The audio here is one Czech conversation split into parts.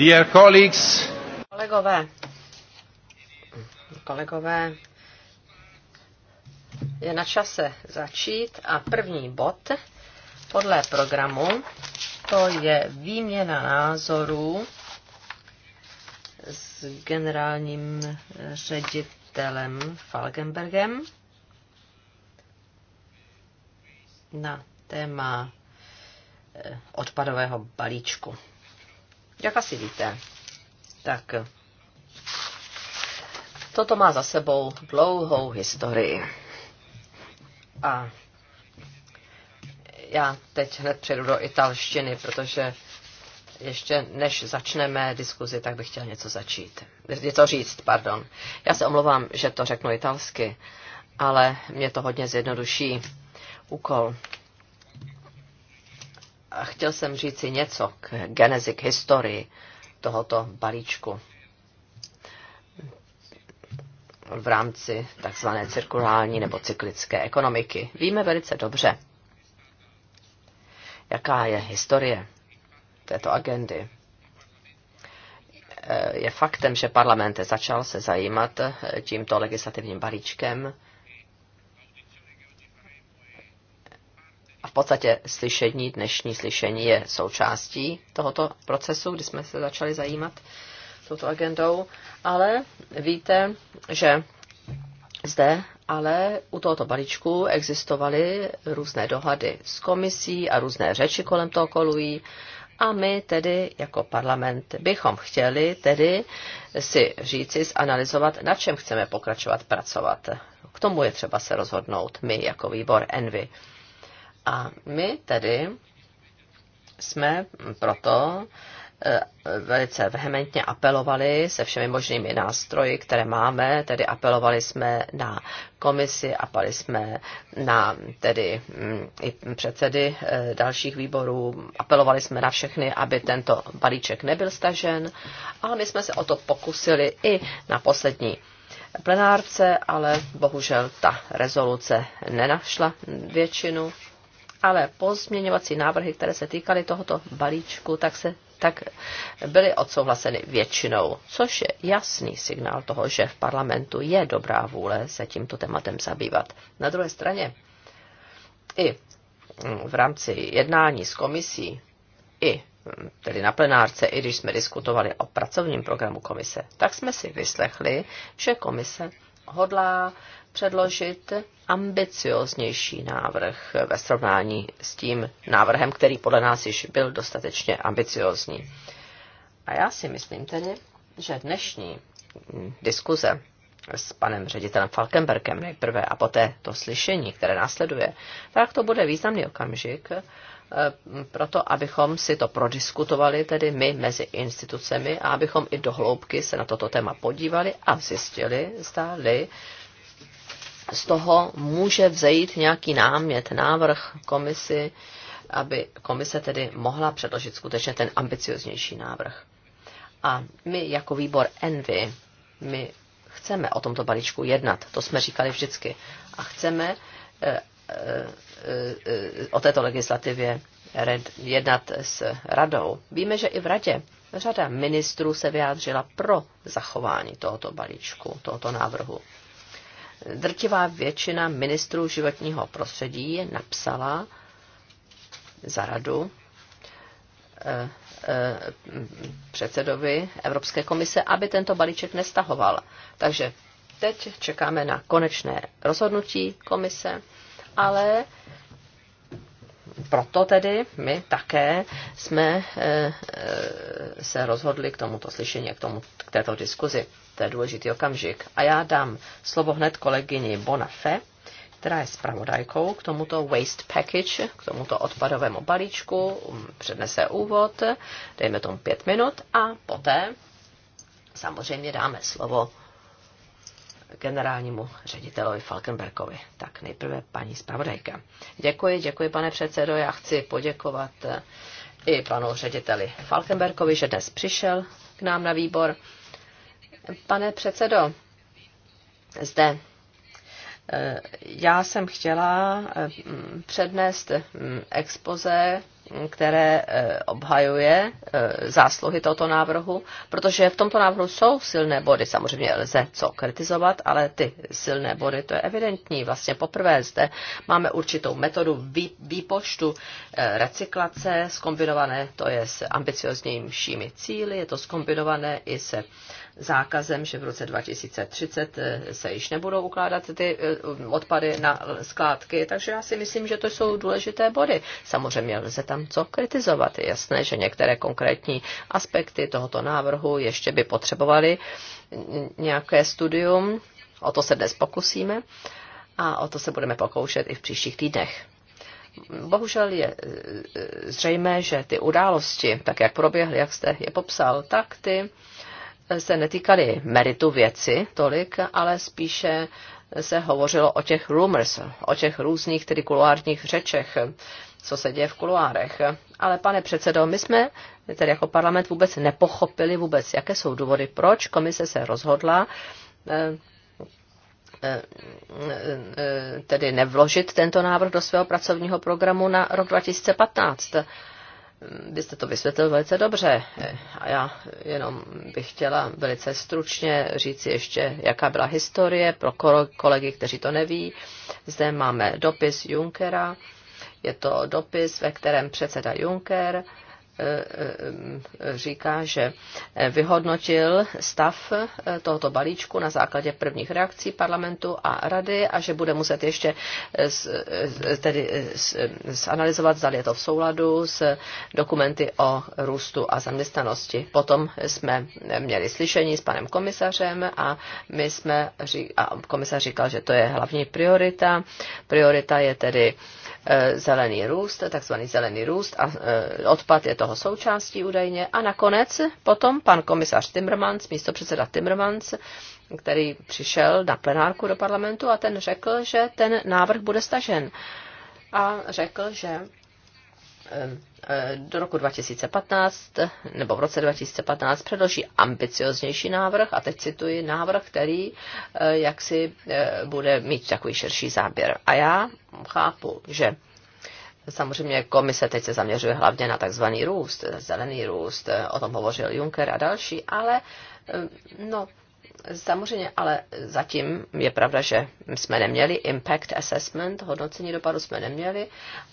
Dear colleagues, kolegové, kolegové, je na čase začít a první bod podle programu to je výměna názorů s generálním ředitelem Falkenbergem na téma eh, odpadového balíčku. Jak asi víte, tak toto má za sebou dlouhou historii. A já teď hned přejdu do italštiny, protože ještě než začneme diskuzi, tak bych chtěl něco začít. Něco říct, pardon. Já se omlouvám, že to řeknu italsky, ale mě to hodně zjednoduší úkol a chtěl jsem říci něco k genezi, k historii tohoto balíčku v rámci takzvané cirkulální nebo cyklické ekonomiky. Víme velice dobře, jaká je historie této agendy. Eh, je faktem, že parlament začal se zajímat eh, tímto legislativním balíčkem v podstatě slyšení, dnešní slyšení je součástí tohoto procesu, kdy jsme se začali zajímat touto agendou, ale víte, že zde ale u tohoto balíčku existovaly různé dohady s komisí a různé řeči kolem toho kolují. A my tedy jako parlament bychom chtěli tedy si říci, zanalizovat, na čem chceme pokračovat pracovat. K tomu je třeba se rozhodnout my jako výbor Envy. A my tedy jsme proto eh, velice vehementně apelovali se všemi možnými nástroji, které máme, tedy apelovali jsme na komisi, apelovali jsme na tedy mm, i předsedy eh, dalších výborů, apelovali jsme na všechny, aby tento balíček nebyl stažen, ale my jsme se o to pokusili i na poslední plenárce, ale bohužel ta rezoluce nenašla většinu ale pozměňovací návrhy, které se týkaly tohoto balíčku, tak se tak byly odsouhlaseny většinou, což je jasný signál toho, že v parlamentu je dobrá vůle se tímto tématem zabývat. Na druhé straně i v rámci jednání s komisí, i tedy na plenárce, i když jsme diskutovali o pracovním programu komise, tak jsme si vyslechli, že komise hodlá předložit ambicioznější návrh ve srovnání s tím návrhem, který podle nás již byl dostatečně ambiciozní. A já si myslím tedy, že dnešní diskuze s panem ředitelem Falkenbergem nejprve a poté to slyšení, které následuje, tak to bude významný okamžik eh, proto, abychom si to prodiskutovali, tedy my mezi institucemi, a abychom i dohloubky se na toto téma podívali a zjistili, zda z toho může vzejít nějaký námět, návrh komisi, aby komise tedy mohla předložit skutečně ten ambicioznější návrh. A my jako výbor Envy, my chceme o tomto balíčku jednat, to jsme říkali vždycky, a chceme eh, eh, eh, o této legislativě jednat s radou. Víme, že i v radě řada ministrů se vyjádřila pro zachování tohoto balíčku, tohoto návrhu drtivá většina ministrů životního prostředí napsala za radu eh, eh, předsedovi Evropské komise, aby tento balíček nestahoval. Takže teď čekáme na konečné rozhodnutí komise, ale proto tedy my také jsme eh, se rozhodli k tomuto slyšení, k, tomu, k této diskuzi to je důležitý okamžik. A já dám slovo hned kolegyni Bonafé, která je zpravodajkou k tomuto waste package, k tomuto odpadovému balíčku, um, přednese úvod, dejme tomu pět minut a poté samozřejmě dáme slovo generálnímu ředitelovi Falkenbergovi. Tak nejprve paní zpravodajka. Děkuji, děkuji pane předsedo. Já chci poděkovat eh, i panu řediteli Falkenbergovi, že dnes přišel k nám na výbor. Pane předsedo, zde eh, já jsem chtěla eh, přednést mm, expoze, mm, které eh, obhajuje zásluhy tohoto návrhu, protože v tomto návrhu jsou silné body. Samozřejmě lze co kritizovat, ale ty silné body, to je evidentní. Vlastně poprvé zde máme určitou metodu výpočtu recyklace, skombinované to je s ambicioznějšími cíly, je to skombinované i se zákazem, že v roce 2030 eh, se již nebudou ukládat ty eh, odpady na skládky. Takže já si myslím, že to jsou důležité body. Samozřejmě lze tam co kritizovat. Je jasné, že některé konkrétní aspekty tohoto návrhu ještě by potřebovaly nějaké studium. O to se dnes pokusíme a o to se budeme pokoušet i v příštích týdnech. Bohužel je eh, zřejmé, že ty události, tak jak proběhly, jak jste je popsal, tak ty se netýkaly meritu věci tolik, ale spíše se hovořilo o těch rumors, o těch různých tedy kuloárních řečech, co se děje v kuloárech. Ale pane předsedo, my jsme tedy jako parlament vůbec nepochopili vůbec, jaké jsou důvody, proč komise se rozhodla eh, eh, eh, tedy nevložit tento návrh do svého pracovního programu na rok 2015. Vy jste to vysvětlil velice dobře a já jenom bych chtěla velice stručně říct ještě, jaká byla historie pro kolegy, kteří to neví. Zde máme dopis Junkera, je to dopis, ve kterém předseda Juncker eh, říká, že vyhodnotil stav tohoto balíčku na základě prvních reakcí parlamentu a rady a že bude muset ještě tedy zanalizovat, zda je to v souladu s dokumenty o růstu a zaměstnanosti. Potom jsme měli slyšení s panem komisařem a my jsme, a komisař říkal, že to je hlavní priorita. Priorita je tedy E, zelený růst, takzvaný zelený růst a e, odpad je toho součástí údajně. A nakonec potom pan komisař Timmermans, místo předseda Timmermans, který přišel na plenárku do parlamentu a ten řekl, že ten návrh bude stažen. A řekl, že do roku 2015 nebo v roce 2015 předloží ambicioznější návrh a teď cituji návrh, který eh, jaksi eh, bude mít takový širší záběr. A já chápu, že Samozřejmě komise teď se zaměřuje hlavně na takzvaný růst, zelený růst, eh, o tom hovořil Juncker a další, ale no, Samozřejmě, ale zatím je pravda, že jsme neměli impact assessment, hodnocení dopadu jsme neměli,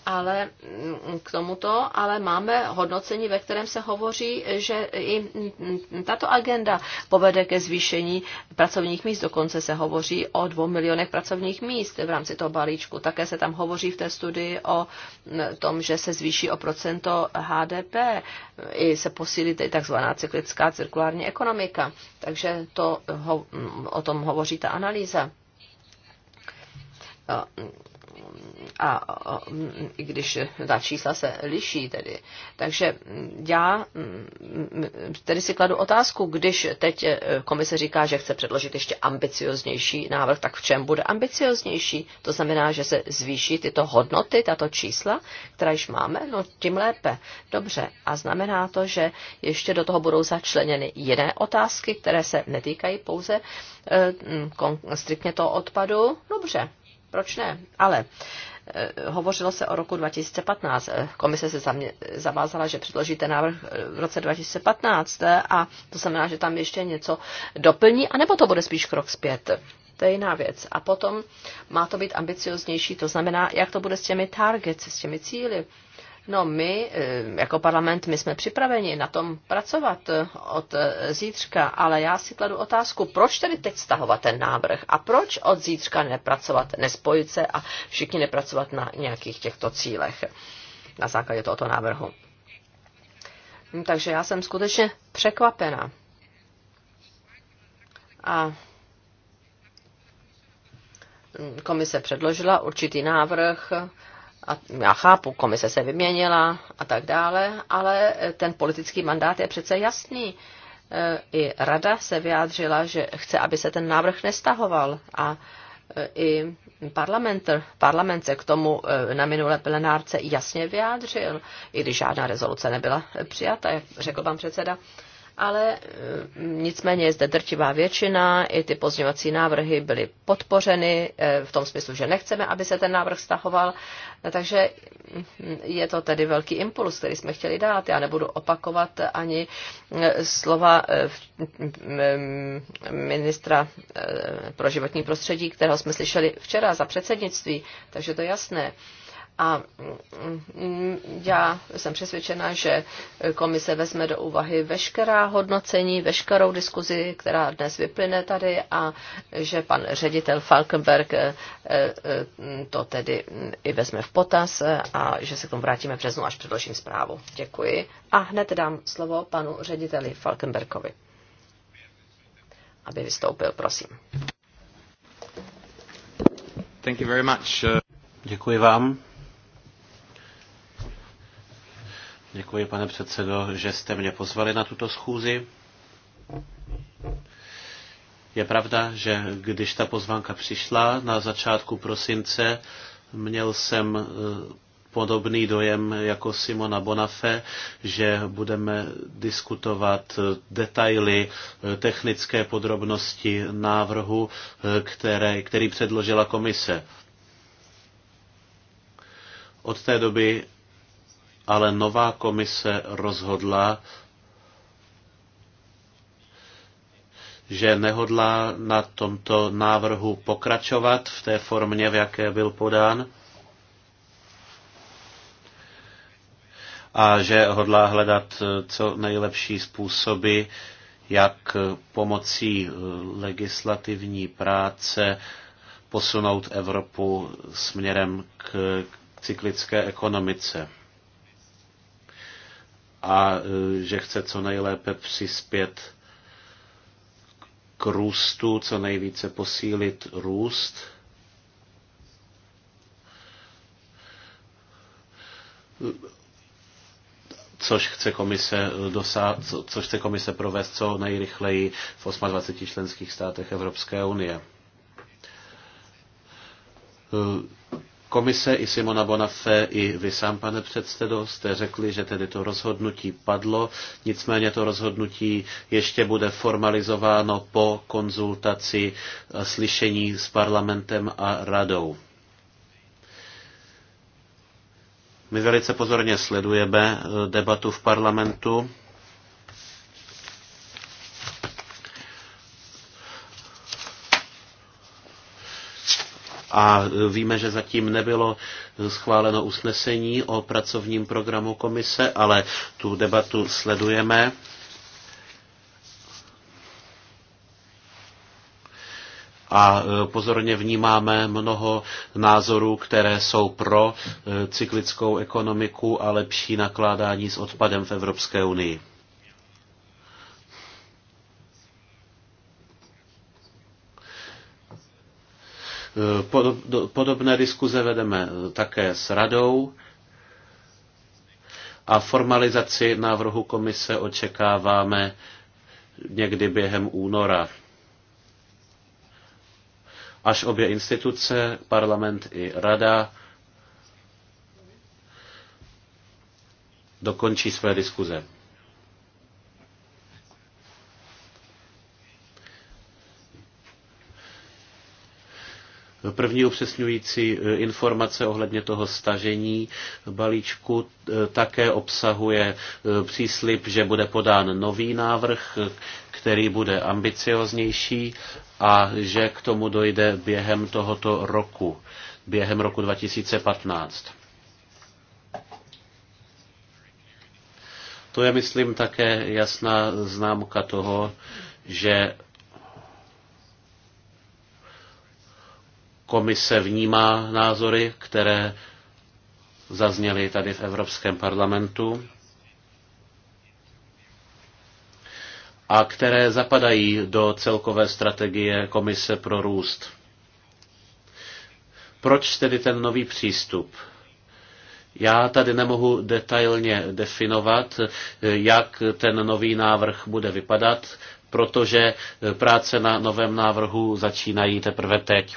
ale mm, k tomuto, ale máme hodnocení, ve kterém se hovoří, že i mm, tato agenda povede ke zvýšení pracovních míst. Dokonce se hovoří o dvou milionech pracovních míst v rámci toho balíčku. Také se tam hovoří v té studii o mm, tom, že se zvýší o procento HDP, i se posílí takzvaná cyklická cirkulární ekonomika. Takže to o tom hovoří ta analýza a i když ta čísla se liší tedy. Takže já tedy si kladu otázku, když teď e, komise říká, že chce předložit ještě ambicioznější návrh, tak v čem bude ambicioznější? To znamená, že se zvýší tyto hodnoty, tato čísla, která již máme, no tím lépe. Dobře. A znamená to, že ještě do toho budou začleněny jiné otázky, které se netýkají pouze e, striktně toho odpadu? Dobře, proč ne? Ale eh, hovořilo se o roku 2015. Komise se zamě, zavázala, že předložíte návrh eh, v roce 2015 a to znamená, že tam ještě něco doplní, anebo to bude spíš krok zpět. To je jiná věc. A potom má to být ambicioznější, to znamená, jak to bude s těmi targets, s těmi cíly. No my, eh, jako parlament, my jsme připraveni na tom pracovat eh, od eh, zítřka, ale já si kladu otázku, proč tedy teď stahovat ten návrh a proč od zítřka nepracovat, nespojit se a všichni nepracovat na nějakých těchto cílech na základě tohoto návrhu. Hm, takže já jsem skutečně překvapena. A hm, komise předložila určitý návrh, a já chápu, komise se vyměnila a tak dále, ale ten politický mandát je přece jasný. E, I rada se vyjádřila, že chce, aby se ten návrh nestahoval a e, i parlament, parlament se k tomu e, na minulé plenárce jasně vyjádřil, i když žádná rezoluce nebyla přijata, jak řekl pan předseda ale eh, nicméně je zde drtivá většina, i ty pozměňovací návrhy byly podpořeny eh, v tom smyslu, že nechceme, aby se ten návrh stahoval, takže hm, je to tedy velký impuls, který jsme chtěli dát. Já nebudu opakovat ani eh, slova hm, hm, ministra pro životní prostředí, kterého jsme slyšeli včera za předsednictví, takže to je jasné. A mm, já jsem přesvědčena, že komise vezme do úvahy veškerá hodnocení, veškerou diskuzi, která dnes vyplyne tady a že pan ředitel Falkenberg eh, eh, to tedy mm, i vezme v potaz a že se k tomu vrátíme v březnu, až předložím zprávu. Děkuji. A hned dám slovo panu řediteli Falkenbergovi, aby vystoupil, prosím. Thank you very much. Eh. Děkuji vám. Děkuji, pane předsedo, že jste mě pozvali na tuto schůzi. Je pravda, že když ta pozvánka přišla na začátku prosince, měl jsem e, podobný dojem jako Simona Bonafé, že budeme diskutovat e, detaily, e, technické podrobnosti návrhu, které, který předložila komise. Od té doby ale nová komise rozhodla, že nehodlá na tomto návrhu pokračovat v té formě, v jaké byl podán. a že hodlá hledat eh, co nejlepší způsoby, jak eh, pomocí eh, legislativní práce posunout Evropu směrem k cyklické ekonomice a e, že chce co nejlépe přispět k růstu, co nejvíce posílit růst. což chce komise, dosát, co, což chce komise provést co nejrychleji v 28 členských státech Evropské unie. E, Komise i Simona Bonafé i vy sám, pane předsedo, jste řekli, že tedy to rozhodnutí padlo, nicméně to rozhodnutí ještě bude formalizováno po konzultaci e, slyšení s parlamentem a radou. My velice pozorně sledujeme e, debatu v parlamentu a víme, že zatím nebylo schváleno usnesení o pracovním programu komise, ale tu debatu sledujeme. a e, pozorně vnímáme mnoho názorů, které jsou pro e, cyklickou ekonomiku a lepší nakládání s odpadem v Evropské unii. Podobné diskuze vedeme také s radou a formalizaci návrhu komise očekáváme někdy během února. Až obě instituce, parlament i rada, dokončí své diskuze. První upřesňující eh, informace ohledně toho stažení balíčku eh, také obsahuje eh, příslip, že bude podán nový návrh, který bude ambicioznější a že k tomu dojde během tohoto roku, během roku 2015. To je, myslím, také jasná známka toho, že komise vnímá názory, které zazněly tady v Evropském parlamentu a které zapadají do celkové strategie Komise pro růst. Proč tedy ten nový přístup? Já tady nemohu detailně definovat, jak ten nový návrh bude vypadat, protože práce na novém návrhu začínají teprve teď.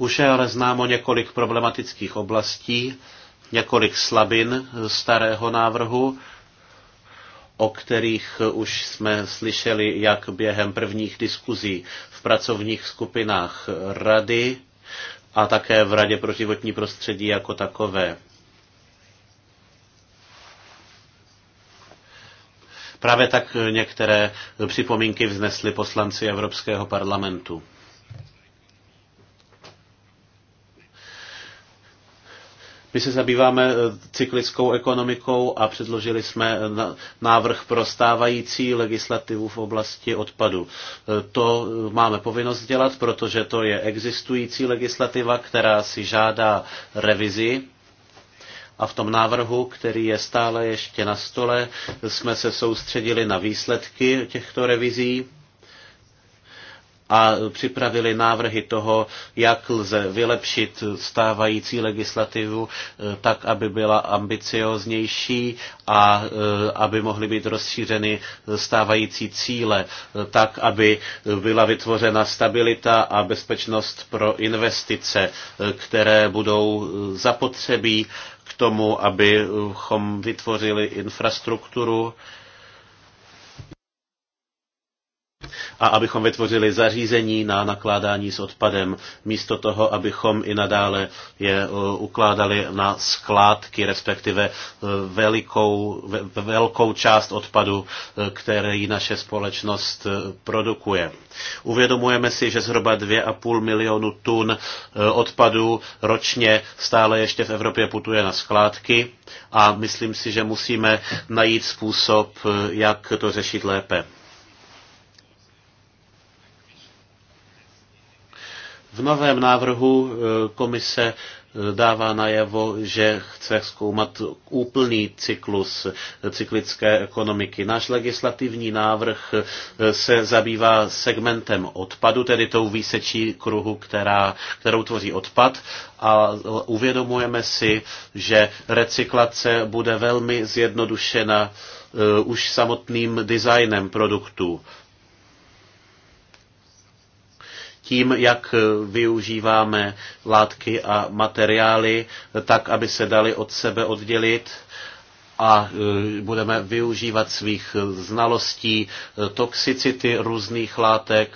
Už je ale známo několik problematických oblastí, několik slabin starého návrhu, o kterých už jsme slyšeli jak během prvních diskuzí v pracovních skupinách rady a také v Radě pro životní prostředí jako takové. Právě tak některé připomínky vznesli poslanci Evropského parlamentu. My se zabýváme eh, cyklickou ekonomikou a předložili jsme eh, návrh pro stávající legislativu v oblasti odpadu. Eh, to máme povinnost dělat, protože to je existující legislativa, která si žádá revizi a v tom návrhu, který je stále ještě na stole, jsme se soustředili na výsledky těchto revizí a připravili návrhy toho, jak lze vylepšit stávající legislativu eh, tak, aby byla ambicioznější a eh, aby mohly být rozšířeny stávající cíle, eh, tak, aby byla vytvořena stabilita a bezpečnost pro investice, které budou zapotřebí k tomu, abychom vytvořili infrastrukturu, a abychom vytvořili zařízení na nakládání s odpadem, místo toho, abychom i nadále je eh, ukládali na skládky, respektive eh, velikou, velkou část odpadu, eh, který naše společnost produkuje. Uvědomujeme si, že zhruba 2,5 milionu tun odpadu ročně stále ještě v Evropě putuje na skládky a myslím si, že musíme najít způsob, jak to řešit lépe. novém návrhu e, komise e, dává najevo, že chce zkoumat úplný cyklus e, cyklické ekonomiky. Náš legislativní návrh se zabývá segmentem odpadu, tedy tou výsečí kruhu, která, kterou tvoří odpad a uvědomujeme si, že recyklace bude velmi zjednodušena už samotným designem produktů tím, jak využíváme látky a materiály, tak, aby se dali od sebe oddělit a e, budeme využívat svých znalostí, e, toxicity různých látek,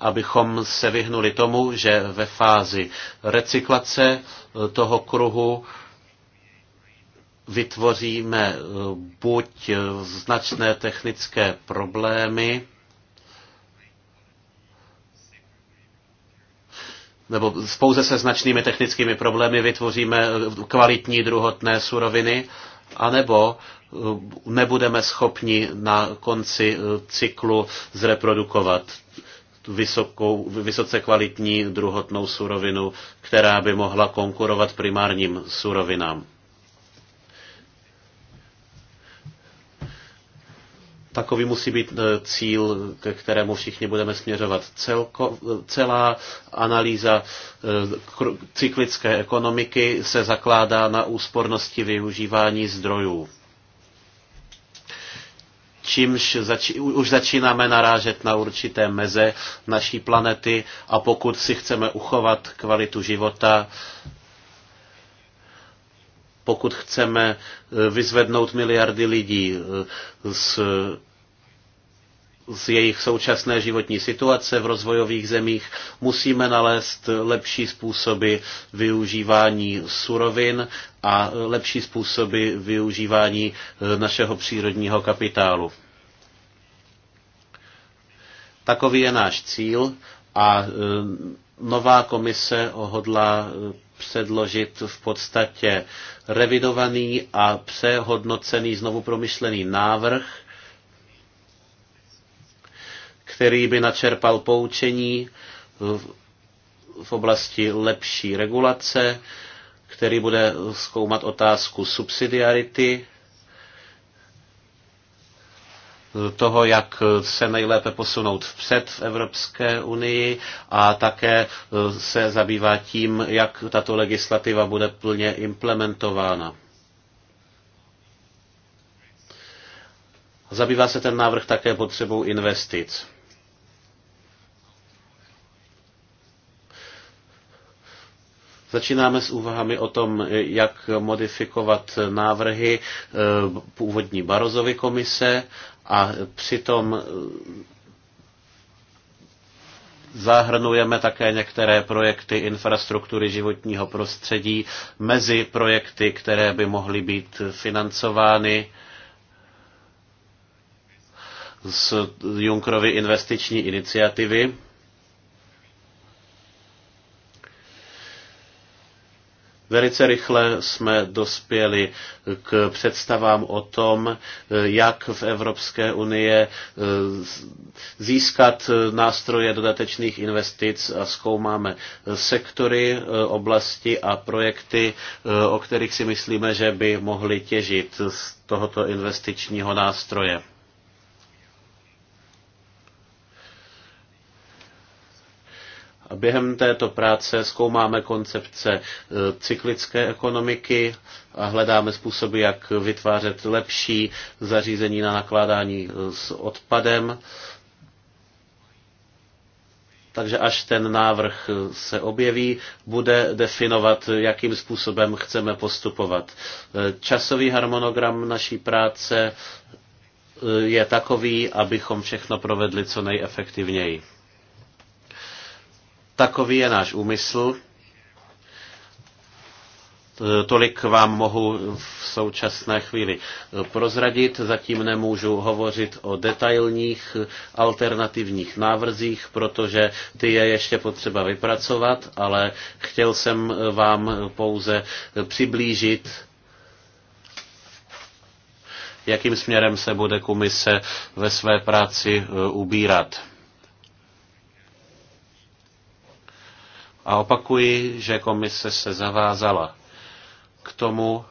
abychom se vyhnuli tomu, že ve fázi recyklace e, toho kruhu vytvoříme buď značné technické problémy, nebo pouze se značnými technickými problémy vytvoříme kvalitní druhotné suroviny, anebo eh, nebudeme schopni na konci eh, cyklu zreprodukovat vysokou, vysoce kvalitní druhotnou surovinu, která by mohla konkurovat primárním surovinám. Takový musí být e, cíl, ke kterému všichni budeme směřovat. Celko, e, celá analýza e, cyklické ekonomiky se zakládá na úspornosti využívání zdrojů čímž zači, už začínáme narážet na určité meze naší planety a pokud si chceme uchovat kvalitu života, pokud chceme eh, vyzvednout miliardy lidí eh, z, z jejich současné životní situace v rozvojových zemích, musíme nalézt lepší způsoby využívání surovin a lepší způsoby využívání eh, našeho přírodního kapitálu. Takový je náš cíl a nová komise hodlá předložit v podstatě revidovaný a přehodnocený, znovu promyšlený návrh, který by načerpal poučení v oblasti lepší regulace, který bude zkoumat otázku subsidiarity toho, jak se nejlépe posunout vpřed v Evropské unii a také e, se zabývá tím, jak tato legislativa bude plně implementována. Zabývá se ten návrh také potřebou investic. Začínáme s úvahami o tom, jak modifikovat návrhy e, původní Barozovy komise a přitom eh, zahrnujeme také některé projekty infrastruktury životního prostředí mezi projekty, které by mohly být financovány z Junkrovy investiční iniciativy. Velice rychle jsme dospěli k představám o tom, jak v Evropské unie eh, získat nástroje dodatečných investic a zkoumáme eh, sektory, eh, oblasti a projekty, o kterých si myslíme, že by mohli těžit z tohoto investičního nástroje. Během této práce zkoumáme koncepce e, cyklické ekonomiky a hledáme způsoby, jak vytvářet lepší zařízení na nakládání e, s odpadem. Takže až ten návrh e, se objeví, bude definovat, jakým způsobem chceme postupovat. Časový harmonogram naší práce je takový, abychom všechno provedli co nejefektivněji. Takový je náš úmysl. E, tolik vám mohu v současné chvíli prozradit. Zatím nemůžu hovořit o detailních alternativních návrzích, protože ty je ještě potřeba vypracovat, ale chtěl jsem vám pouze přiblížit jakým směrem se bude komise ve své práci e, ubírat. A opakuji, že komise se zavázala k tomu,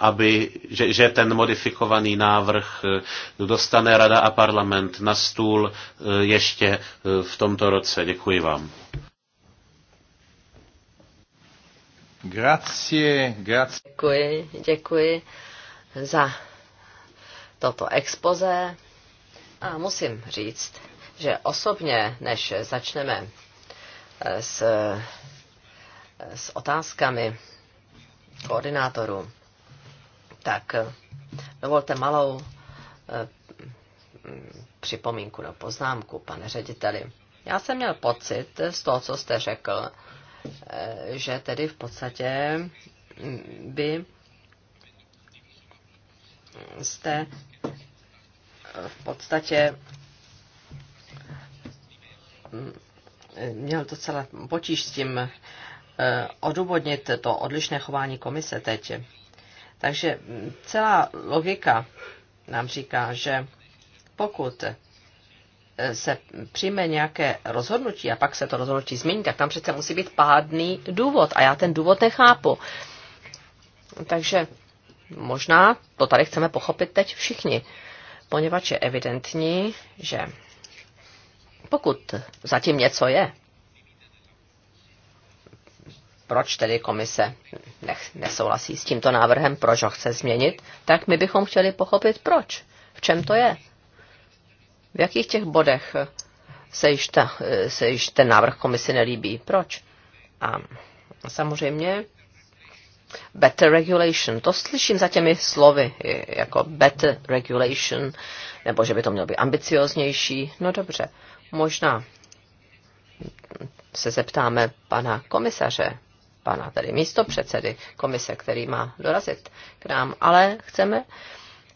aby, že, že ten modifikovaný návrh eh, dostane Rada a parlament na stůl eh, ještě eh, v tomto roce. Děkuji vám. Grazie, grazie. Děkuji, děkuji za toto expoze. A musím říct, že osobně, než začneme s, s otázkami koordinátorů, tak dovolte malou eh, připomínku nebo poznámku, pane řediteli. Já jsem měl pocit z toho, co jste řekl, eh, že tedy v podstatě by mm, jste eh, v podstatě mm, měl docela potíž s tím eh, odůvodnit to odlišné chování komise teď. Takže mm, celá logika nám říká, že pokud eh, se přijme nějaké rozhodnutí a pak se to rozhodnutí změní, tak tam přece musí být pádný důvod a já ten důvod nechápu. Takže možná to tady chceme pochopit teď všichni, poněvadž je evidentní, že pokud zatím něco je, proč tedy komise nech, nesouhlasí s tímto návrhem, proč ho chce změnit, tak my bychom chtěli pochopit proč, v čem to je. V jakých těch bodech se již, ta, se již ten návrh komisi nelíbí, proč. A samozřejmě better regulation, to slyším za těmi slovy, jako better regulation, nebo že by to mělo být ambicioznější, no dobře. Možná se zeptáme pana komisaře, pana tedy místo předsedy komise, který má dorazit k nám, ale chceme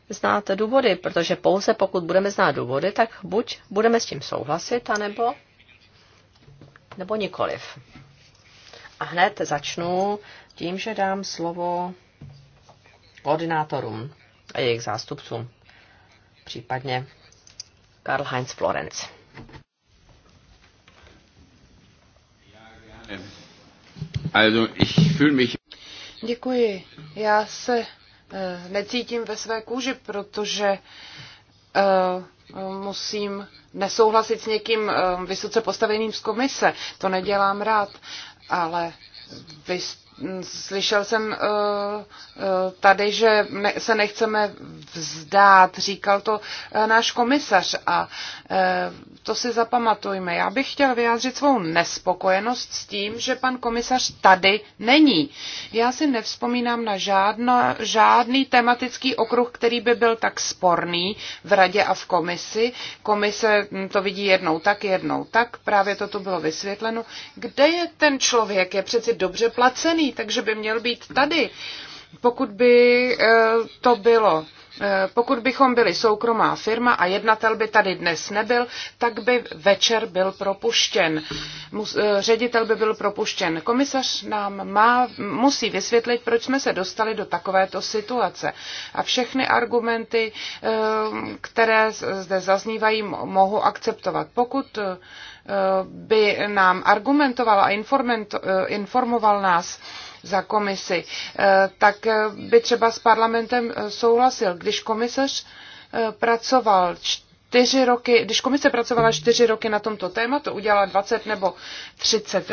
znát důvody, protože pouze pokud budeme znát důvody, tak buď budeme s tím souhlasit, anebo nebo nikoliv. A hned začnu tím, že dám slovo koordinátorům a jejich zástupcům, případně Karl Heinz Florenz. Děkuji. Já se eh, necítím ve své kůži, protože eh, musím nesouhlasit s někým eh, vysoce postaveným z komise. To nedělám rád, ale vy jste Slyšel jsem eh, eh, tady, že se nechceme vzdát, říkal to eh, náš komisař a to si zapamatujme. Já bych chtěl vyjádřit svou nespokojenost s tím, že pan komisař tady není. Já si nevzpomínám na žádno, žádný tematický okruh, který by byl tak sporný v radě a v komisi. Komise hm, to vidí jednou tak, jednou tak, právě toto bylo vysvětleno. Kde je ten člověk? Je přeci dobře placený takže by měl být tady. Pokud by eh, to bylo eh, pokud bychom byli soukromá firma a jednatel by tady dnes nebyl, tak by večer byl propuštěn. Eh, ředitel by byl propuštěn. Komisař nám má, musí vysvětlit, proč jsme se dostali do takovéto situace. A všechny argumenty, které zde zaznívají, mohu akceptovat. Pokud by nám argumentoval a eh, informoval nás za komisi, eh, tak eh, by třeba s parlamentem souhlasil. Když komisař pracoval čtyři roky, když komise pracovala čtyři roky na tomto tématu, udělala 20 nebo 30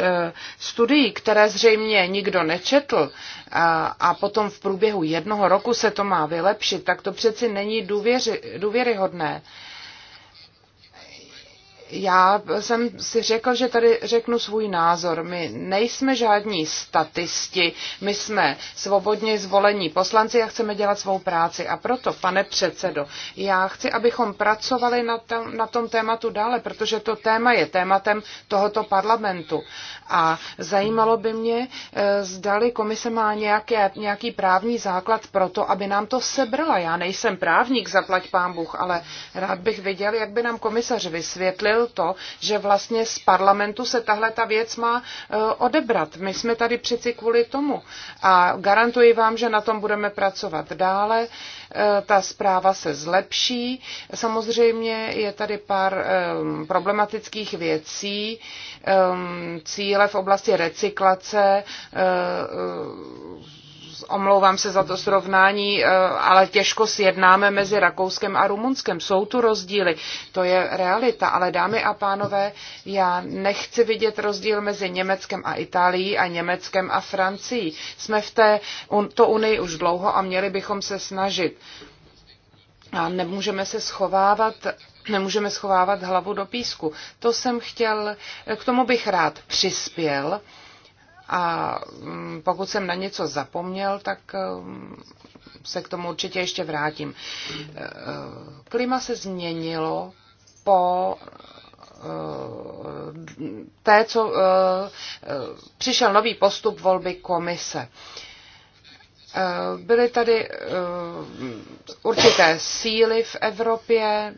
studií, které zřejmě nikdo nečetl a, potom v průběhu jednoho roku se to má vylepšit, tak to přeci není důvěři, důvěryhodné já jsem si řekl, že tady řeknu svůj názor. My nejsme žádní statisti, my jsme svobodně zvolení poslanci a chceme dělat svou práci. A proto, pane předsedo, já chci, abychom pracovali na tom, na tom tématu dále, protože to téma je tématem tohoto parlamentu. A zajímalo by mě, eh, zdali komise má nějaké, nějaký právní základ pro to, aby nám to sebrala. Já nejsem právník, zaplať pán Bůh, ale rád bych viděl, jak by nám komisař vysvětlil, byl to, že vlastně z parlamentu se tahle ta věc má e, odebrat. My jsme tady přeci kvůli tomu a garantuji vám, že na tom budeme pracovat dále. E, ta zpráva se zlepší. Samozřejmě je tady pár e, problematických věcí, cíle v oblasti recyklace, omlouvám se za to srovnání, eh, ale těžko sjednáme mezi Rakouskem a Rumunskem. Jsou tu rozdíly, to je realita, ale dámy a pánové, já nechci vidět rozdíl mezi Německem a Itálií a Německem a Francií. Jsme v té to unii už dlouho a měli bychom se snažit. A nemůžeme se schovávat nemůžeme schovávat hlavu do písku. To jsem chtěl, k tomu bych rád přispěl. A mm, pokud jsem na něco zapomněl, tak mm, se k tomu určitě ještě vrátím. E, e, klima se změnilo po e, té, co přišel nový postup volby komise. Byly tady určité síly v Evropě,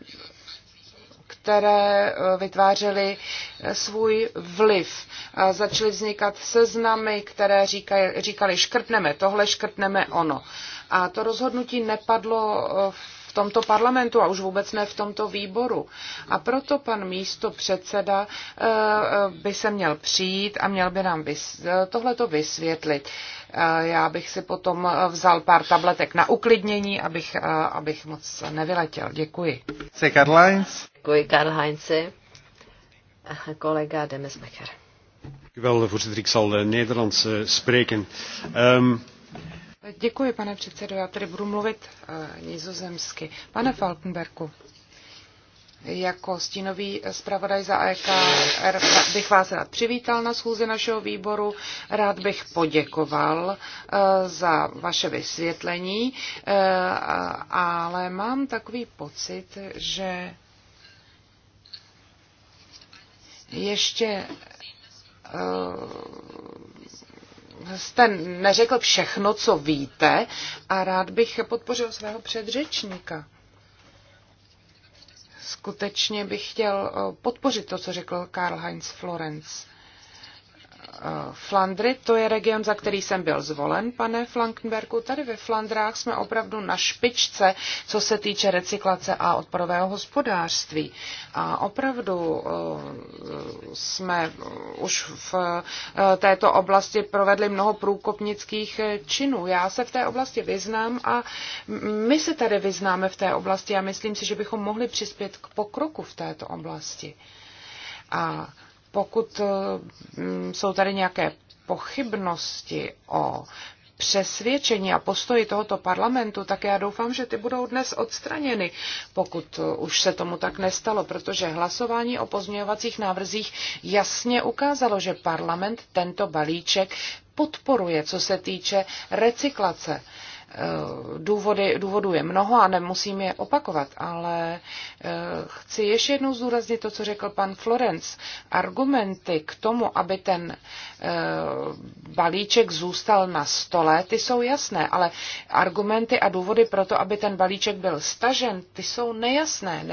které eh, vytvářely eh, svůj vliv. začaly vznikat seznamy, které říkaj, říkali škrtneme tohle, škrtneme ono. A to rozhodnutí nepadlo eh, v tomto parlamentu a už vůbec ne v tomto výboru. A proto pan místo předseda by se měl přijít a měl by nám tohleto vysvětlit. Já bych si potom vzal pár tabletek na uklidnění, abych, abych moc nevyletěl. Děkuji. Děkuji, Karl Heinze. Kolega Demesmacher. Eh, eh, ehm, Děkuji, pane předsedo. Já tady budu mluvit eh, nizozemsky. Pane Falkenberku, jako stínový zpravodaj za EKR bych vás rád přivítal na schůzi našeho výboru. Rád bych poděkoval za vaše vysvětlení, ale mám takový pocit, že ještě eh, jste neřekl všechno, co víte a rád bych podpořil svého předřečníka. Skutečně bych chtěl eh, podpořit to, co řekl Karl Heinz Florenz. Flandry, to je region, za který jsem byl zvolen, pane Flankenbergu. Tady ve Flandrách jsme opravdu na špičce, co se týče recyklace a odpadového hospodářství. A opravdu eh, jsme už v eh, této oblasti provedli mnoho průkopnických eh, činů. Já se v té oblasti vyznám a my se tady vyznáme v té oblasti a myslím si, že bychom mohli přispět k pokroku v této oblasti. A pokud eh, mm, jsou tady nějaké pochybnosti o přesvědčení a postoji tohoto parlamentu, tak já doufám, že ty budou dnes odstraněny, pokud eh, už se tomu tak nestalo, protože hlasování o pozměňovacích návrzích jasně ukázalo, že parlament tento balíček podporuje, co se týče recyklace. Eh, důvody, důvodů je mnoho a nemusím je opakovat, ale eh, chci ještě jednou zdůraznit to, co řekl pan Florence. Argumenty k tomu, aby ten eh, balíček zůstal na stole, ty jsou jasné, ale argumenty a důvody pro to, aby ten balíček byl stažen, ty jsou nejasné,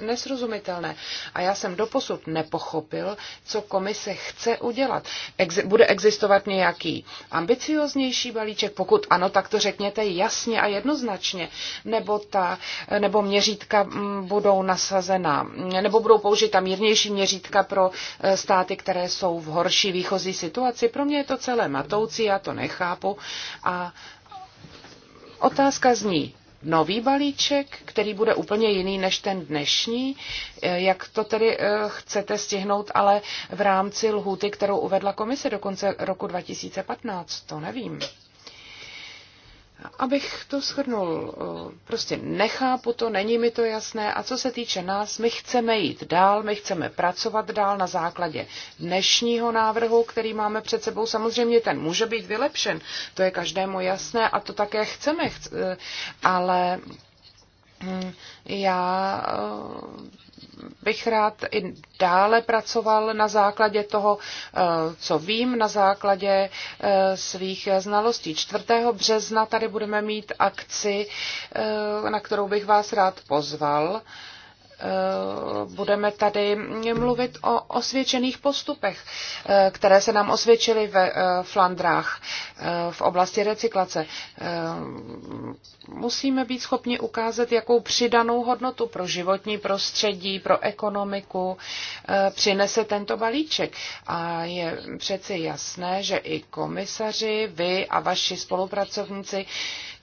nesrozumitelné. A já jsem doposud nepochopil, co komise chce udělat. Ex- bude existovat nějaký ambicioznější balíček? Pokud ano, tak to řekl řekněte jasně a jednoznačně, nebo, ta, nebo měřítka mm, budou nasazena, nebo budou použita mírnější měřítka pro eh, státy, které jsou v horší výchozí situaci. Pro mě je to celé matoucí, já to nechápu. A otázka zní, nový balíček, který bude úplně jiný než ten dnešní. Eh, jak to tedy eh, chcete stihnout, ale v rámci lhuty kterou uvedla komise do konce roku 2015, to nevím. Abych to shrnul, eh, prostě nechápu to, není mi to jasné. A co se týče nás, my chceme jít dál, my chceme pracovat dál na základě dnešního návrhu, který máme před sebou. Samozřejmě ten může být vylepšen, to je každému jasné a to také chceme, eh, ale hm, já eh, bych rád i dále pracoval na základě toho, eh, co vím, na základě eh, svých znalostí. 4. března tady budeme mít akci, eh, na kterou bych vás rád pozval. Eh, budeme tady mluvit o osvědčených postupech, eh, které se nám osvědčily ve eh, Flandrách v oblasti recyklace. Musíme být schopni ukázat, jakou přidanou hodnotu pro životní prostředí, pro ekonomiku přinese tento balíček. A je přeci jasné, že i komisaři, vy a vaši spolupracovníci,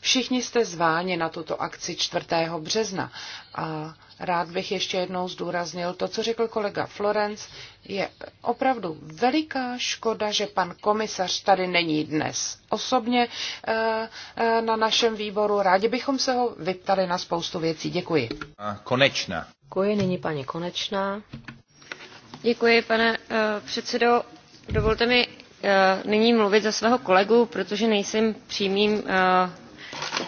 Všichni jste zváni na tuto akci 4. března a rád bych ještě jednou zdůraznil to, co řekl kolega Florenc. Je opravdu veliká škoda, že pan komisař tady není dnes. Osobně eh, eh, na našem výboru rádi bychom se ho vyptali na spoustu věcí. Děkuji. Konečná. Děkuji, nyní paní Konečná. Děkuji, pane eh, předsedo. Dovolte mi nyní mluvit za svého kolegu, protože nejsem přímým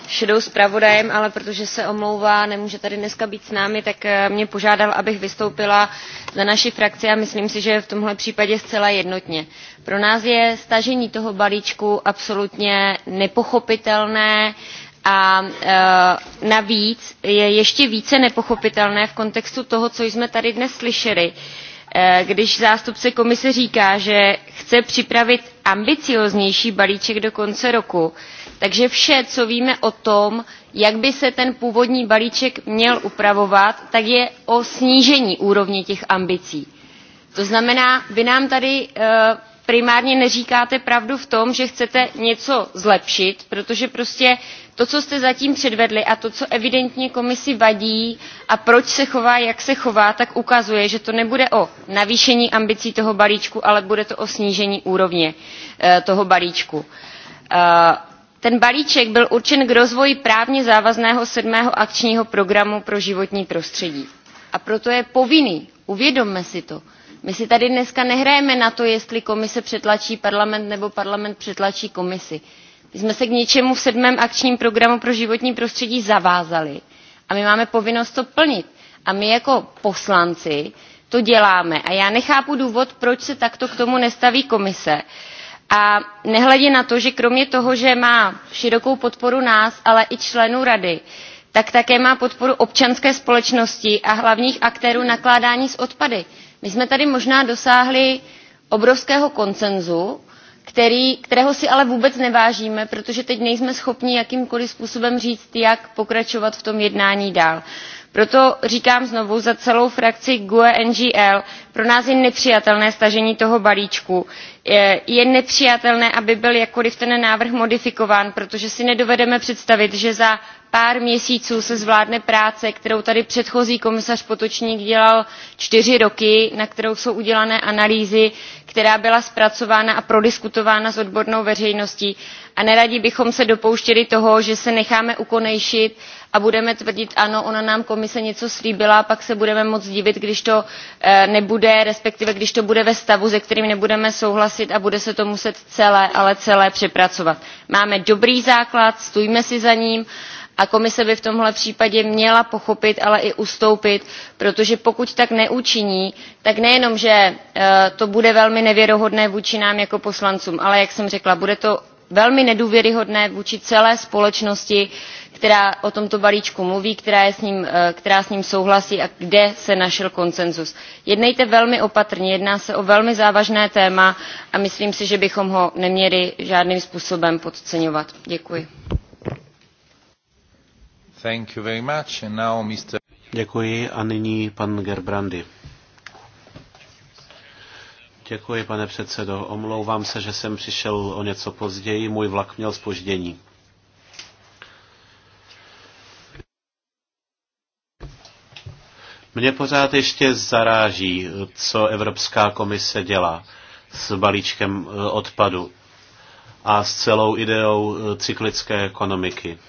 šedou zpravodajem, ale protože se omlouvá, nemůže tady dneska být s námi, tak eh, mě požádal, abych vystoupila za naši frakci a myslím si, že v tomhle případě zcela jednotně. Pro nás je stažení toho balíčku absolutně nepochopitelné, a e, navíc je ještě více nepochopitelné v kontextu toho, co jsme tady dnes slyšeli, e, když zástupce komise říká, že chce připravit ambicioznější balíček do konce roku, takže vše co víme o tom jak by se ten původní balíček měl upravovat tak je o snížení úrovně těch ambicí. to znamená vy nám tady eh, primárně neříkáte pravdu v tom že chcete něco zlepšit protože prostě to co jste zatím předvedli a to co evidentně komisi vadí a proč se chová jak se chová tak ukazuje že to nebude o navýšení ambicí toho balíčku ale bude to o snížení úrovně eh, toho balíčku. Eh, ten balíček byl určen k rozvoji právně závazného sedmého akčního programu pro životní prostředí a proto je povinný uvědomme si to my si tady dneska nehrajeme na to jestli komise přetlačí parlament nebo parlament přetlačí komisi. my jsme se k něčemu v sedmém akčním programu pro životní prostředí zavázali a my máme povinnost to plnit a my jako poslanci to děláme a já nechápu důvod proč se takto k tomu nestaví komise a nehledě na to že kromě toho že má širokou podporu nás ale i členů rady tak také má podporu občanské společnosti a hlavních aktérů nakládání s odpady. my jsme tady možná dosáhli obrovského konsenzu který, kterého si ale vůbec nevážíme, protože teď nejsme schopni jakýmkoliv způsobem říct, jak pokračovat v tom jednání dál proto říkám znovu za celou frakci gue ngl pro nás je nepřijatelné stažení toho balíčku je nepřijatelné aby byl jakkoliv ten návrh modifikován protože si nedovedeme představit že za pár měsíců se zvládne práce kterou tady předchozí komisař potočník dělal čtyři roky na kterou jsou udělané analýzy která byla zpracována a prodiskutována s odbornou veřejností a neradi bychom se dopouštěli toho že se necháme ukonejšit a budeme tvrdit ano ona nám komise něco slíbila a pak se budeme moc divit když to eh, nebude respektive když to bude ve stavu se kterým nebudeme souhlasit a bude se to muset celé ale celé přepracovat. máme dobrý základ stůjme si za ním a komise by v tomhle případě měla pochopit ale i ustoupit protože pokud tak neučiní tak nejenom že eh, to bude velmi nevěrohodné vůči nám jako poslancům ale jak jsem řekla bude to velmi nedůvěryhodné vůči celé společnosti která o tomto balíčku mluví která, s ním, eh, která s ním souhlasí a kde se našel konsenzus. jednejte velmi opatrně jedná se o velmi závažné téma a myslím si že bychom ho neměli žádným způsobem podceňovat. děkuji. Děkuji a nyní pan Gerbrandy. Děkuji, pane předsedo. Omlouvám se, že jsem přišel o něco později. Můj vlak měl spoždění. Mě pořád ještě zaráží, co Evropská komise dělá s balíčkem eh, odpadu a s celou ideou eh, cyklické ekonomiky.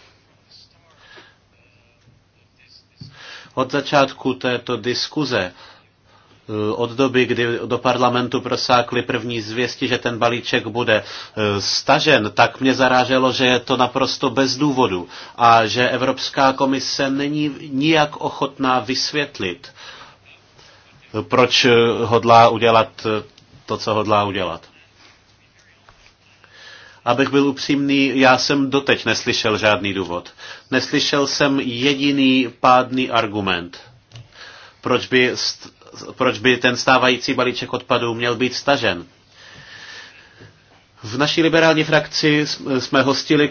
Od začátku této diskuze, eh, od doby, kdy do parlamentu prosákly první zvěsti, že ten balíček bude eh, stažen, tak mě zaráželo, že je to naprosto bez důvodu a že Evropská komise není nijak ochotná vysvětlit, proč eh, hodlá udělat to, co hodlá udělat. Abych byl upřímný, já jsem doteď neslyšel žádný důvod. Neslyšel jsem jediný pádný argument, proč by, proč by ten stávající balíček odpadů měl být stažen. V naší liberální frakci jsme hostili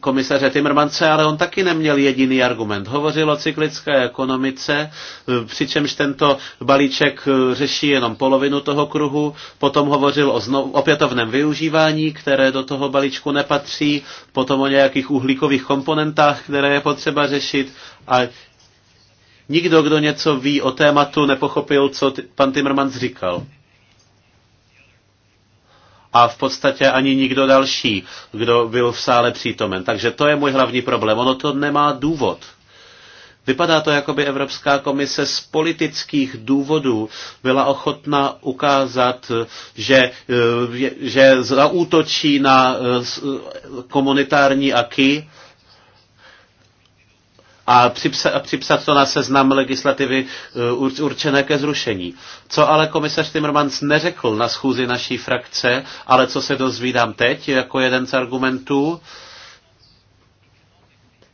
komisaře Timmermance, ale on taky neměl jediný argument. Hovořil o cyklické ekonomice, e, přičemž tento balíček e, řeší jenom polovinu toho kruhu. Potom hovořil o opětovném využívání, které do toho balíčku nepatří. Potom o nějakých uhlíkových komponentách, které je potřeba řešit. A nikdo, kdo něco ví o tématu, nepochopil, co pan Timmermans říkal a v podstatě ani nikdo další, kdo byl v sále přítomen. Takže to je můj hlavní problém. Ono to nemá důvod. Vypadá to, jako by Evropská komise z politických důvodů byla ochotna ukázat, že, eh, že zaútočí na eh, eh, komunitární aky a připsat, připsat to na seznam legislativy eh, určené ke zrušení. Co ale komisař Timmermans neřekl na schůzi naší frakce, ale co se dozvídám teď jako jeden z argumentů,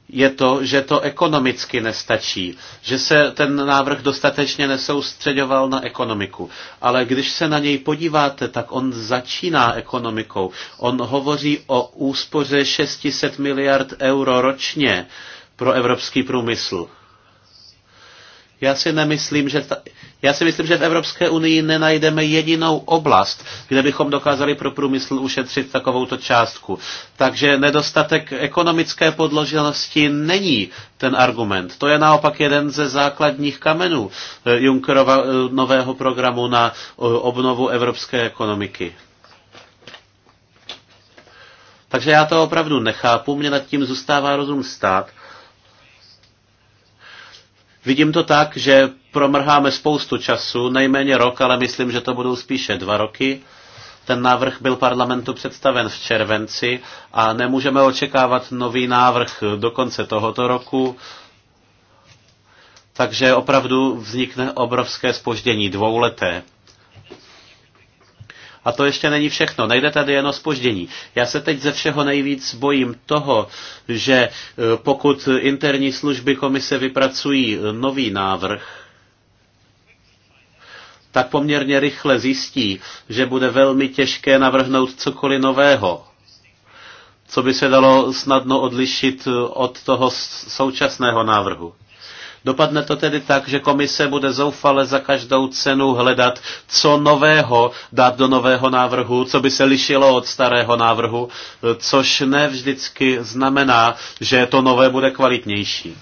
je to, že to ekonomicky nestačí, že se ten návrh dostatečně nesoustředoval na ekonomiku. Ale když se na něj podíváte, tak on začíná ekonomikou. On hovoří o úspoře 600 miliard euro ročně pro evropský průmysl. Já si nemyslím, že ta, já si myslím, že v Evropské unii nenajdeme jedinou oblast, kde bychom dokázali pro průmysl ušetřit takovouto částku. Takže nedostatek ekonomické podloženosti není ten argument. To je naopak jeden ze základních kamenů eh, Junckerova eh, nového programu na eh, obnovu evropské ekonomiky. Takže já to opravdu nechápu, mě nad tím zůstává rozum stát. Vidím to tak, že promrháme spoustu času, nejméně rok, ale myslím, že to budou spíše dva roky. Ten návrh byl parlamentu představen v červenci a nemůžeme očekávat nový návrh do konce tohoto roku, takže opravdu vznikne obrovské spoždění dvouleté. A to ještě není všechno. Nejde tady jen o spoždění. Já se teď ze všeho nejvíc bojím toho, že e, pokud interní služby komise vypracují e, nový návrh, tak poměrně rychle zjistí, že bude velmi těžké navrhnout cokoliv nového, co by se dalo snadno odlišit e, od toho současného návrhu. Dopadne to tedy tak, že komise bude zoufale za každou cenu hledat, co nového dát do nového návrhu, co by se lišilo od starého návrhu, což ne vždycky znamená, že to nové bude kvalitnější.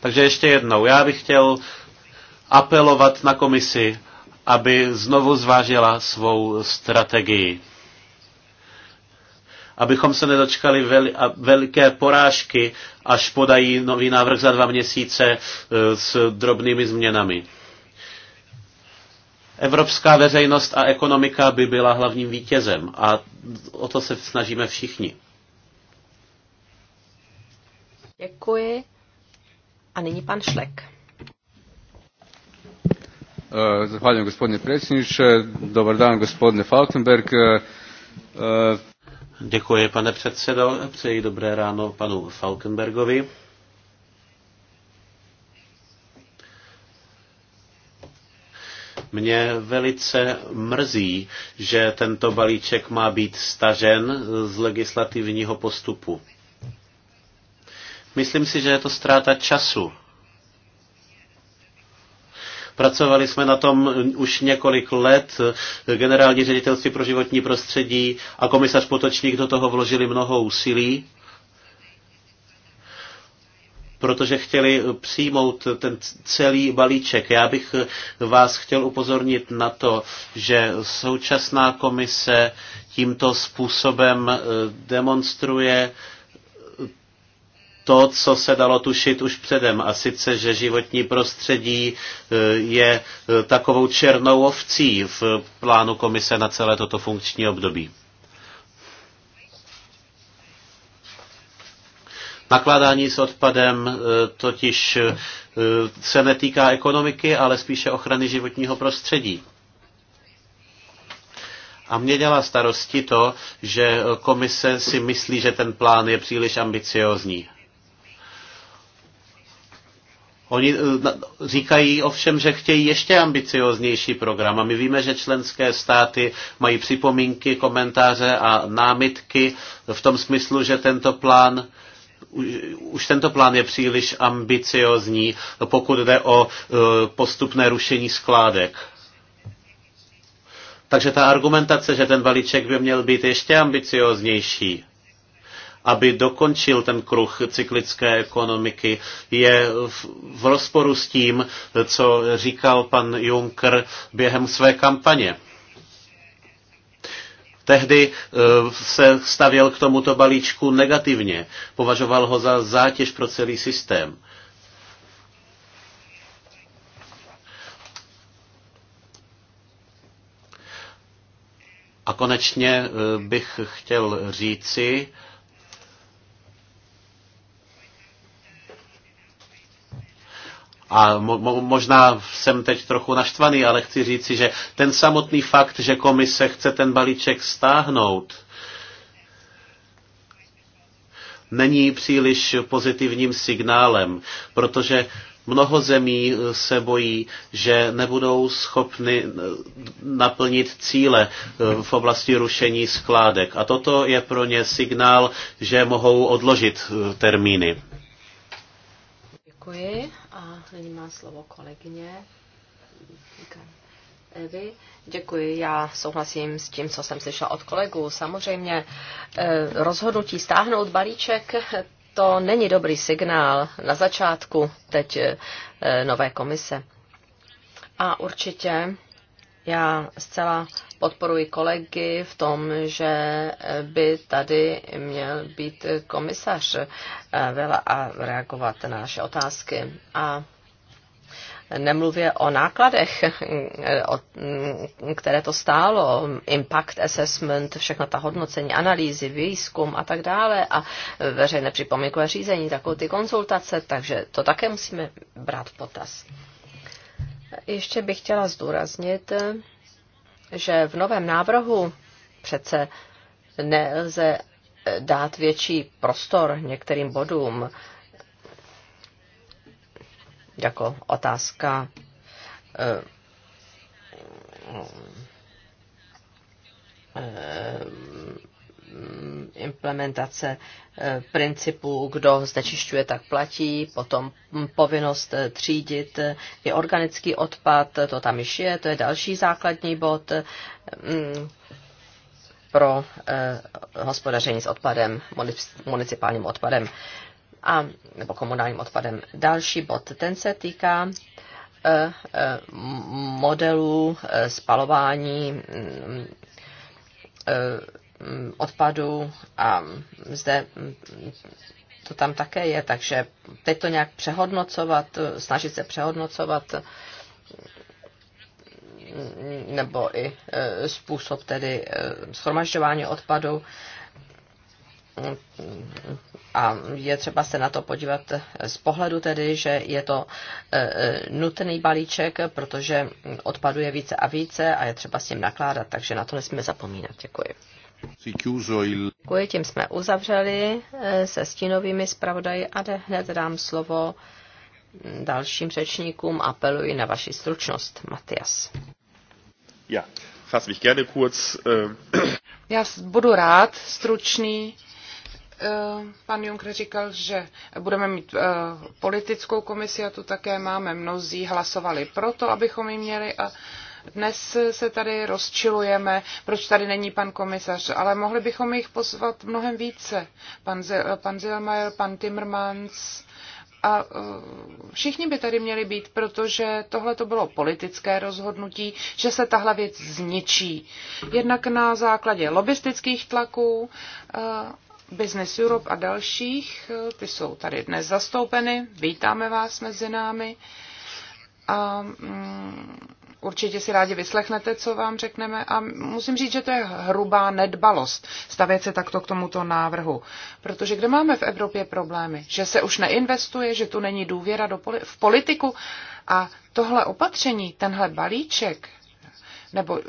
Takže ještě jednou, já bych chtěl apelovat na komisi, aby znovu zvážila svou strategii abychom se nedočkali vel, veliké porážky, až podají nový návrh za dva měsíce e, s drobnými změnami. Evropská veřejnost a ekonomika by byla hlavním vítězem a o to se snažíme všichni. Děkuji. A nyní pan Šlek. E, zahvaljujem gospodine predsjedniče. Dobar dan gospodine Falkenberg. E, Děkuji, pane předsedo. Přeji dobré ráno panu Falkenbergovi. Mě velice mrzí, že tento balíček má být stažen z legislativního postupu. Myslím si, že je to ztráta času Pracovali jsme na tom už několik let. Generální ředitelství pro životní prostředí a komisař Potočník do toho vložili mnoho úsilí protože chtěli přijmout ten celý balíček. Já bych vás chtěl upozornit na to, že současná komise tímto způsobem demonstruje, to, co se dalo tušit už předem, a sice, že životní prostředí e, je e, takovou černou ovcí v plánu komise na celé toto funkční období. Nakládání s odpadem e, totiž se netýká ekonomiky, ale spíše ochrany životního prostředí. A mě dělá starosti to, že komise si myslí, že ten plán je příliš ambiciozní. Oni eh, říkají ovšem, že chtějí ještě ambicioznější program a my víme, že členské státy mají připomínky, komentáře a námitky v tom smyslu, že tento plán už tento plán je příliš ambiciozní, pokud jde o eh, postupné rušení skládek. Takže ta argumentace, že ten balíček by měl být ještě ambicioznější, aby dokončil ten kruh cyklické ekonomiky, je v rozporu s tím, co říkal pan Juncker během své kampaně. Tehdy eh, se stavěl k tomuto balíčku negativně, považoval ho za zátěž pro celý systém. A konečně eh, bych chtěl říci, A mo- mo- možná jsem teď trochu naštvaný, ale chci říci, že ten samotný fakt, že komise chce ten balíček stáhnout, není příliš pozitivním signálem, protože mnoho zemí se bojí, že nebudou schopny eh, naplnit cíle eh, v oblasti rušení skládek. A toto je pro ně signál, že mohou odložit eh, termíny. Děkuji a nyní má slovo kolegyně. Evy. Děkuji, já souhlasím s tím, co jsem slyšela od kolegů. Samozřejmě eh, rozhodnutí stáhnout balíček to není dobrý signál na začátku teď eh, nové komise. A určitě já zcela podporuji kolegy v tom, že by tady měl být komisař eh, Vela a reagovat na naše otázky. A nemluvě o nákladech, eh, mm, které to stálo, impact assessment, všechno ta hodnocení, analýzy, výzkum a tak dále a veřejné připomínkové řízení, takové ty konzultace, takže to také musíme brát v potaz. Ještě bych chtěla zdůraznit, že v novém návrhu přece nelze dát větší prostor některým bodům, jako otázka eh, eh, implementace eh, principu, kdo znečišťuje, tak platí, potom povinnost eh, třídit eh, i organický odpad, to tam již je, to je další základní bod pro hospodaření s odpadem, municipálním odpadem a nebo komunálním odpadem. Další bod, ten se týká modelů spalování Mm, odpadu a zde mm, to tam také je, takže teď to nějak přehodnocovat, eh, snažit se přehodnocovat mm, nebo i eh, způsob tedy eh, schromažďování odpadu. A je třeba se na to podívat z pohledu tedy, že je to nutný balíček, protože odpadu je více a více a je třeba s tím nakládat, takže na to nesmíme zapomínat. Děkuji. Děkuji, tím jsme uzavřeli eh, se stínovými zpravodaji a hned dám slovo dalším řečníkům. Apeluji na vaši stručnost, Matias. Ja, fass mich gerne kurz. Eh, Já budu rád, stručný. Eh, pan Juncker říkal, že budeme mít politickou komisi a tu také máme. Mnozí hlasovali proto, abychom ji měli a dnes se tady rozčilujeme, proč tady není pan komisař, ale mohli bychom jich pozvat mnohem více. Pan, pan Zilmajer, pan Timmermans, a eh, všichni by tady měli být, protože tohle to bylo politické rozhodnutí, že se tahle věc zničí. Jednak na základě lobistických tlaků, eh, Business Europe a dalších, eh, ty jsou tady dnes zastoupeny, vítáme vás mezi námi. A mm, určitě si rádi vyslechnete, co vám řekneme a musím říct, že to je hrubá nedbalost stavět se takto k tomuto návrhu. Protože kde máme v Evropě problémy? Že se už neinvestuje, že tu není důvěra do poli- v politiku a tohle opatření, tenhle balíček, nebo uh,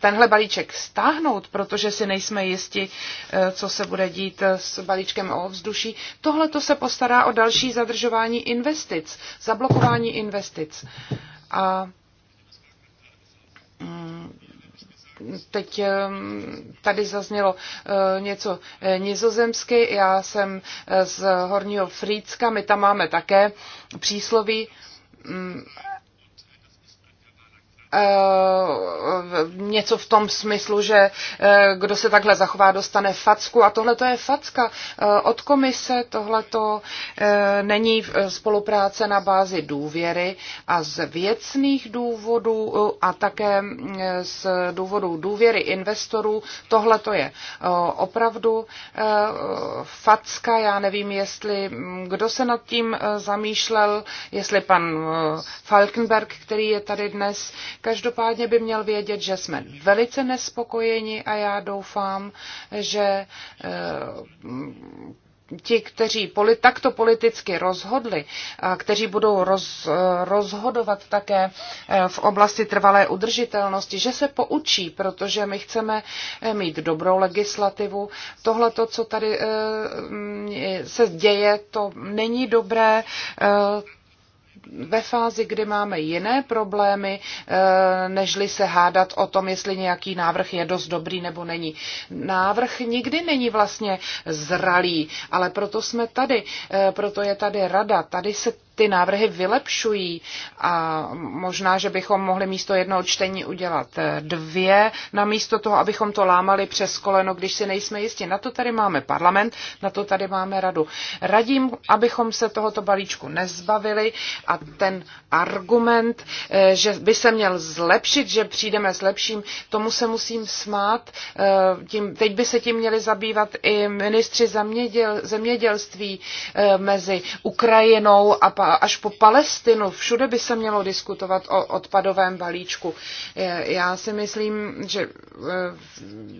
tenhle balíček stáhnout, protože si nejsme jisti, uh, co se bude dít eh, s balíčkem o ovzduší. Tohle to se postará o další zadržování investic, zablokování investic. A Teď tady zaznělo eh, něco eh, nizozemsky, já jsem eh, z Horního Frýcka, my tam máme také přísloví mm, Eh, něco v tom smyslu, že eh, kdo se takhle zachová, dostane facku. A tohle to je facka eh, od komise, tohle to není spolupráce na bázi důvěry a z věcných důvodů a také mm, z důvodů důvěry investorů, tohle to je opravdu facka. Já nevím, jestli mm, kdo se nad tím zamýšlel, jestli pan Falkenberg, který je tady dnes, Každopádně by měl vědět, že jsme velice nespokojeni a já doufám, že eh, ti, kteří poli, takto politicky rozhodli, a kteří budou roz, rozhodovat také eh, v oblasti trvalé udržitelnosti, že se poučí, protože my chceme eh, mít dobrou legislativu. Tohle, to, co tady se děje, to není dobré ve fázi, kdy máme jiné problémy, eh, nežli se hádat o tom, jestli nějaký návrh je dost dobrý nebo není. Návrh nikdy není vlastně zralý, ale proto jsme tady, eh, proto je tady rada, tady se ty návrhy vylepšují a možná, že bychom mohli místo jednoho čtení udělat eh, dvě, namísto toho, abychom to lámali přes koleno, když si nejsme jistí. Na to tady máme parlament, na to tady máme radu. Radím, abychom se tohoto balíčku nezbavili a ten argument, eh, že by se měl zlepšit, že přijdeme s lepším, tomu se musím smát. Eh, tím, teď by se tím měli zabývat i ministři zeměděl, zemědělství mezi Ukrajinou a až po Palestinu. Všude by se mělo diskutovat o odpadovém balíčku. Já si myslím, že e,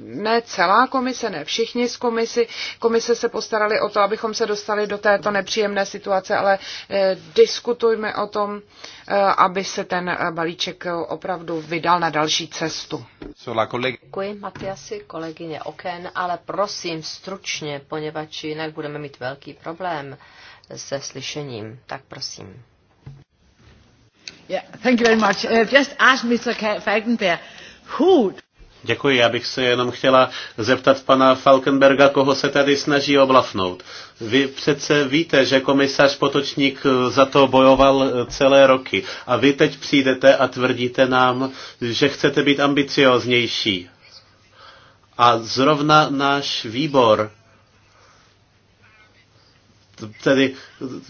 ne celá komise, ne všichni z komisy. komise se postarali o to, abychom se dostali do této nepříjemné situace, ale e, diskutujme o tom, e, aby se ten balíček opravdu vydal na další cestu. Děkuji, Matiasi, kolegyně Oken, ale prosím stručně, poněvadž jinak budeme mít velký problém se slyšením. Tak prosím. Yeah, thank you very much. Uh, just ask Mr. Falkenberg, who... Děkuji, já bych se jenom chtěla zeptat pana Falkenberga, koho se tady snaží oblafnout. Vy přece víte, že komisař Potočník eh, za to bojoval eh, celé roky a vy teď přijdete a tvrdíte nám, že chcete být ambicioznější. A zrovna náš výbor tedy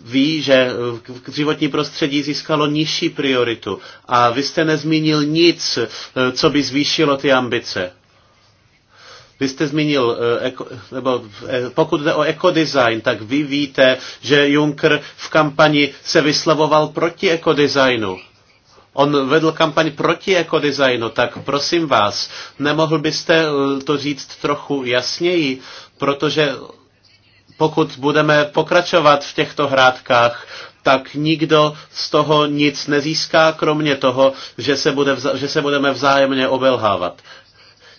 ví, že životní prostředí získalo nižší prioritu. A vy jste nezmínil nic, co by zvýšilo ty ambice. Vy jste zmínil, eh, nebo eh, pokud jde o ekodesign, tak vy víte, že Juncker v kampani se vyslavoval proti ekodesignu. On vedl kampaň proti ekodesignu, tak prosím vás, nemohl byste eh, to říct trochu jasněji, protože pokud budeme pokračovat v těchto hrádkách, tak nikdo z toho nic nezíská, kromě toho, že se, bude, že se budeme vzájemně obelhávat.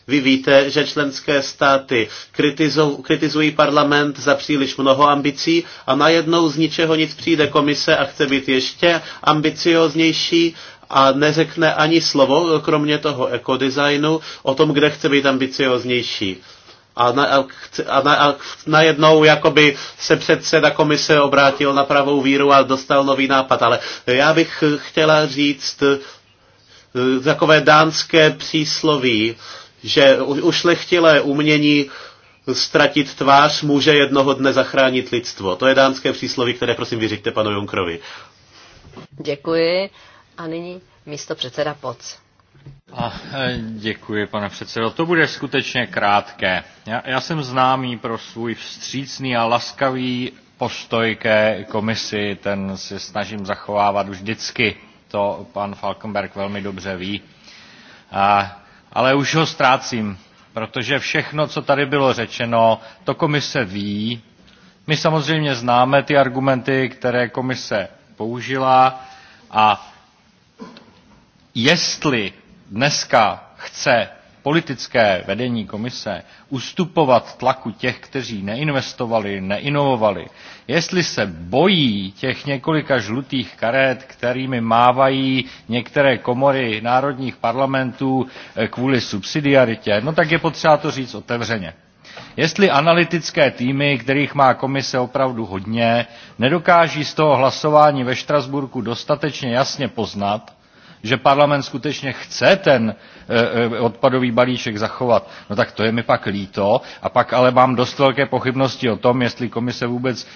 Vy víte, že členské státy kritizují, kritizují parlament za příliš mnoho ambicí a najednou z ničeho nic přijde komise a chce být ještě ambicioznější a neřekne ani slovo, kromě toho ekodesignu, o tom, kde chce být ambicioznější a, na, a, na, a najednou jakoby se předseda komise obrátil na pravou víru a dostal nový nápad. Ale já bych chtěla říct eh, takové dánské přísloví, že ušlechtilé umění ztratit tvář může jednoho dne zachránit lidstvo. To je dánské přísloví, které prosím vyřiďte panu Junkrovi. Děkuji. A nyní místo předseda Poc. A, eh, děkuji, pane předsedo. To bude skutečně krátké. Já, já jsem známý pro svůj vstřícný a laskavý postoj ke komisi, ten si snažím zachovávat už vždycky. To pan Falkenberg velmi dobře ví. A, ale už ho ztrácím, protože všechno, co tady bylo řečeno, to komise ví. My samozřejmě známe ty argumenty, které komise použila a jestli dneska chce politické vedení komise ustupovat tlaku těch, kteří neinvestovali, neinovovali, jestli se bojí těch několika žlutých karet, kterými mávají některé komory národních parlamentů eh, kvůli subsidiaritě, no tak je potřeba to říct otevřeně. Jestli analytické týmy, kterých má komise opravdu hodně, nedokáží z toho hlasování ve Štrasburku dostatečně jasně poznat, že parlament skutečně chce ten eh, eh, odpadový balíček zachovat no tak to je mi pak líto a pak ale mám dost velké pochybnosti o tom jestli komise vůbec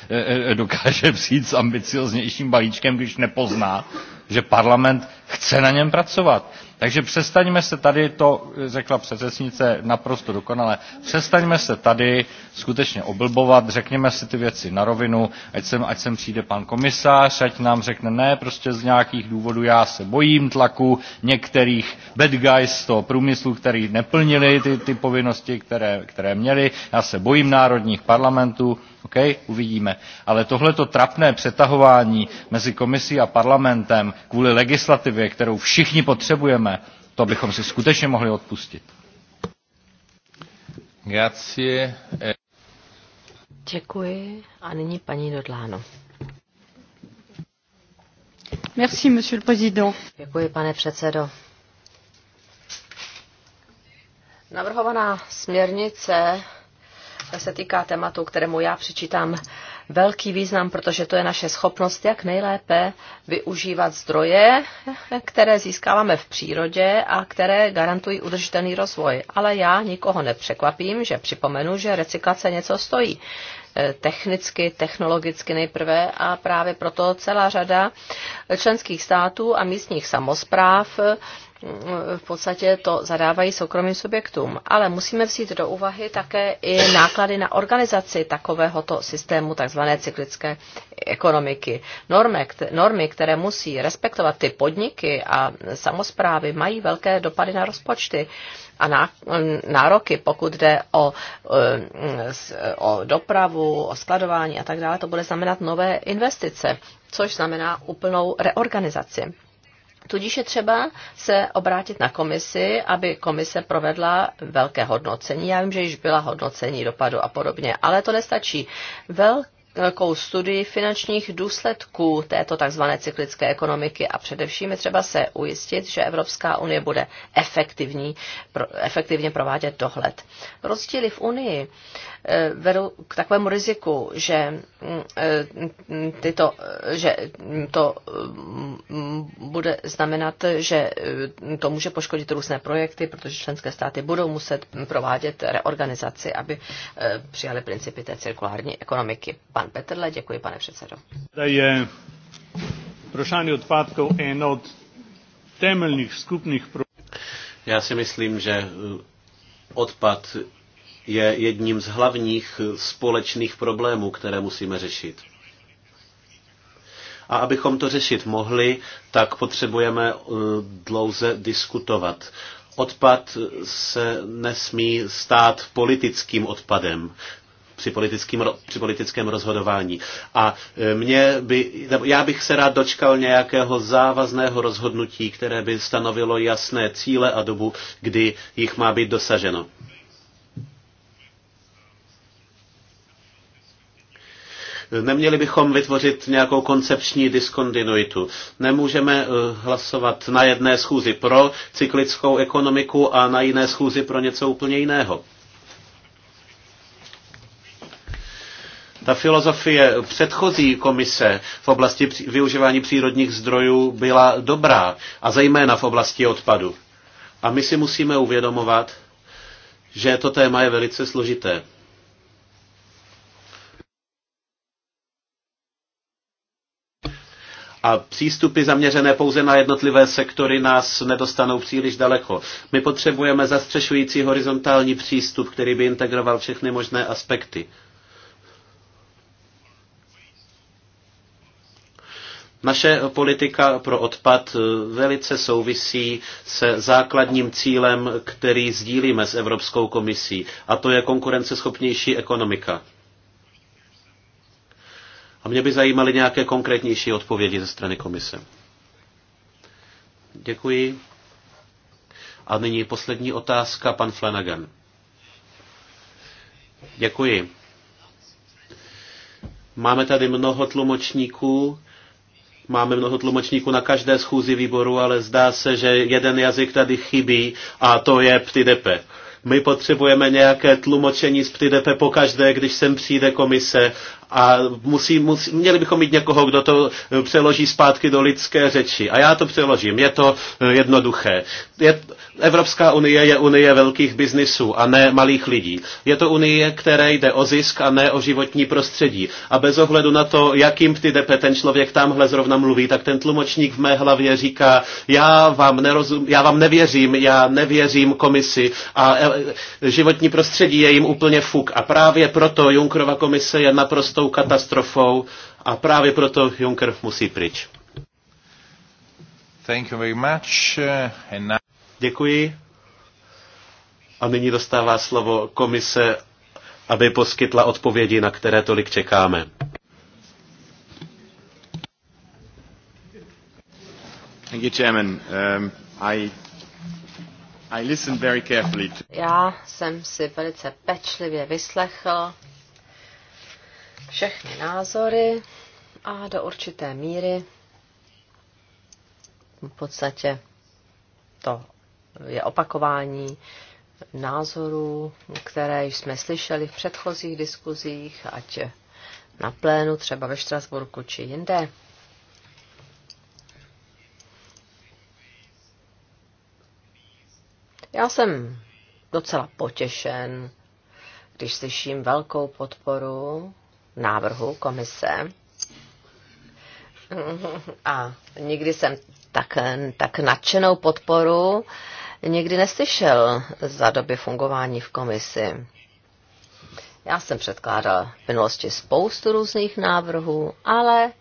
eh, dokáže přijít s ambicioznějším balíčkem když nepozná že parlament chce na něm pracovat. Takže přestaňme se tady, to řekla předřečnice naprosto dokonale, přestaňme se tady skutečně oblbovat, řekněme si ty věci na rovinu, ať sem, ať sem přijde pan komisář, ať nám řekne ne, prostě z nějakých důvodů já se bojím tlaku některých bad guys z toho průmyslu, který neplnili ty, ty povinnosti, které, které měli. Já se bojím národních parlamentů, OK, uvidíme. Ale tohleto trapné přetahování mezi komisí a parlamentem kvůli legislativě, kterou všichni potřebujeme, to bychom si skutečně mohli odpustit. Děkuji. A nyní paní Dodláno. Merci, monsieur le président. Děkuji, pane předsedo. Navrhovaná směrnice se týká tématu, kterému já přičítám velký význam, protože to je naše schopnost, jak nejlépe využívat zdroje, které získáváme v přírodě a které garantují udržitelný rozvoj. Ale já nikoho nepřekvapím, že připomenu, že recyklace něco stojí. Eh, technicky, technologicky nejprve a právě proto celá řada členských států a místních samozpráv v podstatě to zadávají soukromým subjektům. Ale musíme vzít do úvahy také i náklady na organizaci takovéhoto systému tzv. cyklické ekonomiky. Normy, normy, které musí respektovat ty podniky a samozprávy, mají velké dopady na rozpočty a nároky, pokud jde o, eh, o dopravu, o skladování a tak dále, to bude znamenat nové investice, což znamená úplnou reorganizaci. Tudíž je třeba se obrátit na komisi, aby komise provedla velké hodnocení. Já vím, že již byla hodnocení dopadu a podobně, ale to nestačí. Velk, velkou studii finančních důsledků této tzv. cyklické ekonomiky a především je třeba se ujistit, že Evropská unie bude efektivní, pro, efektivně provádět dohled. Rozdíly v Unii eh, vedou k takovému riziku, že, mm, eh, tyto, že to mm, bude znamenat, že mm, to může poškodit různé projekty, protože členské státy budou muset provádět reorganizaci, aby eh, přijali principy té cirkulární ekonomiky. Pan Pan Petrle, děkuji, pane předsedo. Je prošání odpadků jedno od temeljných skupných pro... Já si myslím, že e, odpad je jedním z hlavních společných problémů, které musíme řešit. A abychom to řešit mohli, tak potřebujeme e, dlouze diskutovat. Odpad se nesmí stát politickým odpadem při, politickým, při politickém rozhodování. A e, mě by, já bych se rád dočkal nějakého závazného rozhodnutí, které by stanovilo jasné cíle a dobu, kdy jich má být dosaženo. Neměli bychom vytvořit nějakou koncepční diskontinuitu. Nemůžeme e, hlasovat na jedné schůzi pro cyklickou ekonomiku a na jiné schůzi pro něco úplně jiného. Ta filozofie předchozí komise v oblasti využívání přírodních zdrojů byla dobrá a zejména v oblasti odpadu. A my si musíme uvědomovat, že to téma je velice složité. a přístupy zaměřené pouze na jednotlivé sektory nás nedostanou příliš daleko. My potřebujeme zastřešující horizontální přístup, který by integroval všechny možné aspekty. Naše politika pro odpad eh, velice souvisí se základním cílem, který sdílíme s Evropskou komisí, a to je konkurenceschopnější ekonomika. A mě by zajímaly nějaké konkrétnější odpovědi ze strany komise. Děkuji. A nyní poslední otázka, pan Flanagan. Děkuji. Máme tady mnoho tlumočníků Máme mnoho tlumočníků na každé schůzi výboru, ale zdá se, že jeden jazyk tady chybí a to je ptidepe. My potřebujeme nějaké tlumočení z ptidepe pokaždé, když sem přijde komise a musí, musí, měli bychom mít někoho, kdo to eh, přeloží zpátky do lidské řeči. A já to přeložím. Je to eh, jednoduché. Je, Evropská unie je unie velkých biznisů a ne malých lidí. Je to unie, které jde o zisk a ne o životní prostředí. A bez ohledu na to, jakým ty depe ten člověk tamhle zrovna mluví, tak ten tlumočník v mé hlavě říká, já vám, nerozum, já vám nevěřím, já nevěřím komisi a eh, životní prostředí je jim úplně fuk. A právě proto Junkrova komise je naprosto tou katastrofou a právě proto Juncker musí pryč. Thank you very much. Eh, and now... Děkuji. A nyní dostává slovo komise, aby poskytla odpovědi, na které tolik čekáme. Thank you, Chairman. Um, I já jsem si velice pečlivě vyslechl všechny názory a do určité míry v podstatě to je opakování názorů, které jsme slyšeli v předchozích diskuzích, ať na plénu, třeba ve Štrasburku či jinde. Já jsem docela potěšen, když slyším velkou podporu návrhu komise. A nikdy jsem tak, tak nadšenou podporu nikdy neslyšel za doby fungování v komisi. Já jsem předkládal v minulosti spoustu různých návrhů, ale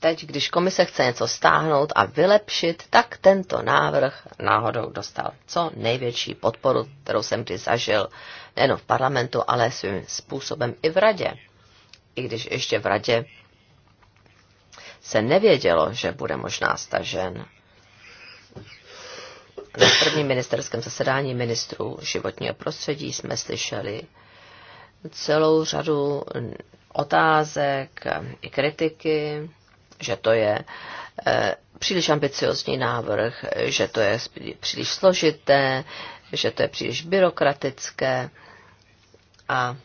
teď, když komise chce něco stáhnout a vylepšit, tak tento návrh náhodou dostal co největší podporu, kterou jsem kdy zažil nejen v parlamentu, ale svým způsobem i v radě. I když ještě v radě se nevědělo, že bude možná stažen. Na prvním ministerském zasedání ministrů životního prostředí jsme slyšeli celou řadu otázek i kritiky, že to je eh, příliš ambiciozní návrh, že to je příliš složité, že to je příliš byrokratické a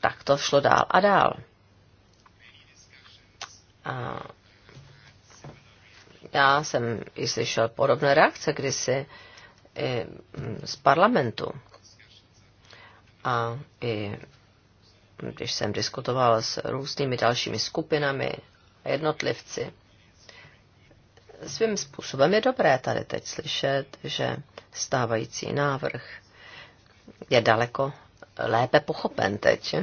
tak to šlo dál a dál. A já jsem i slyšel podobné reakce kdysi i mm, z parlamentu a i když jsem diskutoval s různými dalšími skupinami a jednotlivci, svým způsobem je dobré tady teď slyšet, že stávající návrh je daleko lépe pochopen teď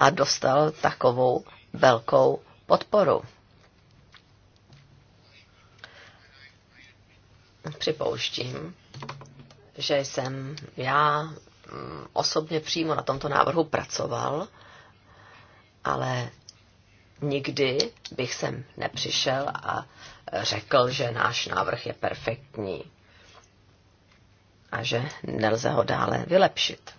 a dostal takovou velkou podporu. Připouštím, že jsem já Eh, osobně přímo na tomto návrhu pracoval, ale nikdy bych sem nepřišel a řekl, že náš návrh je perfektní a že nelze ho dále vylepšit.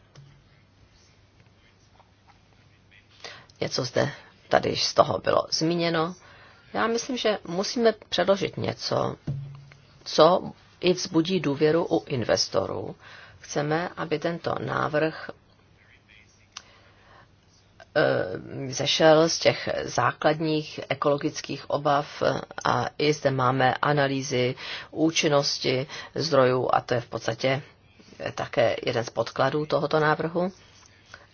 Něco zde tady z toho bylo zmíněno. Já myslím, že musíme předložit něco, co i vzbudí důvěru u investorů, Chceme, aby tento návrh eh, zešel z těch základních ekologických obav a i zde máme analýzy účinnosti zdrojů a to je v podstatě také jeden z podkladů tohoto návrhu.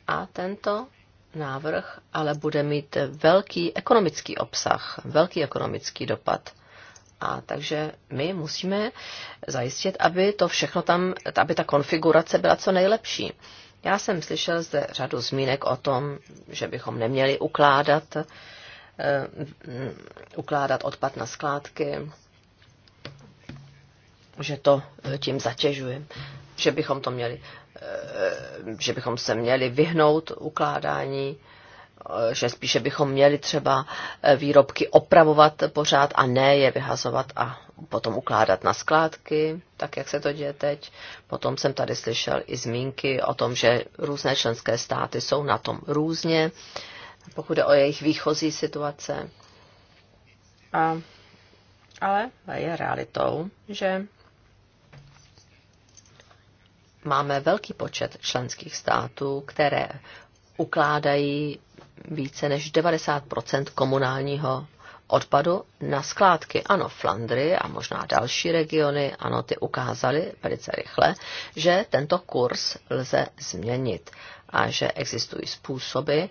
A tento návrh ale bude mít velký ekonomický obsah, velký ekonomický dopad. A takže my musíme zajistit, aby to všechno tam, aby ta konfigurace byla co nejlepší. Já jsem slyšel zde řadu zmínek o tom, že bychom neměli ukládat, eh, ukládat odpad na skládky, že to eh, tím zatěžuje, že bychom to měli, eh, že bychom se měli vyhnout ukládání Eh, že spíše bychom měli třeba eh, výrobky opravovat pořád a ne je vyhazovat a potom ukládat na skládky, tak jak se to děje teď. Potom jsem tady slyšel i zmínky o tom, že různé členské státy jsou na tom různě, pokud je o jejich výchozí situace. A, ale je realitou, že máme velký počet členských států, které ukládají více než 90 komunálního odpadu na skládky. Ano, Flandry a možná další regiony, ano, ty ukázaly velice rychle, že tento kurz lze změnit a že existují způsoby,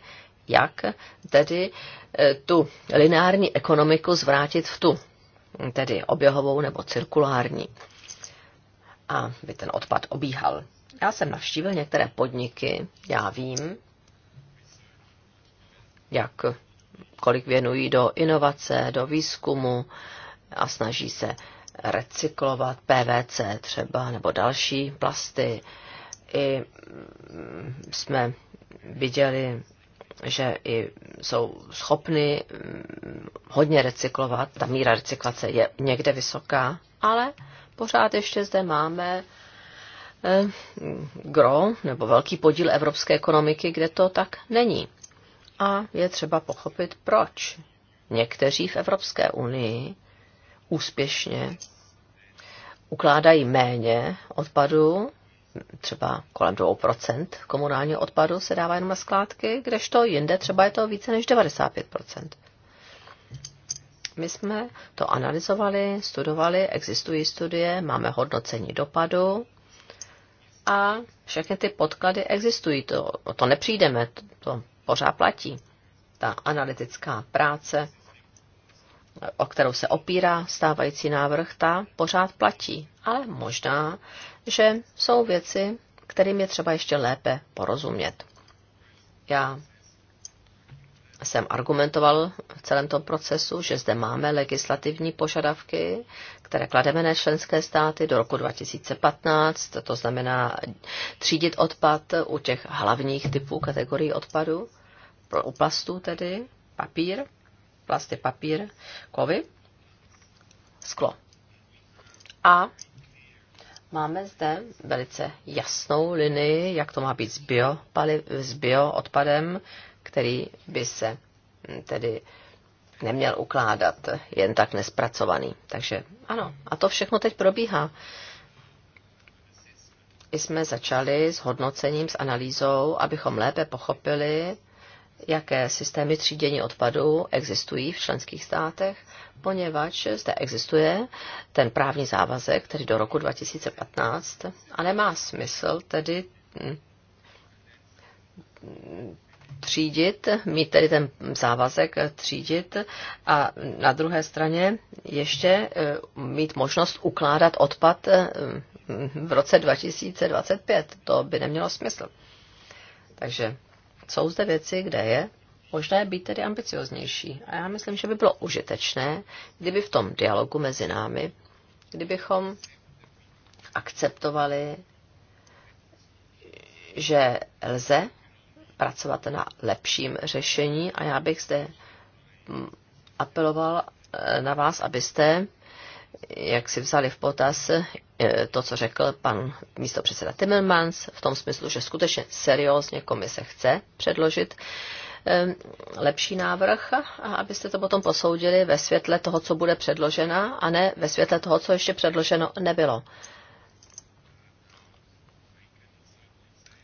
jak tedy eh, tu lineární ekonomiku zvrátit v tu, tedy oběhovou nebo cirkulární, a by ten odpad obíhal. Já jsem navštívil některé podniky, já vím, jak kolik věnují do inovace, do výzkumu a snaží se recyklovat PVC třeba nebo další plasty. I mm, jsme viděli, že i jsou schopny mm, hodně recyklovat. Ta míra recyklace je někde vysoká, ale pořád ještě zde máme eh, gro nebo velký podíl evropské ekonomiky, kde to tak není a je třeba pochopit, proč někteří v Evropské unii úspěšně ukládají méně odpadu, třeba kolem 2% komunálního odpadu se dává jenom na skládky, kdežto jinde třeba je to více než 95%. My jsme to analyzovali, studovali, existují studie, máme hodnocení dopadu a všechny ty podklady existují. To, to nepřijdeme, to pořád platí. Ta analytická práce, o kterou se opírá stávající návrh, ta pořád platí. Ale možná, že jsou věci, kterým je třeba ještě lépe porozumět. Já jsem argumentoval v celém tom procesu, že zde máme legislativní požadavky, které klademe na členské státy do roku 2015, to znamená třídit odpad u těch hlavních typů kategorií odpadu u plastu tedy, papír, plast je papír, kovy, sklo. A máme zde velice jasnou linii, jak to má být s, bio, pali, s bioodpadem, který by se hm, tedy neměl ukládat jen tak nespracovaný. Takže ano, a to všechno teď probíhá. I jsme začali s hodnocením, s analýzou, abychom lépe pochopili, jaké systémy třídění odpadů existují v členských státech, poněvadž zde existuje ten právní závazek, tedy do roku 2015, a nemá smysl tedy mm, třídit, mít tedy ten závazek třídit a na druhé straně ještě e, mít možnost ukládat odpad e, v roce 2025. To by nemělo smysl. Takže jsou zde věci, kde je možné být tedy ambicioznější. A já myslím, že by bylo užitečné, kdyby v tom dialogu mezi námi, kdybychom akceptovali, že lze pracovat na lepším řešení a já bych zde mm, apeloval eh, na vás, abyste jak si vzali v potaz E, to, co řekl pan předseda Timmermans, v tom smyslu, že skutečně seriózně komise chce předložit e, lepší návrh, abyste to potom posoudili ve světle toho, co bude předložena, a ne ve světle toho, co ještě předloženo nebylo.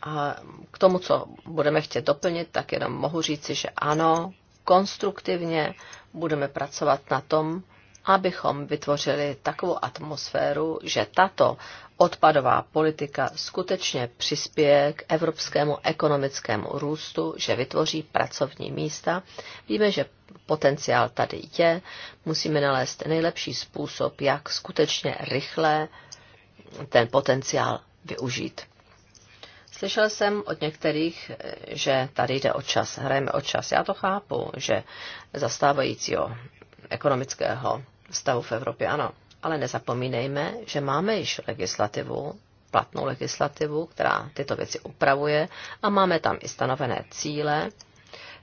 A k tomu, co budeme chtět doplnit, tak jenom mohu říci, že ano, konstruktivně budeme pracovat na tom, abychom vytvořili takovou atmosféru, že tato odpadová politika skutečně přispěje k evropskému ekonomickému růstu, že vytvoří pracovní místa. Víme, že potenciál tady je, musíme nalézt nejlepší způsob, jak skutečně rychle ten potenciál využít. Slyšel jsem od některých, že tady jde o čas, hrajeme o čas. Já to chápu, že zastávajícího ekonomického stavu v Evropě, ano. Ale nezapomínejme, že máme již legislativu, platnou legislativu, která tyto věci upravuje a máme tam i stanovené cíle,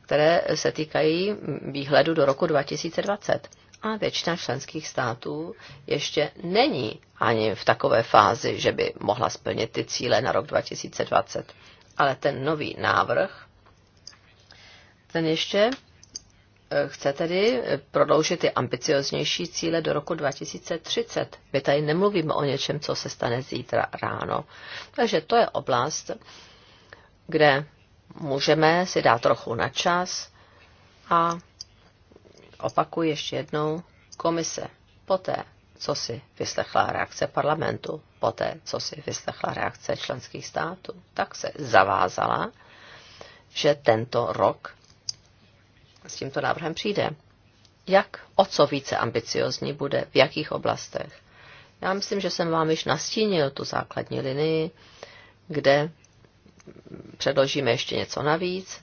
které se týkají výhledu do roku 2020. A většina členských států ještě není ani v takové fázi, že by mohla splnit ty cíle na rok 2020. Ale ten nový návrh, ten ještě chce tedy prodloužit ty ambicioznější cíle do roku 2030. My tady nemluvíme o něčem, co se stane zítra ráno. Takže to je oblast, kde můžeme si dát trochu na čas a opakuji ještě jednou, komise poté, co si vyslechla reakce parlamentu, poté, co si vyslechla reakce členských států, tak se zavázala, že tento rok s tímto návrhem přijde. Jak, o co více ambiciozní bude, v jakých oblastech. Já myslím, že jsem vám již nastínil tu základní linii, kde předložíme ještě něco navíc.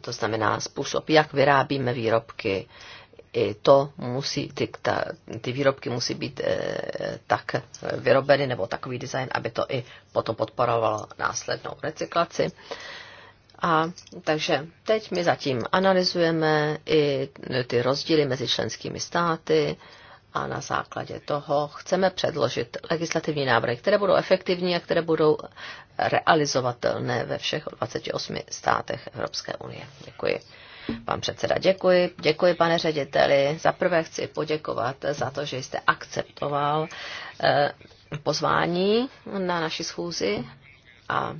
To znamená způsob, jak vyrábíme výrobky. I to musí, ty, ta, ty výrobky musí být e, tak vyrobeny nebo takový design, aby to i potom podporovalo následnou recyklaci. E, a takže teď my zatím analyzujeme i ty rozdíly mezi členskými státy a na základě toho chceme předložit legislativní návrhy, které budou efektivní a které budou realizovatelné ve všech 28 státech Evropské unie. Děkuji. Pan předseda, děkuji. Děkuji, pane řediteli. Za prvé chci poděkovat za to, že jste akceptoval eh, pozvání na naši schůzi a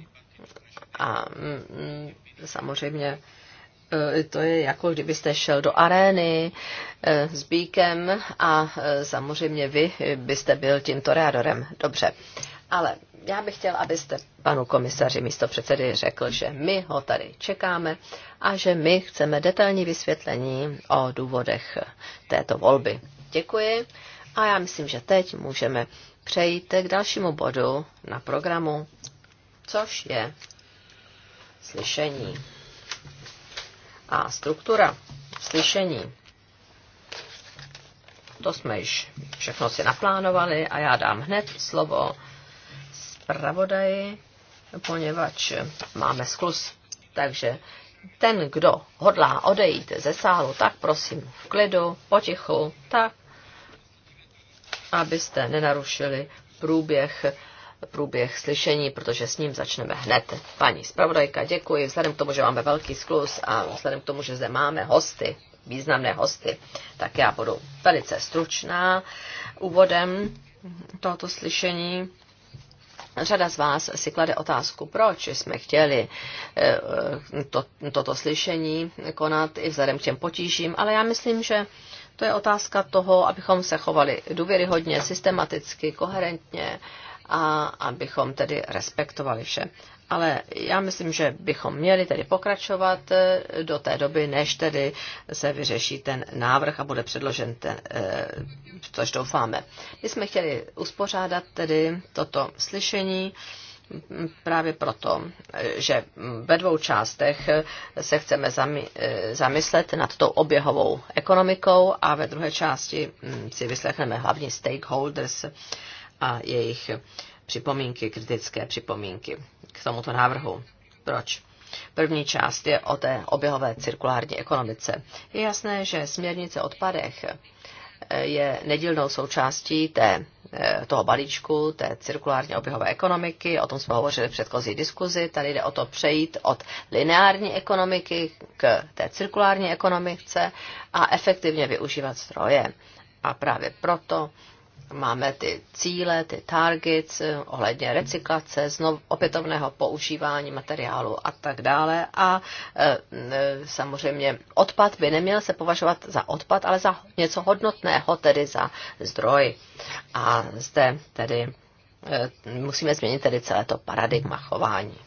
a mm, samozřejmě e, to je jako kdybyste šel do arény e, s bíkem a e, samozřejmě vy byste byl tím toreadorem. Dobře. Ale já bych chtěl, abyste panu komisaři místo předsedy řekl, že my ho tady čekáme a že my chceme detailní vysvětlení o důvodech této volby. Děkuji a já myslím, že teď můžeme přejít k dalšímu bodu na programu, což je slyšení. A struktura slyšení. To jsme již všechno si naplánovali a já dám hned slovo zpravodaji, poněvadž máme sklus. Takže ten, kdo hodlá odejít ze sálu, tak prosím v klidu, potichu, tak, abyste nenarušili průběh průběh slyšení, protože s ním začneme hned. Paní zpravodajka, děkuji. Vzhledem k tomu, že máme velký sklus a vzhledem k tomu, že zde máme hosty, významné hosty, tak já budu velice stručná úvodem tohoto slyšení. Řada z vás si klade otázku, proč jsme chtěli eh, to, toto slyšení konat i vzhledem k těm potížím, ale já myslím, že to je otázka toho, abychom se chovali důvěryhodně, systematicky, koherentně a abychom tedy respektovali vše. Ale já myslím, že bychom měli tedy pokračovat eh, do té doby, než tedy se vyřeší ten návrh a bude předložen ten, eh, což doufáme. My jsme chtěli uspořádat tedy toto slyšení právě proto, že ve dvou částech se chceme eh, zamyslet nad tou oběhovou ekonomikou a ve druhé části mm, si vyslechneme hlavní stakeholders, a jejich připomínky, kritické připomínky k tomuto návrhu. Proč? První část je o té oběhové cirkulární ekonomice. Je jasné, že směrnice odpadech eh, je nedílnou součástí té, eh, toho balíčku, té cirkulární oběhové ekonomiky. O tom jsme hovořili v předchozí diskuzi. Tady jde o to přejít od lineární ekonomiky k té cirkulární ekonomice a efektivně využívat stroje. A právě proto máme ty cíle, ty targets eh, ohledně recyklace, znov opětovného používání materiálu a tak dále. A e, samozřejmě odpad by neměl se považovat za odpad, ale za něco hodnotného, tedy za zdroj. A zde tedy e, musíme změnit tedy celé to paradigma chování.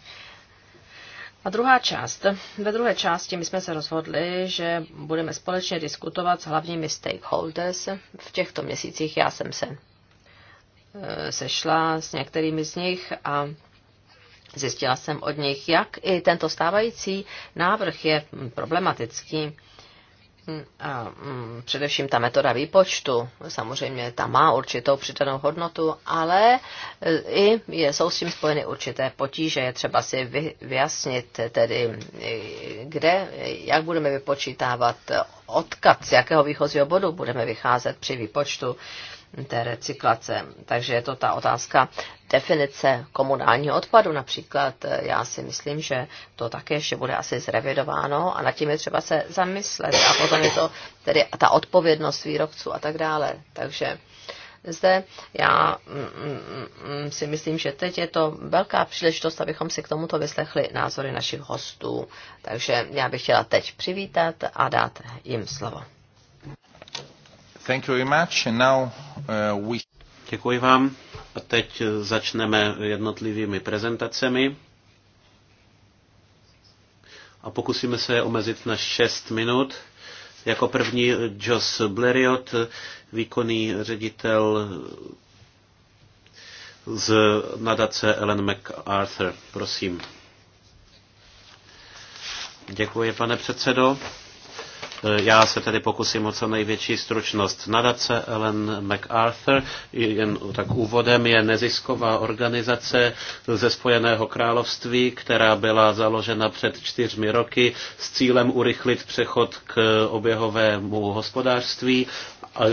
A druhá část. Ve druhé části my jsme se rozhodli, že budeme společně diskutovat s hlavními stakeholders. V těchto měsících já jsem se eh, sešla s některými z nich a zjistila jsem od nich, jak i tento stávající návrh je problematický a mm, především ta metoda výpočtu, samozřejmě ta má určitou přidanou hodnotu, ale e, i je, jsou s tím spojeny určité potíže. Je třeba si vyjasnit tedy, e, kde, e, jak budeme vypočítávat odkaz, z jakého výchozího bodu budeme vycházet při výpočtu té recyklace. Takže je to ta otázka definice komunálního odpadu například. Eh, já si myslím, že to také ještě bude asi zrevidováno a nad tím je třeba se zamyslet. A potom je to tedy ta odpovědnost výrobců a tak dále. Takže zde já mm, mm, mm, si myslím, že teď je to velká příležitost, abychom si k tomuto vyslechli názory našich hostů. Takže já bych chtěla teď přivítat a dát jim slovo. Thank you very much. And now, uh, we... Děkuji vám. A teď začneme jednotlivými prezentacemi. A pokusíme se je omezit na 6 minut. Jako první Jos Bleriot, výkonný ředitel z nadace Ellen MacArthur. Prosím. Děkuji, pane předsedo. Eh, já se tedy pokusím o co největší stručnost. Nadace Ellen MacArthur, jen tak úvodem je nezisková organizace ze Spojeného království, která byla založena před čtyřmi roky s cílem urychlit přechod k eh, oběhovému hospodářství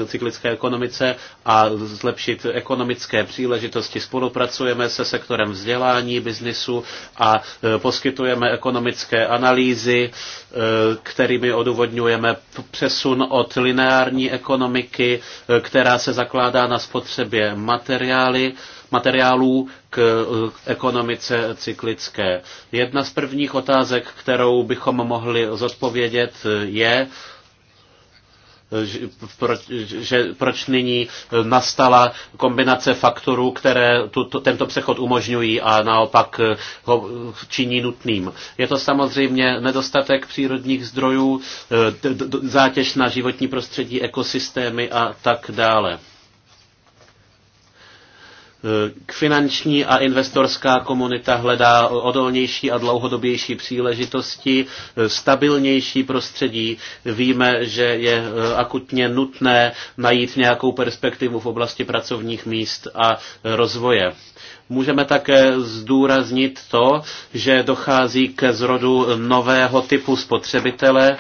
cyklické ekonomice a zlepšit ekonomické příležitosti. Spolupracujeme se sektorem vzdělání, biznisu a e, poskytujeme ekonomické analýzy, e, kterými odůvodňujeme přesun od lineární ekonomiky, e, která se zakládá na spotřebě materiály, materiálů k ekonomice cyklické. Jedna z prvních otázek, kterou bychom mohli zodpovědět, je, proč, že, proč nyní nastala kombinace faktorů, které tu, tu, tento přechod umožňují a naopak ho činí nutným. Je to samozřejmě nedostatek přírodních zdrojů, zátěž na životní prostředí, ekosystémy a tak dále. K Finanční a investorská komunita hledá odolnější a dlouhodobější příležitosti, stabilnější prostředí. Víme, že je akutně nutné najít nějakou perspektivu v oblasti pracovních míst a rozvoje. Můžeme také zdůraznit to, že dochází ke zrodu nového typu spotřebitele,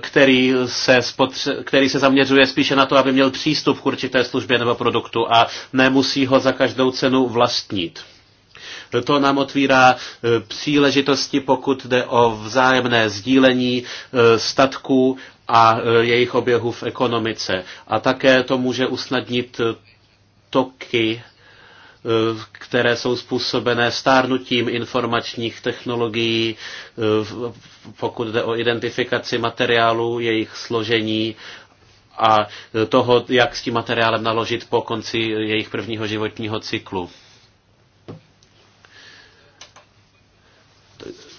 který se, spotře- který se zaměřuje spíše na to, aby měl přístup k určité službě nebo produktu a nemusí ho za každou cenu vlastnit. To nám otvírá e, příležitosti, pokud jde o vzájemné sdílení e, statků a e, jejich oběhu v ekonomice. A také to může usnadnit toky Eh, které jsou způsobené stárnutím informačních technologií, eh, pokud jde o identifikaci materiálu, jejich složení a toho, jak s tím materiálem naložit po konci jejich prvního životního cyklu.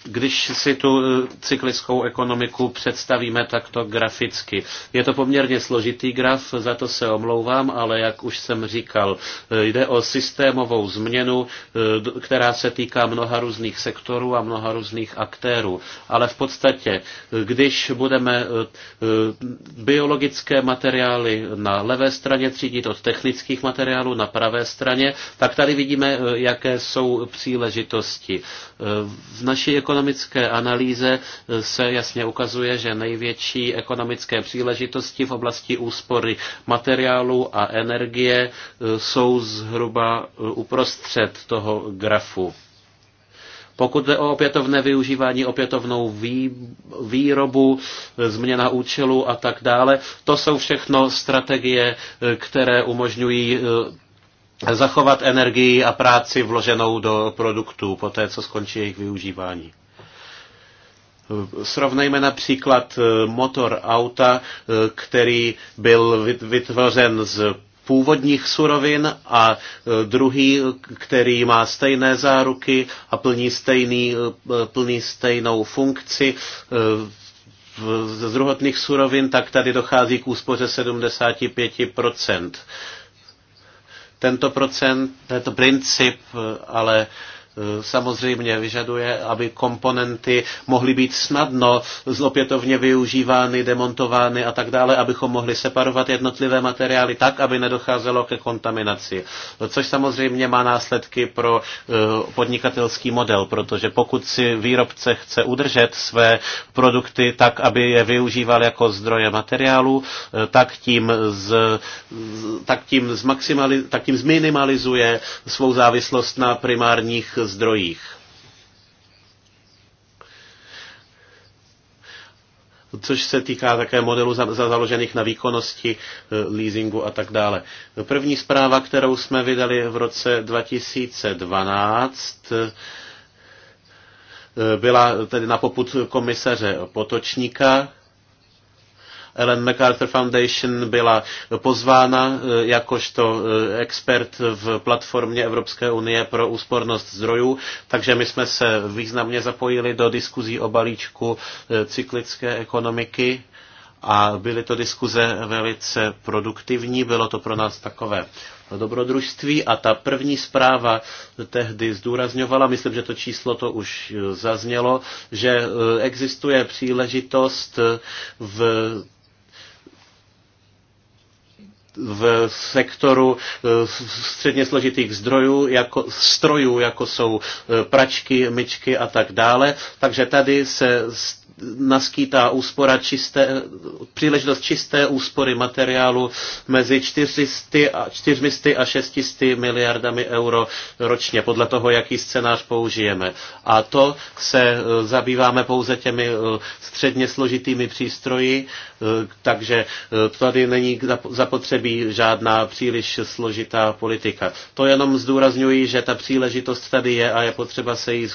Když si tu e, cyklickou ekonomiku představíme takto graficky, je to poměrně složitý graf, za to se omlouvám, ale jak už jsem říkal, e, jde o systémovou změnu, e, která se týká mnoha různých sektorů a mnoha různých aktérů. Ale v podstatě, když budeme biologické materiály na levé straně třídit od technických materiálů na pravé straně, tak tady vidíme, jaké jsou příležitosti. V naší ekonomice ekonomické analýze eh, se jasně ukazuje, že největší ekonomické příležitosti v oblasti úspory materiálu a energie eh, jsou zhruba eh, uprostřed toho grafu. Pokud jde o opětovné využívání, opětovnou vý, výrobu, změna účelu a tak dále, to jsou všechno strategie, které umožňují zachovat energii a práci vloženou do produktů po té, co skončí jejich využívání. Srovnejme například eh, motor auta, eh, který byl vytvořen z původních surovin a eh, druhý, který má stejné záruky a plní, stejný, plní stejnou funkci ze druhotných surovin, tak tady dochází k úspoře 75%. Tento, procent, tento princip ale Eh, samozřejmě vyžaduje, aby komponenty mohly být snadno opětovně využívány, demontovány a tak dále, abychom mohli separovat jednotlivé materiály tak, aby nedocházelo ke kontaminaci. Což samozřejmě má následky pro eh, podnikatelský model, protože pokud si výrobce chce udržet své produkty tak, aby je využíval jako zdroje materiálu, eh, tak tím, z, tak tím, zminimalizuje svou závislost na primárních zdrojích. což se týká také modelů za, za založených na výkonnosti, eh, leasingu a tak dále. První zpráva, kterou jsme vydali v roce 2012, eh, byla tedy na poput komisaře Potočníka Ellen MacArthur Foundation byla pozvána eh, jakožto eh, expert v platformě Evropské unie pro úspornost zdrojů, takže my jsme se významně zapojili do diskuzí o balíčku eh, cyklické ekonomiky a byly to diskuze velice produktivní, bylo to pro nás takové dobrodružství a ta první zpráva tehdy zdůrazňovala, myslím, že to číslo to už zaznělo, že existuje příležitost v v sektoru eh, středně složitých zdrojů, jako, strojů, jako jsou eh, pračky, myčky a tak dále. Takže tady se naskýtá úspora čisté, příležitost čisté úspory materiálu mezi 400 a, 400 a 600 miliardami euro ročně, podle toho, jaký scénář použijeme. A to se e, zabýváme pouze těmi e, středně složitými přístroji, e, takže tady není zapotřebí žádná příliš složitá politika. To jenom zdůrazňuji, že ta příležitost tady je a je potřeba se jí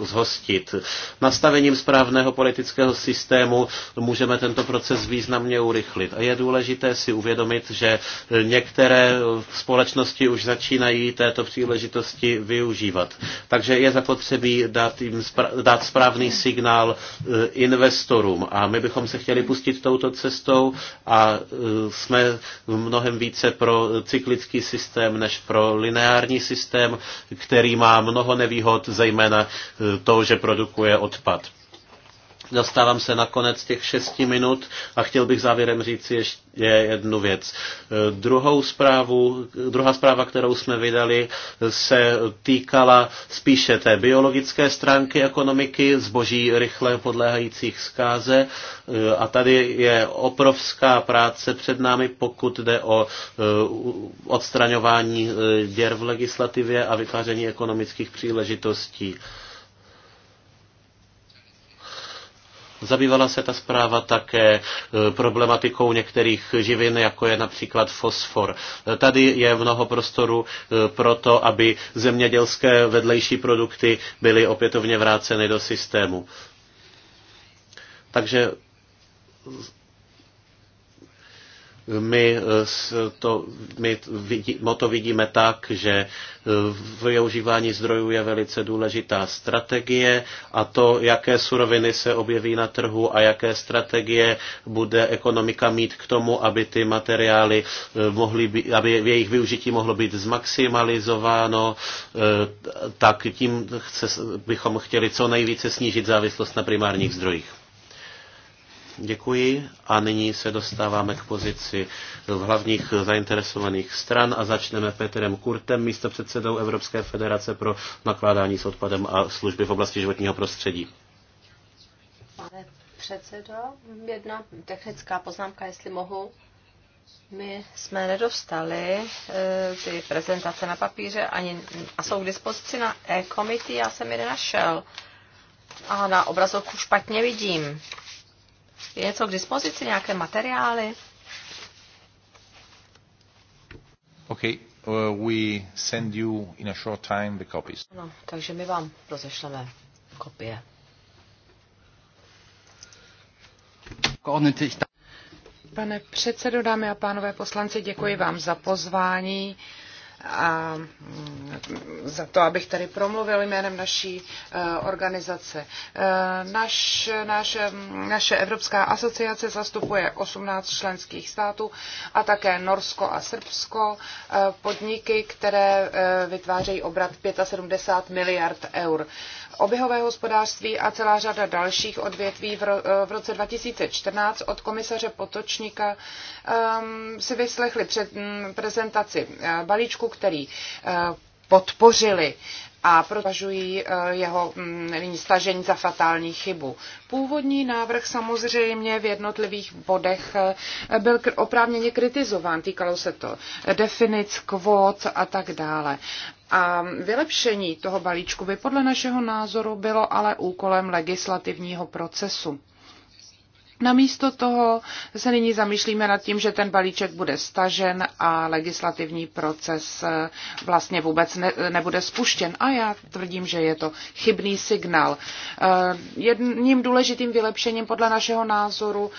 zhostit. Nastavením správného současného politického systému můžeme tento proces významně urychlit. A je důležité si uvědomit, že některé společnosti už začínají této příležitosti využívat. Takže je zapotřebí dát, jim spra- dát správný signál eh, investorům. A my bychom se chtěli pustit touto cestou a eh, jsme mnohem více pro cyklický systém než pro lineární systém, který má mnoho nevýhod, zejména eh, to, že produkuje odpad. Dostávám se na konec těch šesti minut a chtěl bych závěrem říct ještě jednu věc. Druhou zprávu, druhá zpráva, kterou jsme vydali, se týkala spíše té biologické stránky ekonomiky, zboží rychle podléhajících zkáze a tady je obrovská práce před námi, pokud jde o eh, odstraňování eh, děr v legislativě a vytváření ekonomických příležitostí. Zabývala se ta zpráva také e, problematikou některých živin, jako je například fosfor. E, tady je mnoho prostoru e, pro to, aby zemědělské vedlejší produkty byly opětovně vráceny do systému. Takže my, eh, to, my, vidí, to vidíme tak, že eh, využívání zdrojů je velice důležitá strategie a to, jaké suroviny se objeví na trhu a jaké strategie bude ekonomika mít k tomu, aby ty materiály eh, mohly být, aby jejich využití mohlo být zmaximalizováno, tak tím chce, bychom chtěli co nejvíce snížit závislost na primárních zdrojích. Děkuji a nyní se dostáváme k pozici v hlavních zainteresovaných stran a začneme Petrem Kurtem, místopředsedou Evropské federace pro nakládání s odpadem a služby v oblasti životního prostředí. Pane předsedo, jedna technická poznámka, jestli mohu. My jsme nedostali e, ty prezentace na papíře ani, a jsou k dispozici na e-komity, já jsem je nenašel. A na obrazovku špatně vidím. Je něco k dispozici, nějaké materiály? OK. uh, we send you in a short time the copies. No, takže my vám rozešleme kopie. Pane předsedo, dámy a pánové poslanci, děkuji vám za pozvání a mm, za to, abych tady promluvil jménem naší eh, organizace. Eh, naš, naš, mm, naše Evropská asociace zastupuje 18 členských států a také Norsko a Srbsko, eh, podniky, které vytvářejí obrat 75 miliard eur oběhové hospodářství a celá řada dalších odvětví v eh, roce 2014 od komisaře Potočníka ehm, si vyslechli před, mm, prezentaci eh, balíčku, který eh, podpořili a protažují eh, jeho mm, stažení za fatální chybu. Původní návrh samozřejmě v jednotlivých bodech eh, byl oprávněně kritizován, týkalo se to definic, kvót a tak dále. A vylepšení toho balíčku by podle našeho názoru bylo ale úkolem legislativního procesu. Namísto toho se nyní zamýšlíme nad tím, že ten balíček bude stažen a legislativní proces eh, vlastně vůbec ne, eh, nebude spuštěn. A já tvrdím, že je to chybný signál. Eh, jedním důležitým vylepšením podle našeho názoru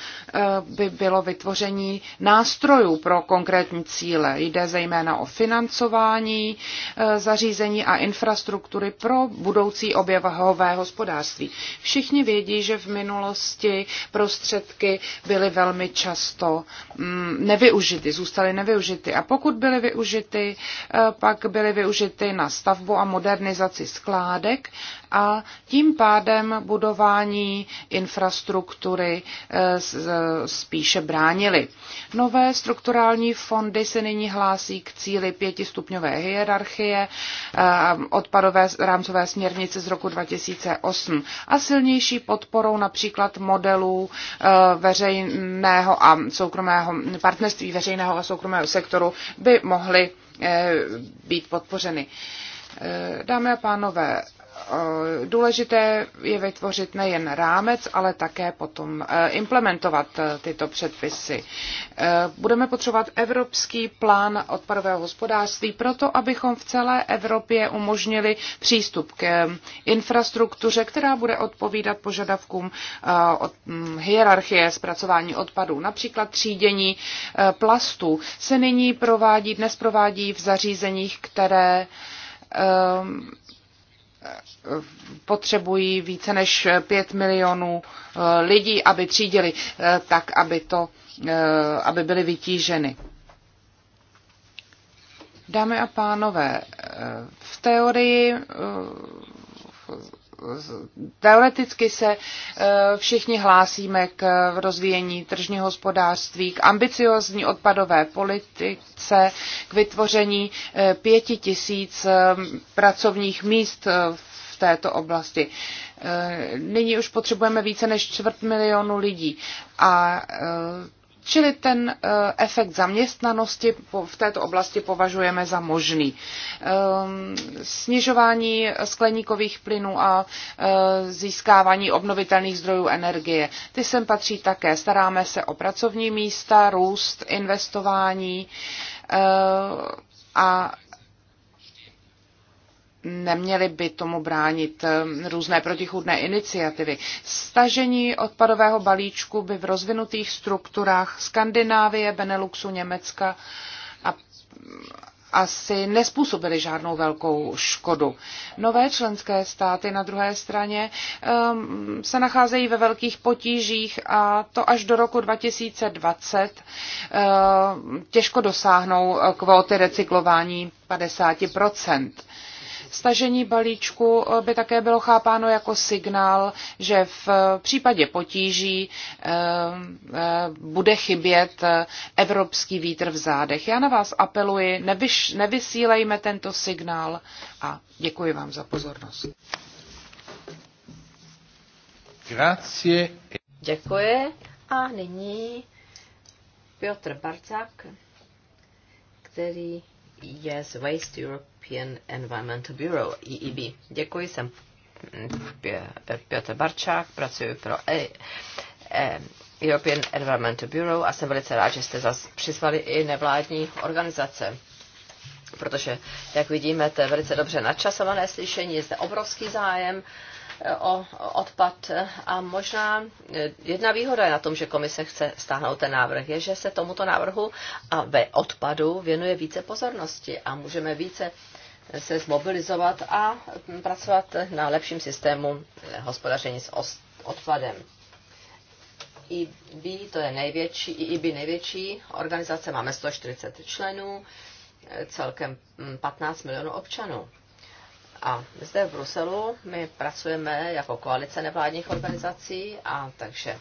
by bylo vytvoření nástrojů pro konkrétní cíle. Jde zejména o financování zařízení a infrastruktury pro budoucí objevahové hospodářství. Všichni vědí, že v minulosti prostředí prostředky byly velmi často mm, nevyužity, zůstaly nevyužity. A pokud byly využity, eh, pak byly využity na stavbu a modernizaci skládek a tím pádem budování infrastruktury eh, eh, spíše bránili. Nové strukturální fondy se nyní hlásí k cíli pětistupňové hierarchie eh, odpadové rámcové směrnice z roku 2008 a silnější podporou například modelů veřejného a soukromého partnerství veřejného a soukromého sektoru by mohly být podpořeny. Dámy a pánové, Eh, důležité je vytvořit nejen rámec, ale také potom eh, implementovat eh, tyto předpisy. Budeme potřebovat evropský plán odpadového hospodářství proto, abychom v celé Evropě umožnili přístup k infrastruktuře, která bude odpovídat požadavkům od hm, hierarchie zpracování odpadů. Například třídění plastů se nyní provádí, dnes provádí v zařízeních, které potřebují více než 5 milionů eh, lidí, aby třídili eh, tak, aby, to, eh, aby byly vytíženy. Dámy a pánové, v teorii Teoreticky se e, všichni hlásíme k rozvíjení tržního hospodářství, k ambiciozní odpadové politice, k vytvoření e, pěti tisíc e, pracovních míst v této oblasti. Nyní už potřebujeme více než čtvrt milionu lidí a Čili ten eh, efekt zaměstnanosti v této oblasti považujeme za možný. Ehm, snižování skleníkových plynů a eh, získávání obnovitelných zdrojů energie. Ty sem patří také. Staráme se o pracovní místa, růst, investování eh, a neměly by tomu bránit um, různé protichůdné iniciativy. Stažení odpadového balíčku by v rozvinutých strukturách Skandinávie, Beneluxu, Německa a mm, asi nespůsobily žádnou velkou škodu. Nové členské státy na druhé straně um, se nacházejí ve velkých potížích a to až do roku 2020 uh, těžko dosáhnou kvóty recyklování 50 Stažení balíčku eh, by také bylo chápáno jako signál, že v eh, případě potíží eh, bude chybět evropský vítr v zádech. Já na vás apeluji, nevyš, nevysílejme tento signál a děkuji vám za pozornost. Grazie. Děkuji. A nyní Piotr Barcák, který je z Waste Europe European Environment Bureau, EEB. Děkuji, jsem Piotr Barčák, pracuji pro e, e, European Environment Bureau a jsem velice rád, že jste zas přizvali i nevládní organizace. Protože, jak vidíme, to je velice dobře načasované slyšení, je zde obrovský zájem. E, o odpad. A možná jedna výhoda je na tom, že komise chce stáhnout ten návrh, je, že se tomuto návrhu a ve odpadu věnuje více pozornosti a můžeme více se zmobilizovat a pracovat na lepším systému hospodaření s odpadem. IB, to je největší, IB největší organizace, máme 140 členů, celkem mm, 15 milionů občanů. A zde v Bruselu my pracujeme jako koalice nevládních organizací a takže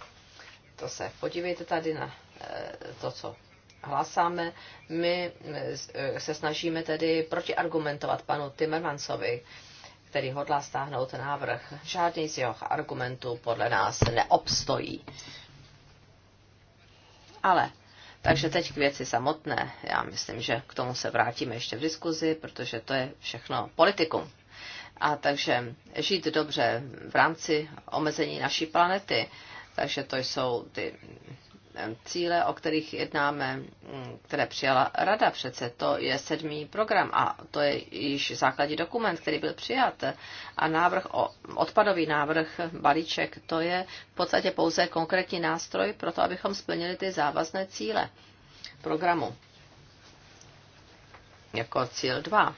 to se podívejte tady na eh, to, co hlásáme. My eh, se snažíme tedy protiargumentovat panu Timmermansovi, který hodlá stáhnout návrh. Žádný z jeho argumentů podle nás neobstojí. Ale takže teď k věci samotné. Já myslím, že k tomu se vrátíme ještě v diskuzi, protože to je všechno politikum. A takže žít dobře v rámci omezení naší planety. Takže to jsou ty cíle, o kterých jednáme, mm, které přijala Rada přece. To je sedmý program a to je již základní dokument, který byl přijat. A návrh, odpadový návrh, balíček, to je v podstatě pouze konkrétní nástroj pro to, abychom splnili ty závazné cíle programu. Jako cíl 2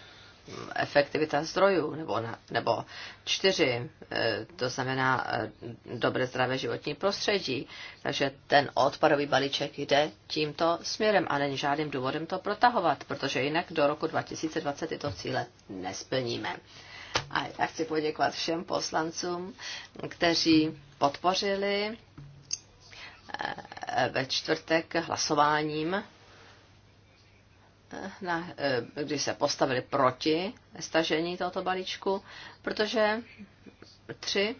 efektivita zdrojů, nebo, na, nebo čtyři, eh, to znamená eh, dobré zdravé životní prostředí. Takže ten odpadový balíček jde tímto směrem a není žádným důvodem to protahovat, protože jinak do roku 2020 tyto cíle nesplníme. A já chci poděkovat všem poslancům, kteří podpořili eh, ve čtvrtek hlasováním na, eh, když se postavili proti stažení tohoto balíčku, protože tři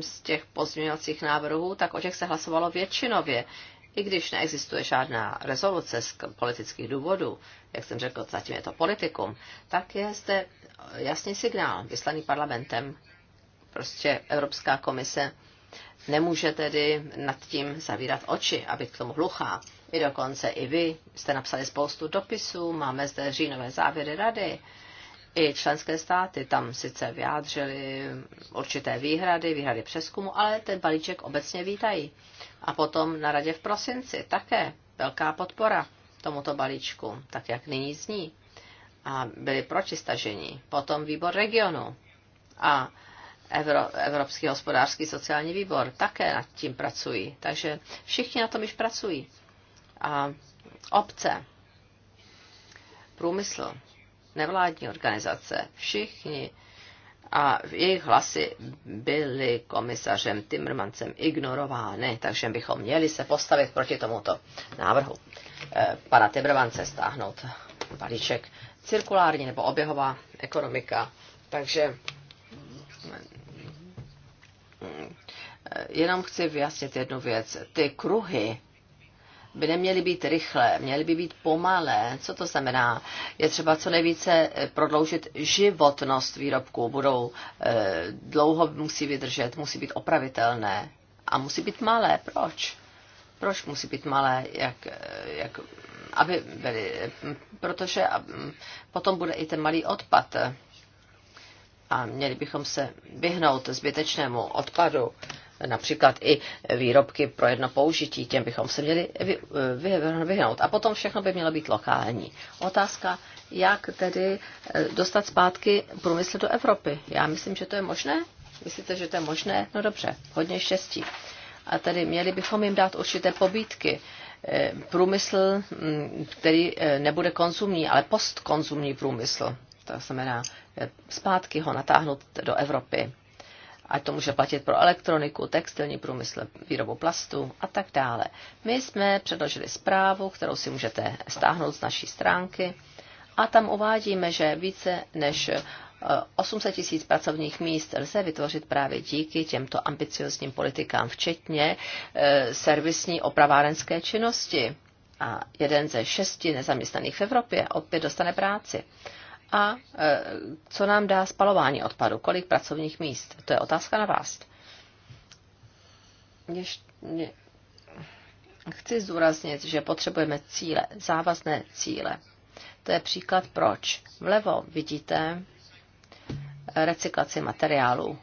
z těch pozměňovacích návrhů, tak o těch se hlasovalo většinově. I když neexistuje žádná rezoluce z politických důvodů, jak jsem řekl, zatím je to politikum, tak je zde jasný signál vyslaný parlamentem. Prostě Evropská komise nemůže tedy nad tím zavírat oči, aby k tomu hluchá. I dokonce i vy jste napsali spoustu dopisů, máme zde říjnové závěry rady. I členské státy tam sice vyjádřili určité výhrady, výhrady přeskumu, ale ten balíček obecně vítají. A potom na radě v prosinci také velká podpora tomuto balíčku, tak jak nyní zní. A byli proti stažení. Potom výbor regionu a Evro, Evropský hospodářský sociální výbor také nad tím pracují. Takže všichni na tom již pracují a obce, průmysl, nevládní organizace, všichni a jejich hlasy byly komisařem Timmermancem ignorovány, takže bychom měli se postavit proti tomuto návrhu. Eh, pana Timmermance stáhnout balíček cirkulární nebo oběhová ekonomika. Takže eh, jenom chci vyjasnit jednu věc. Ty kruhy by neměly být rychlé, měly by být pomalé. Co to znamená? Je třeba co nejvíce eh, prodloužit životnost výrobků. Budou e, dlouho musí vydržet, musí být opravitelné a musí být malé. Proč? Proč musí být malé? Jak, eh, jak, aby byly, protože mm, potom bude i ten malý odpad. A měli bychom se vyhnout zbytečnému odpadu například i výrobky pro jedno použití, těm bychom se měli vyhnout. A potom všechno by mělo být lokální. Otázka, jak tedy eh, dostat zpátky průmysl do Evropy. Já myslím, že to je možné. Myslíte, že to je možné? No dobře, hodně štěstí. A tedy měli bychom jim dát určité pobídky. Eh, průmysl, hm, který eh, nebude konzumní, ale postkonzumní průmysl. To znamená zpátky ho natáhnout do Evropy ať to může platit pro elektroniku, textilní průmysl, výrobu plastu a tak dále. My jsme předložili zprávu, kterou si můžete stáhnout z naší stránky a tam uvádíme, že více než 800 eh, tisíc pracovních míst lze vytvořit právě díky těmto ambiciozním politikám, včetně eh, servisní opravárenské činnosti. A jeden ze šesti nezaměstnaných v Evropě opět dostane práci a e, co nám dá spalování odpadu, kolik pracovních míst. To je otázka na vás. Ještě, chci zdůraznit, že potřebujeme cíle, závazné cíle. To je příklad proč. Vlevo vidíte recyklaci materiálů.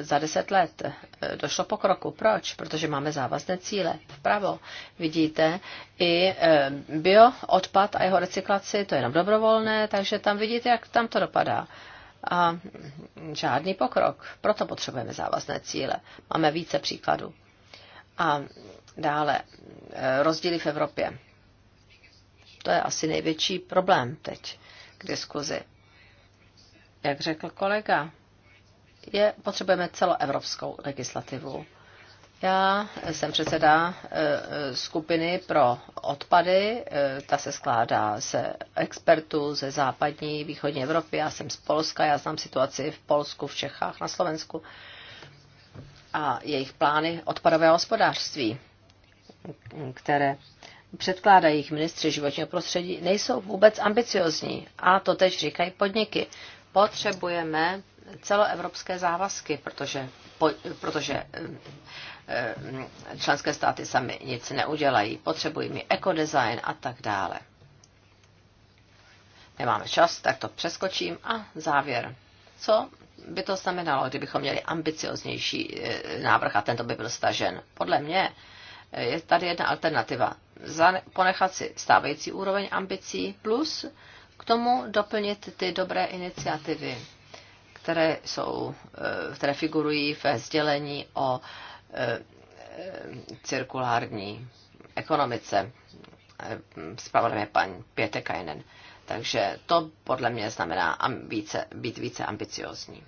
Za deset let eh, došlo pokroku. Proč? Protože máme závazné cíle. Vpravo vidíte i eh, bioodpad a jeho recyklaci, to je jenom dobrovolné, takže tam vidíte, jak tam to dopadá. A žádný pokrok. Proto potřebujeme závazné cíle. Máme více příkladů. A dále eh, rozdíly v Evropě. To je asi největší problém teď k diskuzi jak řekl kolega, je, potřebujeme celoevropskou legislativu. Já jsem předseda e, e, skupiny pro odpady, e, ta se skládá ze expertů ze západní, východní Evropy, já jsem z Polska, já znám situaci v Polsku, v Čechách, na Slovensku a jejich plány odpadového hospodářství, které předkládají jich ministři životního prostředí, nejsou vůbec ambiciozní. A to teď říkají podniky potřebujeme celoevropské závazky, protože, po, protože eh, členské státy sami nic neudělají. Potřebují mi ekodesign a tak dále. Nemáme čas, tak to přeskočím. A závěr. Co by to znamenalo, kdybychom měli ambicioznější eh, návrh a tento by byl stažen? Podle mě eh, je tady jedna alternativa. Ponechat si stávající úroveň ambicí plus k tomu doplnit ty dobré iniciativy, které, jsou, eh, které figurují ve sdělení o eh, cirkulární ekonomice. Eh, je paní Pětekajnen. Takže to podle mě znamená více, být více ambiciozní.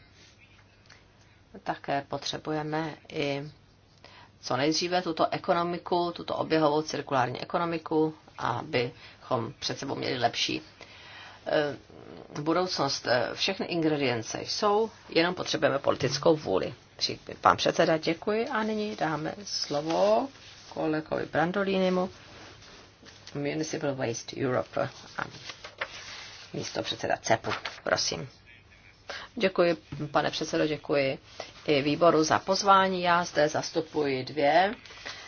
Také potřebujeme i co nejdříve tuto ekonomiku, tuto oběhovou cirkulární ekonomiku, abychom před sebou měli lepší Eh, budoucnost, eh, všechny ingredience jsou, jenom potřebujeme politickou vůli. Pán předseda, děkuji a nyní dáme slovo kolegovi Brandolínimu, Municipal Waste Europe a místo předseda CEPu, prosím. Děkuji, pane předsedo, děkuji i výboru za pozvání. Já zde zastupuji dvě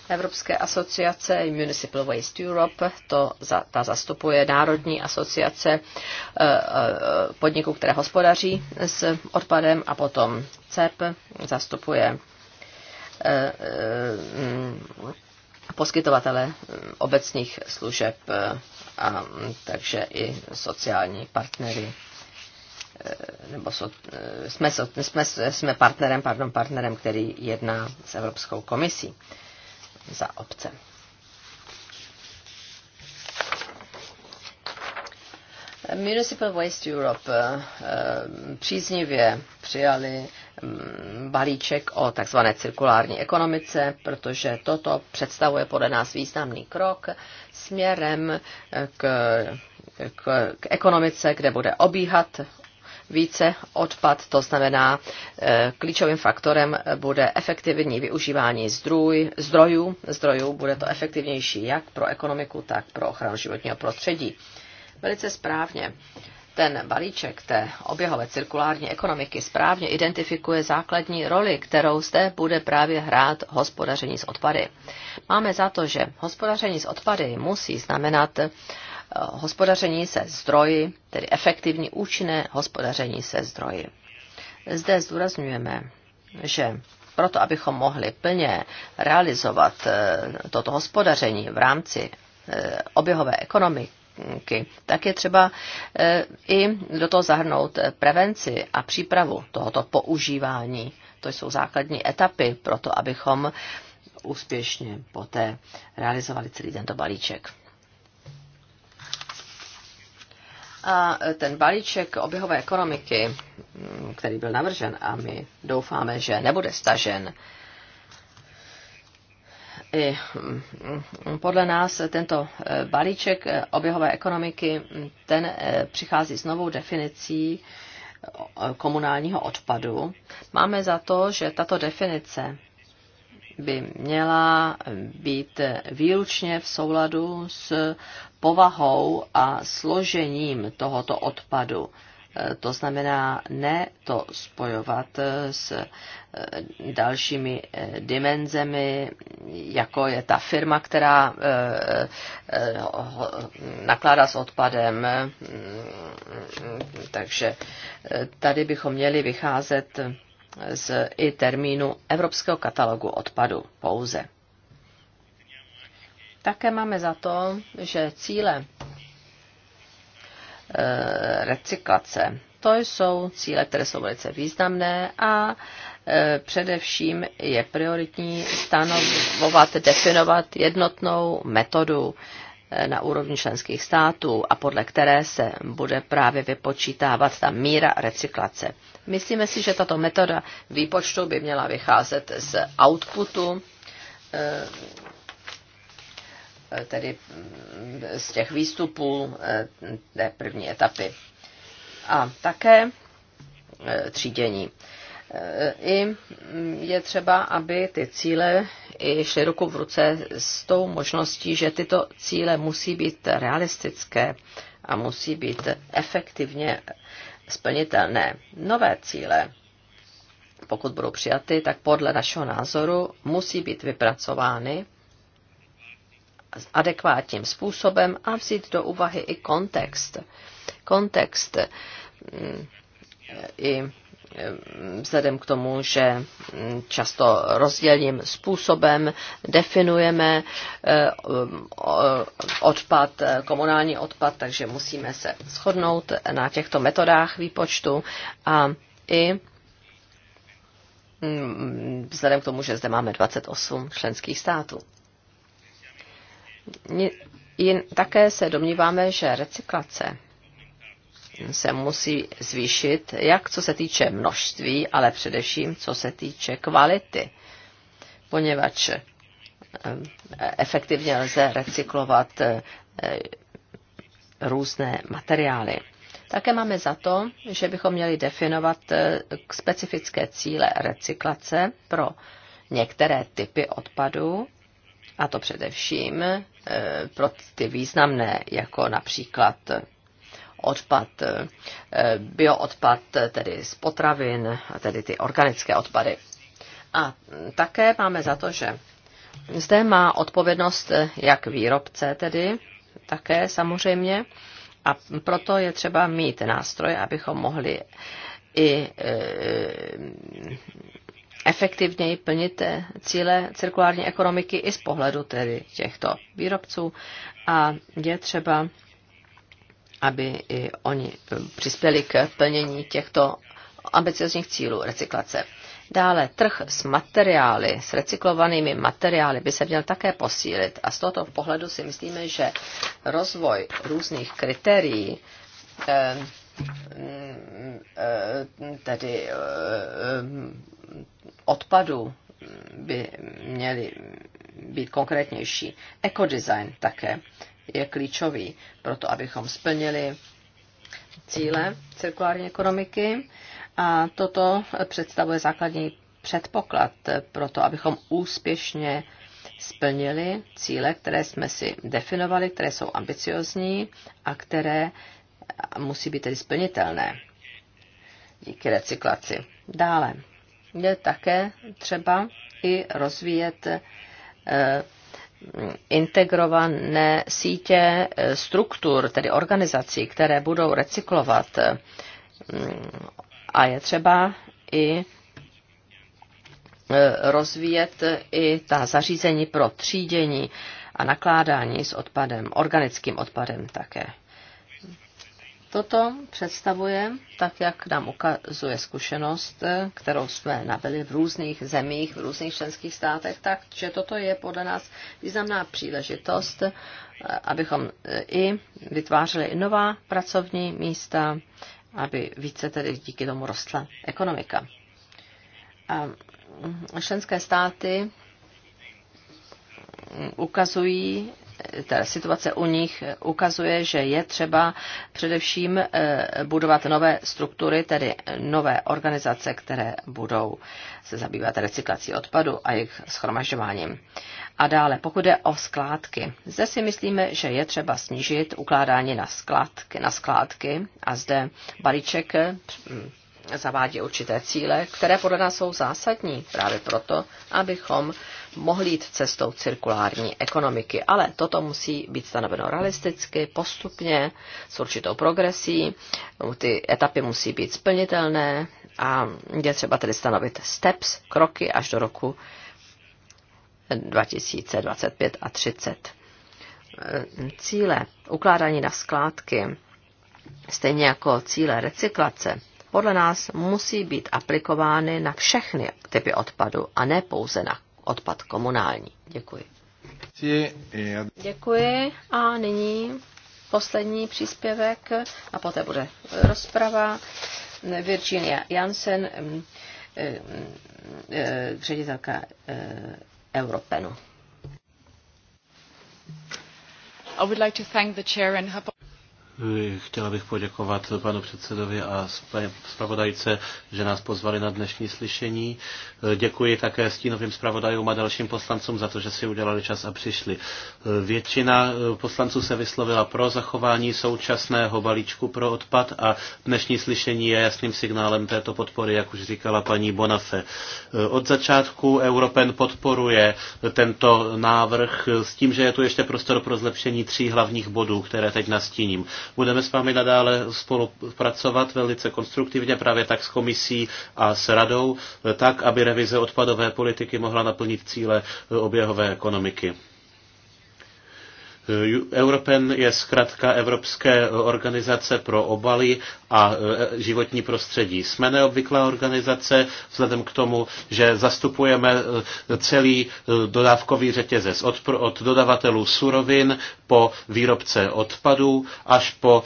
Evropské asociace Municipal Waste Europe, to za, ta zastupuje Národní asociace eh, eh, podniků, které hospodaří s odpadem a potom CEP zastupuje eh, poskytovatele obecních služeb a takže i sociální partnery nebo so, jsme, jsme, jsme partnerem, pardon, partnerem, který jedná s Evropskou komisí za obce. Municipal Waste Europe eh, eh, příznivě přijali mm, balíček o tzv. cirkulární ekonomice, protože toto představuje podle nás významný krok směrem eh, k, k, k ekonomice, kde bude obíhat více odpad, to znamená, eh, klíčovým faktorem bude efektivní využívání zdroj, zdrojů, zdrojů bude to efektivnější jak pro ekonomiku, tak pro ochranu životního prostředí. Velice správně. Ten balíček té oběhové cirkulární ekonomiky správně identifikuje základní roli, kterou zde bude právě hrát hospodaření s odpady. Máme za to, že hospodaření s odpady musí znamenat uh, hospodaření se zdroji, tedy efektivní účinné hospodaření se zdroji. Zde zdůrazňujeme, že proto, abychom mohli plně realizovat eh, toto hospodaření v rámci eh, oběhové ekonomiky, tak je třeba eh, i do toho zahrnout prevenci a přípravu tohoto používání. To jsou základní etapy pro to, abychom úspěšně poté realizovali celý tento balíček. A ten balíček oběhové ekonomiky, mm, který byl navržen a my doufáme, že nebude stažen, i mm, podle nás tento e, balíček e, oběhové ekonomiky, mm, ten e, přichází s novou definicí komunálního odpadu. Máme za to, že tato definice by měla být výlučně v souladu s povahou a složením tohoto odpadu. E, to znamená ne to spojovat e, s e, dalšími dimenzemi, jako je ta firma, která nakládá s odpadem. Takže tady bychom měli vycházet z i termínu Evropského katalogu odpadu pouze. Také máme za to, že cíle eh, recyklace. To jsou cíle, které jsou velice významné a eh, především je prioritní stanovovat, definovat jednotnou metodu eh, na úrovni členských států a podle které se bude právě vypočítávat ta míra recyklace. Myslíme si, že tato metoda výpočtu by měla vycházet z outputu, eh, eh, tedy mm, z těch výstupů eh, té první etapy. A také třídění. I mm, je třeba, aby ty cíle i šly ruku v ruce s tou možností, že tyto cíle musí být realistické a musí být efektivně splnitelné. Nové cíle, pokud budou přijaty, tak podle našeho názoru musí být vypracovány adekvátním způsobem a vzít do úvahy i kontext. Kontext mm, i vzhledem k tomu, že často rozdělným způsobem definujeme eh, odpad, komunální odpad, takže musíme se shodnout na těchto metodách výpočtu a i mm, vzhledem k tomu, že zde máme 28 členských států. Také se domníváme, že recyklace se musí zvýšit, jak co se týče množství, ale především co se týče kvality. Poněvadž eh, efektivně lze recyklovat eh, eh, různé materiály. Také máme za to, že bychom měli definovat specifické cíle recyklace pro některé typy odpadů, a to především pro ty významné, jako například odpad, eh, bioodpad, tedy z potravin, tedy ty organické odpady. A také máme za to, že zde má odpovědnost eh, jak výrobce tedy, také samozřejmě, a proto je třeba mít nástroje, abychom mohli i eh, efektivněji plnit cíle cirkulární ekonomiky i z pohledu tedy těchto výrobců. A je třeba aby i oni eh, přispěli k plnění těchto ambiciozních cílů recyklace. Dále trh s materiály, s recyklovanými materiály by se měl také posílit a z tohoto pohledu si myslíme, že rozvoj různých kritérií eh, mm, eh, tedy odpadu by měly být konkrétnější. Ekodesign také je klíčový pro to, abychom splnili cíle cirkulární ekonomiky a toto představuje základní předpoklad pro to, abychom úspěšně splnili cíle, které jsme si definovali, které jsou ambiciozní a které musí být tedy splnitelné díky recyklaci. Dále je také třeba i rozvíjet eh, integrované sítě eh, struktur, tedy organizací, které budou recyklovat. Mm, a je třeba i eh, rozvíjet i ta zařízení pro třídění a nakládání s odpadem, organickým odpadem také. Toto představuje, tak jak nám ukazuje zkušenost, eh, kterou jsme nabili v různých zemích, v různých členských státech, takže toto je podle nás významná příležitost, eh, abychom eh, i vytvářeli nová pracovní místa, aby více tedy díky tomu rostla ekonomika. A mm, členské státy mm, ukazují, ta situace u nich ukazuje, že je třeba především eh, budovat nové struktury, tedy nové organizace, které budou se zabývat recyklací odpadu a jejich schromažďováním. A dále, pokud je o skládky, zde si myslíme, že je třeba snížit ukládání na skládky, na skládky a zde balíček hm, zavádí určité cíle, které podle nás jsou zásadní právě proto, abychom mohli jít cestou cirkulární ekonomiky. Ale toto musí být stanoveno realisticky, postupně, s určitou progresí. Ty etapy musí být splnitelné a je třeba tedy stanovit steps, kroky až do roku 2025 a 30. Cíle ukládání na skládky, stejně jako cíle recyklace, podle nás musí být aplikovány na všechny typy odpadu a ne pouze na odpad komunální. Děkuji. Děkuji a nyní poslední příspěvek a poté bude rozprava. Virginia Jansen, mm, mm, mm, ředitelka eh, Europenu. I would like to thank the chair and her Eh, chtěla bych poděkovat panu předsedovi a zpravodajce, že nás pozvali na dnešní slyšení. Eh, děkuji také stínovým zpravodajům a dalším poslancům za to, že si udělali čas a přišli. Eh, většina poslanců se vyslovila pro zachování současného balíčku pro odpad a dnešní slyšení je jasným signálem této podpory, jak už říkala paní Bonafe. Od začátku Europen podporuje tento návrh s tím, že je tu ještě prostor pro zlepšení tří hlavních bodů, které teď nastíním. Budeme s vámi nadále spolupracovat velice konstruktivně právě tak s komisí a s radou, tak, aby revize odpadové politiky mohla naplnit cíle eh, oběhové ekonomiky. Europen je zkrátka Evropské organizace pro obaly a e, životní prostředí. Jsme neobvyklá organizace vzhledem k tomu, že zastupujeme e, celý e, dodávkový řetězec od, od dodavatelů surovin po výrobce odpadů až po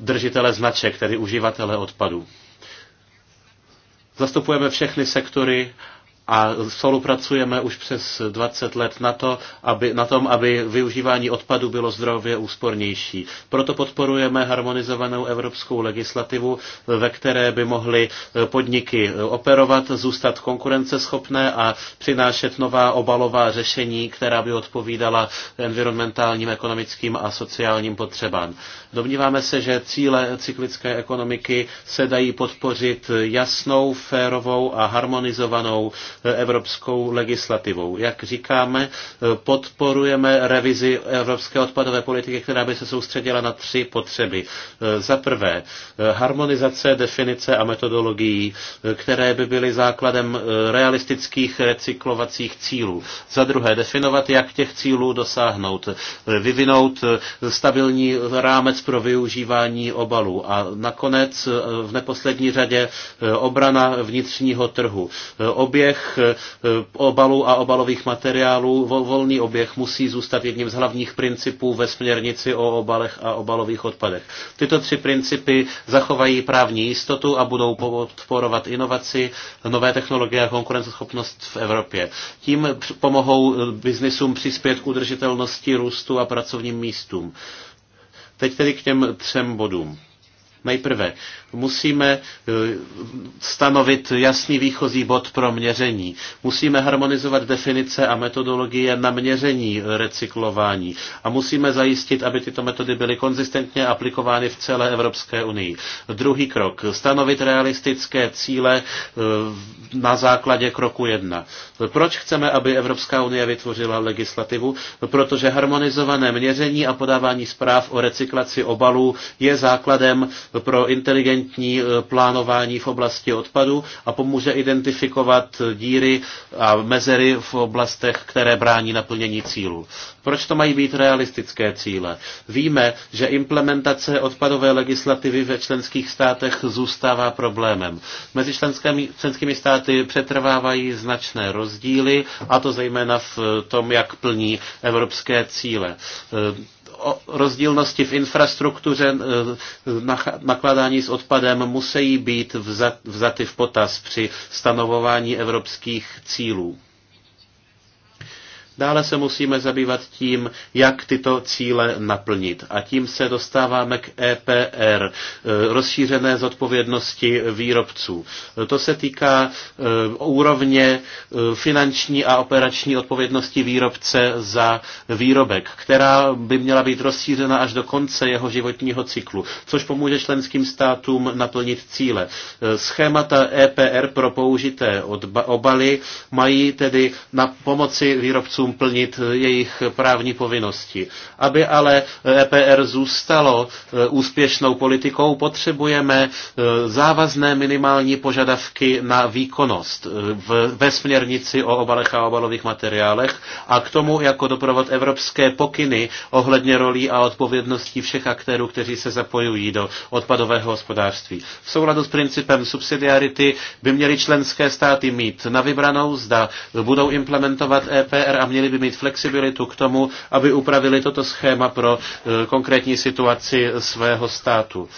držitele značek, tedy uživatele odpadů. Zastupujeme všechny sektory a spolupracujeme už přes 20 let na, to, aby, na tom, aby využívání odpadu bylo zdrově úspornější. Proto podporujeme harmonizovanou evropskou legislativu, ve které by mohly podniky operovat, zůstat konkurenceschopné a přinášet nová obalová řešení, která by odpovídala environmentálním, ekonomickým a sociálním potřebám. Domníváme se, že cíle cyklické ekonomiky se dají podpořit jasnou, férovou a harmonizovanou evropskou legislativou. Jak říkáme, podporujeme revizi evropské odpadové politiky, která by se soustředila na tři potřeby. Za prvé, harmonizace definice a metodologií, které by byly základem realistických recyklovacích cílů. Za druhé, definovat, jak těch cílů dosáhnout. Vyvinout stabilní rámec pro využívání obalů. A nakonec v neposlední řadě obrana vnitřního trhu. Oběh těch eh, obalů a obalových materiálů, volný oběh musí zůstat jedním z hlavních principů ve směrnici o obalech a obalových odpadech. Tyto tři principy zachovají právní jistotu a budou podporovat inovaci, nové technologie a konkurenceschopnost v Evropě. Tím pomohou eh, biznisům přispět k udržitelnosti růstu a pracovním místům. Teď tedy k těm třem bodům. Nejprve musíme eh, stanovit jasný výchozí bod pro měření. Musíme harmonizovat definice a metodologie na měření recyklování a musíme zajistit, aby tyto metody byly konzistentně aplikovány v celé Evropské unii. Druhý krok. Stanovit realistické cíle eh, na základě kroku jedna. Proč chceme, aby Evropská unie vytvořila legislativu? Protože harmonizované měření a podávání zpráv o recyklaci obalů je základem pro inteligentní eh, plánování v oblasti odpadu a pomůže identifikovat díry a mezery v oblastech, které brání naplnění cílů. Proč to mají být realistické cíle? Víme, že implementace odpadové legislativy ve členských státech zůstává problémem. Mezi členskými, členskými státy přetrvávají značné rozdíly, a to zejména v tom, jak plní evropské cíle. Eh, rozdílnosti v infrastruktuře eh, nakládání s odpadem musí být vzaty v potaz při stanovování evropských cílů. Dále se musíme zabývat tím, jak tyto cíle naplnit. A tím se dostáváme k EPR, eh, rozšířené zodpovědnosti výrobců. Eh, to se týká eh, úrovně finanční a operační odpovědnosti výrobce za výrobek, která by měla být rozšířena až do konce jeho životního cyklu, což pomůže členským státům naplnit cíle. Schémata EPR pro použité obaly mají tedy na pomoci výrobcům státům plnit eh, jejich právní povinnosti. Aby ale EPR eh, e zůstalo eh, úspěšnou politikou, potřebujeme závazné minimální požadavky na výkonnost v, ve směrnici o obalech a obalových materiálech a k tomu jako doprovod evropské pokyny ohledně rolí a odpovědností všech aktérů, kteří se zapojují do odpadového hospodářství. V souladu s principem subsidiarity by měly členské státy mít na vybranou, zda budou implementovat EPR a měly měli by mít flexibilitu k tomu, aby upravili toto schéma pro eh, konkrétní situaci svého státu.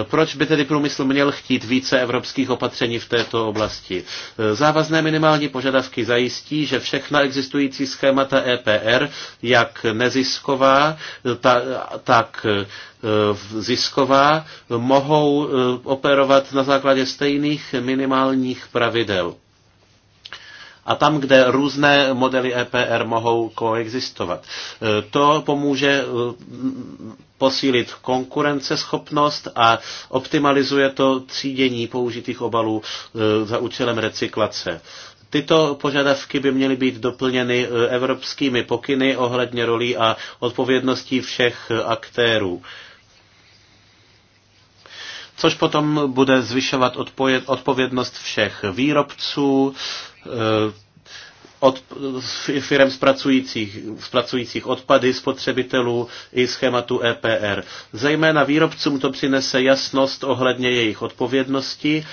Eh, proč by tedy průmysl měl chtít více evropských opatření v této oblasti? Eh, závazné minimální požadavky zajistí, že všechna existující schémata EPR, jak nezisková, ta, tak zisková, mohou operovat na základě stejných minimálních pravidel a tam, kde různé modely EPR mohou koexistovat. E, to pomůže e, posílit konkurenceschopnost a optimalizuje to třídění použitých obalů e, za účelem recyklace. Tyto požadavky by měly být doplněny evropskými pokyny ohledně rolí a odpovědností všech aktérů což potom bude zvyšovat odpovědnost všech výrobců, Eh, od firm zpracujících, zpracujících odpady, spotřebitelů i schématu EPR. Zejména výrobcům to přinese jasnost ohledně jejich odpovědnosti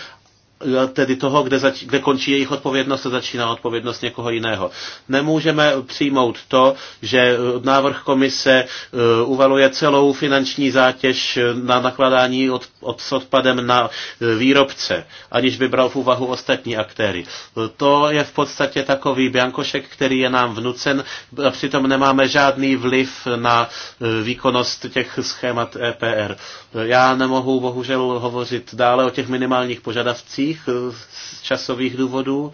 E, tedy toho, kde, zač- kde končí jejich odpovědnost a začíná odpovědnost někoho jiného. Nemůžeme přijmout to, že e, návrh komise e, uvaluje celou finanční zátěž na nakládání od, od, s odpadem na výrobce, aniž by bral v úvahu ostatní aktéry. To je v podstatě takový biankošek, který je nám vnucen a přitom nemáme žádný vliv na výkonnost těch schémat EPR. Já nemohu bohužel hovořit dále o těch minimálních požadavcích, jazycích eh, z časových důvodů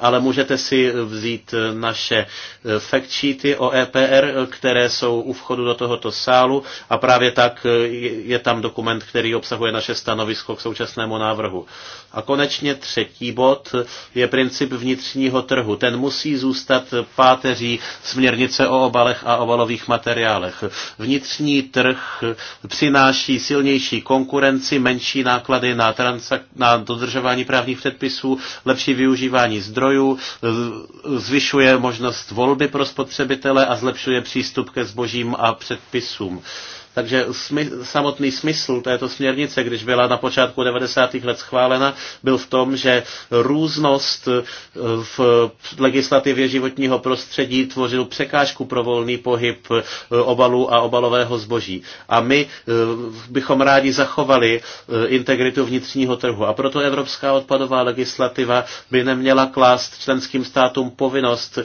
ale můžete si vzít eh, naše eh, fact sheety o EPR, eh, které jsou u vchodu do tohoto sálu a právě tak je tam dokument, který obsahuje naše stanovisko k současnému návrhu. A konečně třetí bod je princip vnitřního trhu. Ten musí zůstat páteří směrnice o obalech a obalových materiálech. Vnitřní trh přináší silnější konkurenci, menší náklady na, transak- na dodržování právních předpisů, lepší využívání zdrojů, zdrojů, zvyšuje možnost volby pro spotřebitele a zlepšuje přístup ke zbožím a předpisům. Takže smy, samotný smysl této směrnice, když byla na počátku 90. let schválena, byl v tom, že různost eh, v legislativě životního prostředí tvořil překážku pro volný pohyb eh, obalů a obalového zboží. A my eh, bychom rádi zachovali integritu vnitřního trhu. A proto evropská odpadová legislativa by neměla klást členským státům povinnost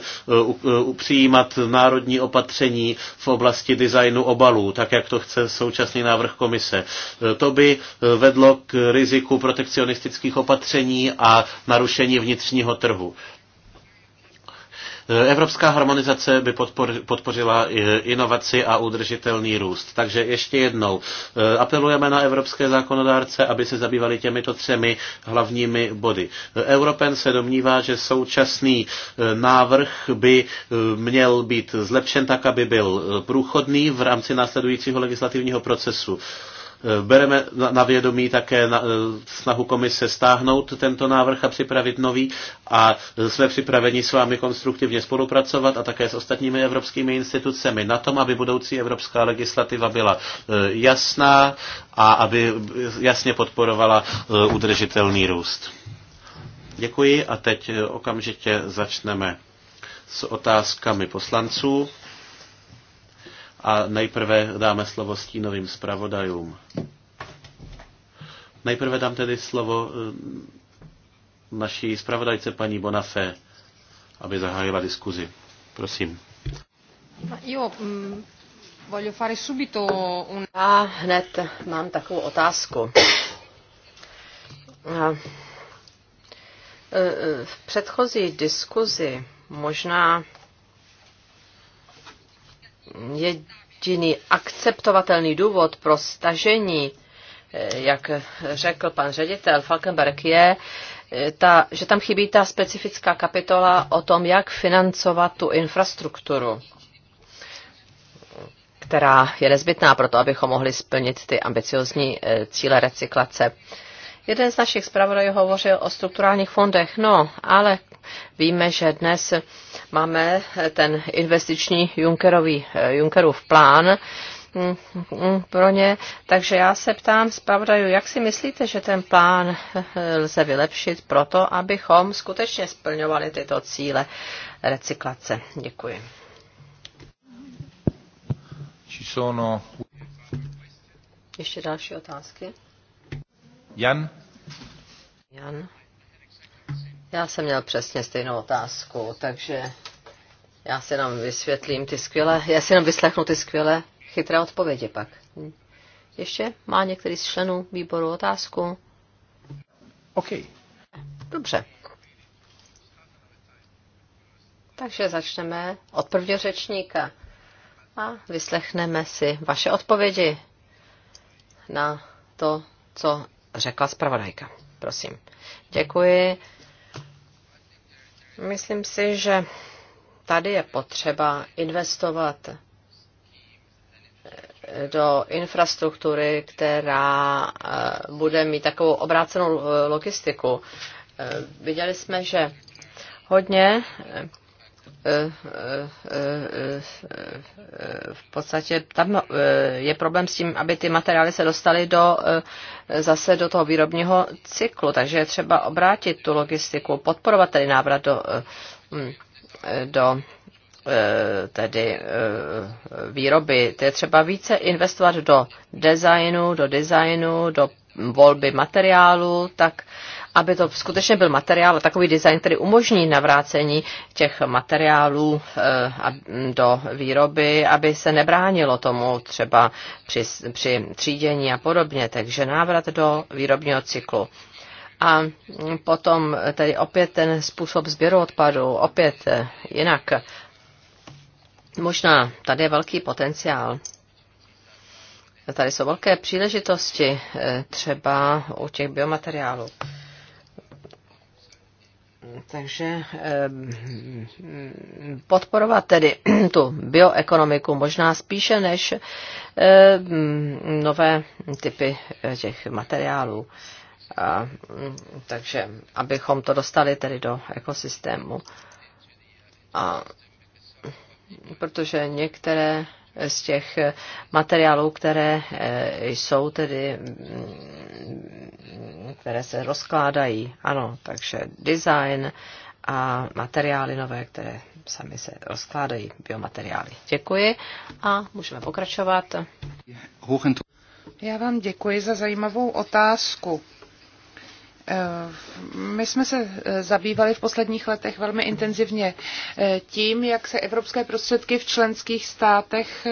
přijímat národní opatření v oblasti designu obalů, tak jak to chce současný návrh komise. E, to by e, vedlo k riziku protekcionistických opatření a narušení vnitřního trhu. Evropská harmonizace by podpořila eh, inovaci a udržitelný růst. Takže ještě jednou, eh, apelujeme na evropské zákonodárce, aby se zabývali těmito třemi hlavními body. Europen se domnívá, že současný eh, návrh by měl být zlepšen tak, aby byl průchodný v rámci následujícího legislativního procesu. Eh, bereme na vědomí také na eh, snahu komise stáhnout tento návrh a připravit nový a eh, jsme připraveni s vámi konstruktivně spolupracovat a také s ostatními evropskými institucemi na tom, aby budoucí evropská legislativa byla jasná a aby jasně podporovala udržitelný růst. Děkuji a teď okamžitě začneme s otázkami poslanců. A nejprve dáme slovo stínovým zpravodajům. Nejprve dám tedy slovo eh, naší zpravodajce paní Bonafé, aby zahájila diskuzi. Prosím. Jo, mm, voglio fare subito un... Já hned mám takovou otázku. Eh, eh, v předchozí diskuzi možná jediný akceptovatelný důvod pro stažení, eh, jak řekl pan ředitel Falkenberg, je, eh, ta, že tam chybí ta specifická kapitola o tom, jak financovat tu infrastrukturu, která je nezbytná pro to, abychom mohli splnit ty ambiciozní eh, cíle recyklace. Jeden z našich zpravodajů hovořil o strukturálních fondech, no, ale víme, že dnes máme ten investiční Junckerový, eh, Junckerův plán, mm, mm, pro ně. Takže já se ptám zpravodaju, jak si myslíte, že ten plán eh, lze vylepšit proto, abychom skutečně splňovali tyto cíle recyklace? Děkuji. Ještě další otázky? Jan? Jan? Já jsem měl přesně stejnou otázku, takže já si nám vysvětlím ty skvělé, já si nám vyslechnu ty skvělé chytré odpovědi pak. Hm. Ještě má některý z členů výboru otázku? OK. Dobře. Takže začneme od prvního řečníka a vyslechneme si vaše odpovědi na to, co řekla zpravodajka. Prosím. Děkuji. Myslím si, že tady je potřeba investovat eh, do infrastruktury, která eh, bude mít takovou obrácenou eh, logistiku. Viděli jsme, že hodně Eh, eh, eh, v podstatě tam je problém s tím, aby ty materiály se dostaly do, zase do toho výrobního cyklu, takže je třeba obrátit tu logistiku, podporovat tedy návrat do, mm, do tedy výroby. To je třeba více investovat do designu, do designu, do volby materiálu, tak aby to skutečně byl materiál, takový design, který umožní navrácení těch materiálů eh, do výroby, aby se nebránilo tomu třeba při, při třídění a podobně. Takže návrat do výrobního cyklu. A potom tedy opět ten způsob sběru odpadu, opět eh, jinak. Možná tady je velký potenciál. Tady jsou velké příležitosti eh, třeba u těch biomateriálů. Takže ehm, podporovat tedy tu bioekonomiku možná spíše než ehm, nové typy eh, těch materiálů. A, mm, takže abychom to dostali tedy do ekosystému. A, protože některé z těch materiálů, které eh, jsou tedy, mm, které se rozkládají. Ano, takže design a materiály nové, které sami se rozkládají, biomateriály. Děkuji a můžeme pokračovat. Já vám děkuji za zajímavou otázku. Eh, my jsme se eh, zabývali v posledních letech velmi intenzivně eh, tím, jak se evropské prostředky v členských státech,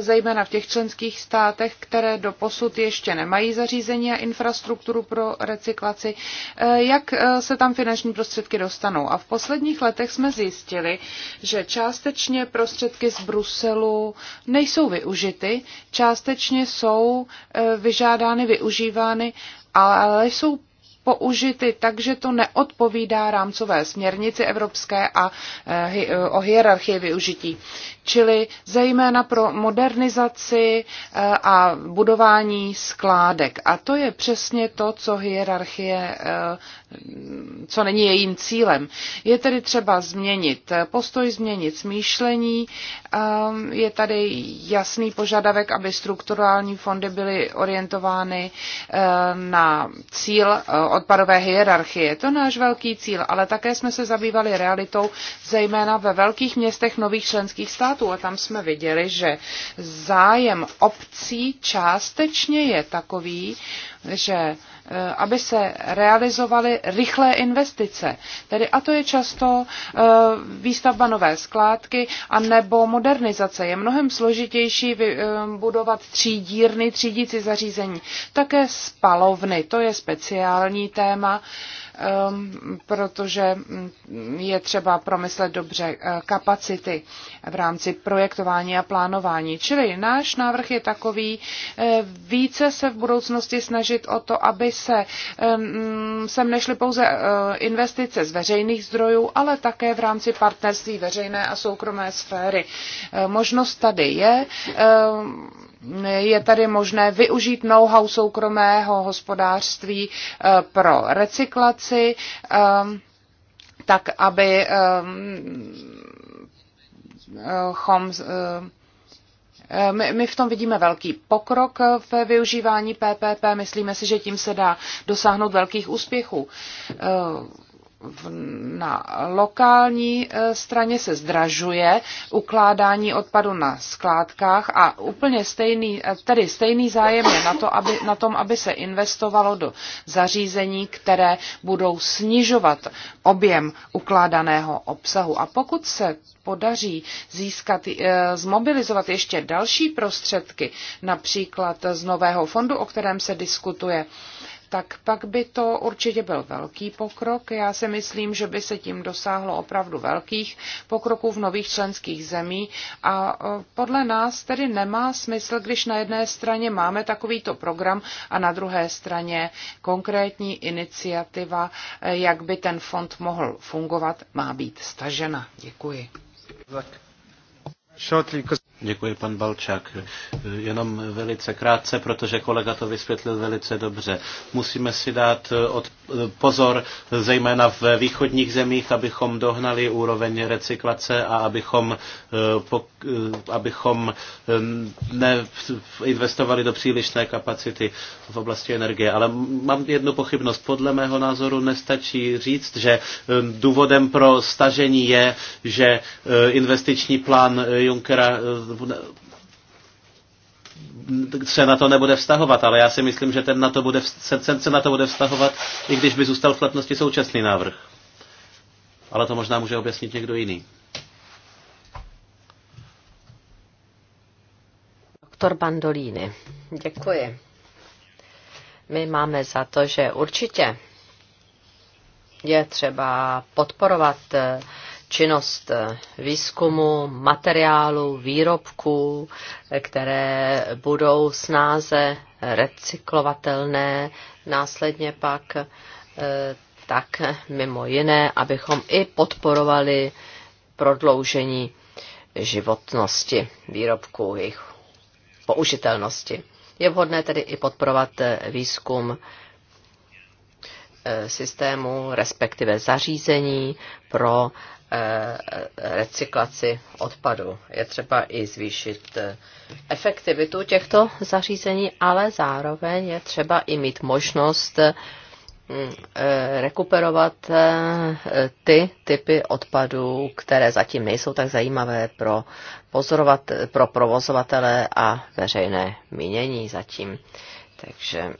zejména v těch členských státech, které do posud ještě nemají zařízení a infrastrukturu pro recyklaci, jak se tam finanční prostředky dostanou. A v posledních letech jsme zjistili, že částečně prostředky z Bruselu nejsou využity, částečně jsou vyžádány, využívány ale jsou použity tak, že to neodpovídá rámcové směrnici evropské a eh, eh, o hierarchii využití. Čili zejména pro modernizaci eh, a budování skládek. A to je přesně to, co hierarchie, co není jejím cílem. Je tedy třeba změnit postoj, změnit smýšlení. Je tady jasný požadavek, aby strukturální fondy byly orientovány na cíl odpadové hierarchie. To náš velký cíl, ale také jsme se zabývali realitou zejména ve velkých městech nových členských států a tam jsme viděli, že zájem obcí částečně je takový, že eh, aby se realizovaly rychlé investice. Tedy a to je často eh, výstavba nové skládky a nebo modernizace. Je mnohem složitější eh, budovat třídírny, třídící zařízení. Také spalovny, to je speciální téma. Ehm, protože hm, je třeba promyslet dobře eh, kapacity v rámci projektování a plánování. Čili náš návrh je takový, eh, více se v budoucnosti snažit o to, aby se ehm, sem nešly pouze eh, investice z veřejných zdrojů, ale také v rámci partnerství veřejné a soukromé sféry. Možnost tady je ehm, je tady možné využít know-how soukromého hospodářství eh, pro recyklaci, eh, tak aby eh, chom my, my v tom vidíme velký pokrok ve využívání PPP. Myslíme si, že tím se dá dosáhnout velkých úspěchů na lokální e, straně se zdražuje ukládání odpadu na skládkách a úplně stejný, e, tedy stejný zájem je na, to, aby, na tom, aby se investovalo do zařízení, které budou snižovat objem ukládaného obsahu. A pokud se podaří získat, e, zmobilizovat ještě další prostředky, například z nového fondu, o kterém se diskutuje, tak pak by to určitě byl velký pokrok. Já si myslím, že by se tím dosáhlo opravdu velkých pokroků v nových členských zemí a e, podle nás tedy nemá smysl, když na jedné straně máme takovýto program a na druhé straně konkrétní iniciativa, e, jak by ten fond mohl fungovat, má být stažena. Děkuji. Tak. Děkuji, pan Balčák. Jenom velice krátce, protože kolega to vysvětlil velice dobře. Musíme si dát eh, od, pozor, zejména v východních zemích, abychom dohnali úroveň recyklace a abychom eh, Eh, abychom neinvestovali do přílišné kapacity v oblasti energie. Ale mám jednu pochybnost. Podle mého názoru nestačí říct, že důvodem pro stažení je, že eh, investiční plán eh, Junckera se na to nebude vztahovat, ale já si myslím, že ten, na to bude, se, se na to bude vztahovat, i když by zůstal v platnosti současný návrh. Ale to možná může objasnit někdo jiný. doktor Bandolíny. Děkuji. My máme za to, že určitě je třeba podporovat eh, činnost eh, výzkumu materiálu, výrobků, eh, které budou snáze recyklovatelné, následně pak tak mimo jiné, abychom i podporovali prodloužení životnosti výrobků, jejich použitelnosti. Je vhodné tedy i podporovat eh, výzkum eh, systému, respektive zařízení pro eh, recyklaci odpadu. Je třeba i zvýšit efektivitu těchto zařízení, ale zároveň je třeba i mít možnost Eh, rekuperovat eh, ty typy odpadů, které zatím nejsou tak zajímavé pro, pozorovat, pro provozovatele a veřejné mínění zatím. Takže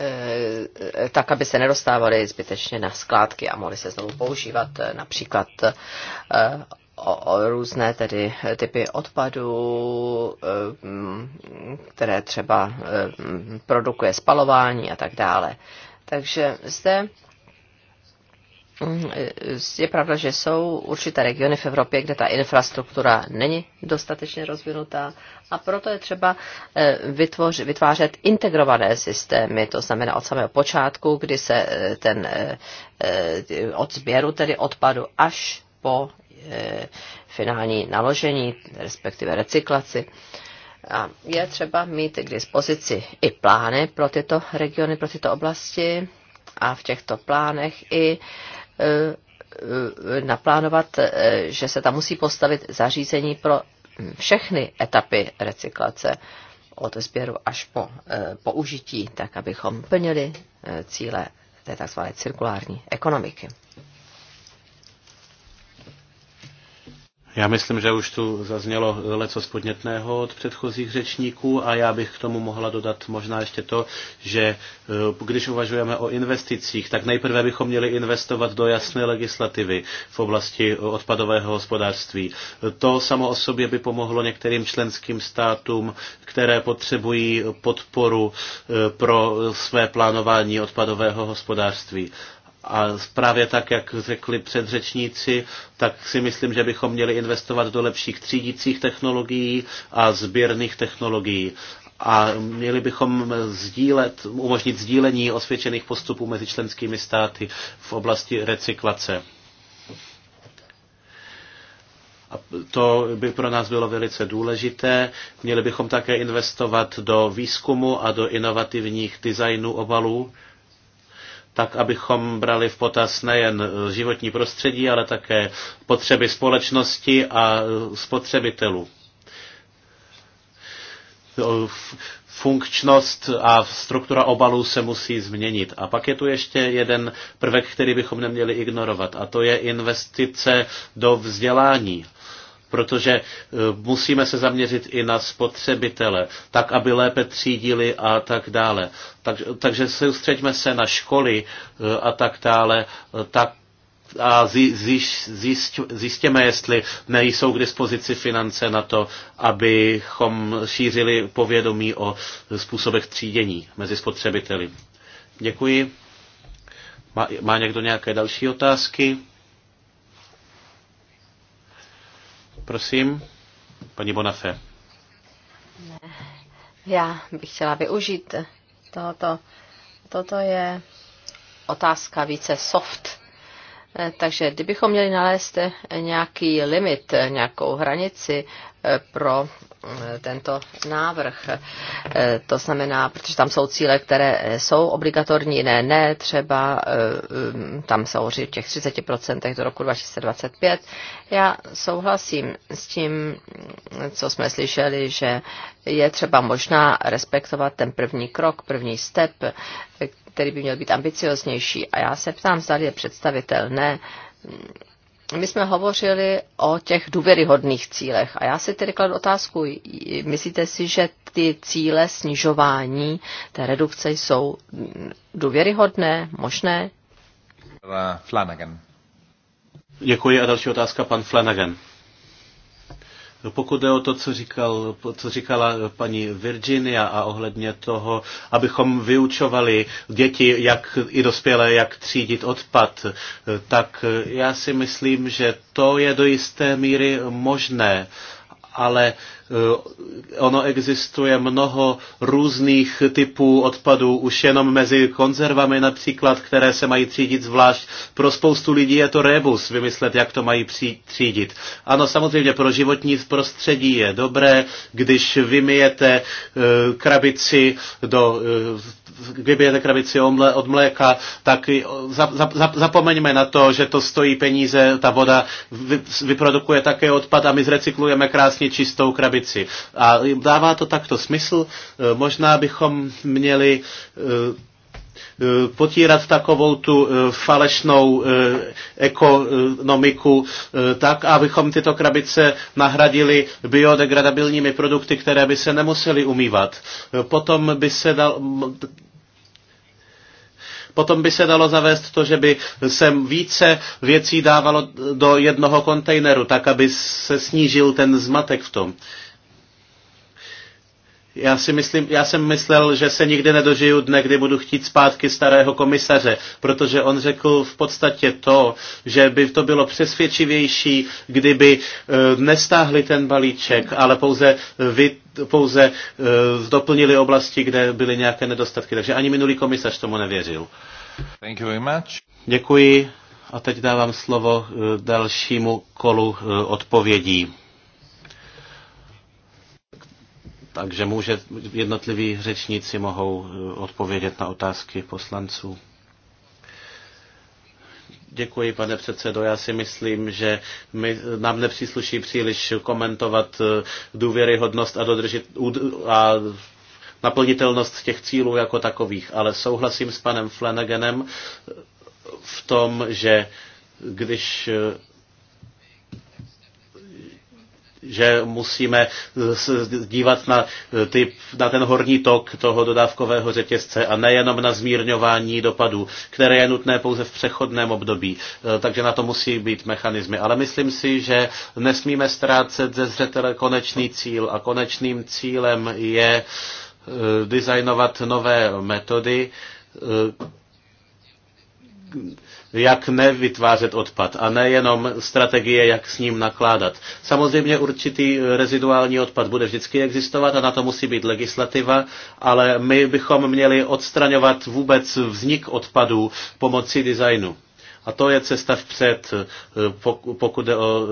eh, tak, aby se nedostávaly zbytečně na skládky a mohly se znovu používat například o, o různé tedy typy odpadů, eh, které třeba eh, produkuje spalování a tak dále. Takže zde eh, je pravda, že jsou určité regiony v Evropě, kde ta infrastruktura není dostatečně rozvinutá a proto je třeba vytvoř, vytvářet integrované systémy, to znamená od samého počátku, kdy se ten od sběru tedy odpadu až po finální naložení, respektive recyklaci. A je třeba mít k dispozici i plány pro tyto regiony, pro tyto oblasti a v těchto plánech i e, e, naplánovat, e, že se tam musí postavit zařízení pro všechny etapy recyklace od sběru až po použití, tak abychom plnili cíle té tzv. cirkulární ekonomiky. Já myslím, že už tu zaznělo leco spodnětného od předchozích řečníků a já bych k tomu mohla dodat možná ještě to, že e, když uvažujeme o investicích, tak nejprve bychom měli investovat do jasné legislativy v oblasti odpadového hospodářství. To samo o sobě by pomohlo některým členským státům, které potřebují podporu e, pro své plánování odpadového hospodářství. A právě tak, jak řekli předřečníci, tak si myslím, že bychom měli investovat do lepších třídících technologií a sběrných technologií a měli bychom sdílet, umožnit sdílení osvědčených postupů mezi členskými státy v oblasti recyklace. A to by pro nás bylo velice důležité. Měli bychom také investovat do výzkumu a do inovativních designů obalů tak abychom brali v potaz nejen eh, životní prostředí, ale také potřeby společnosti a eh, spotřebitelů eh, funkčnost a struktura obalů se musí změnit. A pak je tu ještě jeden prvek, který bychom neměli ignorovat, a to je investice do vzdělání protože e, musíme se zaměřit i na spotřebitele, tak, aby lépe třídili a tak dále. Tak, takže soustřeďme se na školy e, a tak dále, e, tak a zjistíme, jestli nejsou k dispozici finance na to, abychom šířili povědomí o způsobech třídění mezi spotřebiteli. Děkuji. Má, má někdo nějaké další otázky? Prosím, paní Bonafé. Já bych chtěla využít tohoto. Toto je otázka více soft Eh, takže kdybychom měli nalézt eh, nějaký limit, eh, nějakou hranici pro tento návrh. To znamená, protože tam jsou cíle, které jsou obligatorní, ne, ne, třeba um, tam se hovoří o těch 30% do roku 2025. Já souhlasím s tím, co jsme slyšeli, že je třeba možná respektovat ten první krok, první step, který by měl být ambicioznější. A já se ptám, zda je představitelné. My jsme hovořili o těch důvěryhodných cílech a já si tedy kladu otázku, myslíte si, že ty cíle snižování té redukce jsou důvěryhodné, možné? Flanagan. Děkuji a další otázka pan Flanagan. No, pokud jde o to, co, říkal, co říkala paní Virginia a ohledně toho, abychom vyučovali děti, jak i dospělé, jak třídit odpad, tak já si myslím, že to je do jisté míry možné, ale Eh, ono existuje mnoho různých typů odpadů, už jenom mezi konzervami například, které se mají třídit zvlášť. Pro spoustu lidí je to rebus vymyslet, jak to mají třídit. Ano, samozřejmě pro životní prostředí je dobré, když vymijete eh, krabici do eh, vybijete krabici od mléka, tak zapomeňme na to, že to stojí peníze, ta voda vyprodukuje také odpad a my zrecyklujeme krásně čistou krabici krabici. A dává to takto smysl. E, možná bychom měli e, e, potírat takovou tu falešnou ekonomiku tak, abychom tyto krabice nahradili biodegradabilními produkty, které by se nemusely umývat. Potom by se dal, Potom by se dalo zavést to, že by se více věcí dávalo do jednoho kontejneru, tak aby se snížil ten zmatek v tom. Uh, já si myslím, já jsem myslel, že se nikdy nedožiju dne, kdy budu chtít zpátky starého komisaře, protože on řekl v podstatě to, že by to bylo přesvědčivější, kdyby eh, nestáhli ten balíček, ale pouze vy pouze eh, doplnili oblasti, kde byly nějaké nedostatky. Takže ani minulý komisař tomu nevěřil. Thank you very much. Děkuji a teď dávám slovo eh, dalšímu kolu odpovědí. Takže může, jednotliví řečníci mohou eh, odpovědět na otázky poslanců. Děkuji, pane předsedo. Já si myslím, že my, nám nepřísluší příliš komentovat eh, důvěryhodnost a, dodržit, a naplnitelnost těch cílů jako takových, ale souhlasím s panem Flanaganem eh, v tom, že když že musíme dívat na, eh, ty, na ten horní tok toho dodávkového řetězce a nejenom na zmírňování dopadů, které je nutné pouze v přechodném období. Eh, takže na to musí být mechanizmy. Ale myslím si, že nesmíme ztrácet ze zřetele konečný cíl a konečným cílem je eh, designovat nové metody, jak nevytvářet odpad a nejenom strategie, jak s ním nakládat. Samozřejmě určitý reziduální odpad bude vždycky existovat a na to musí být legislativa, ale my bychom měli odstraňovat vůbec vznik odpadů pomocí designu. A to je cesta vpřed, eh, pokud jde o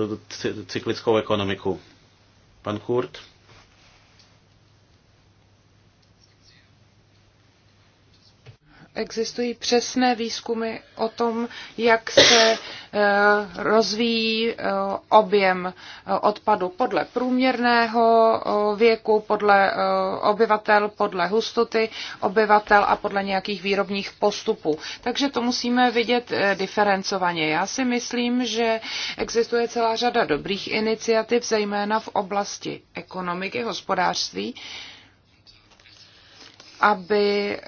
cyklickou ekonomiku. Pan Kurt? existují přesné výzkumy o tom, jak se eh, rozvíjí eh, objem eh, odpadu podle průměrného věku, podle obyvatel, podle hustoty obyvatel a podle nějakých výrobních postupů. Takže to musíme vidět diferencovaně. Já si myslím, že existuje celá řada dobrých iniciativ, zejména v oblasti ekonomiky, hospodářství, aby eh,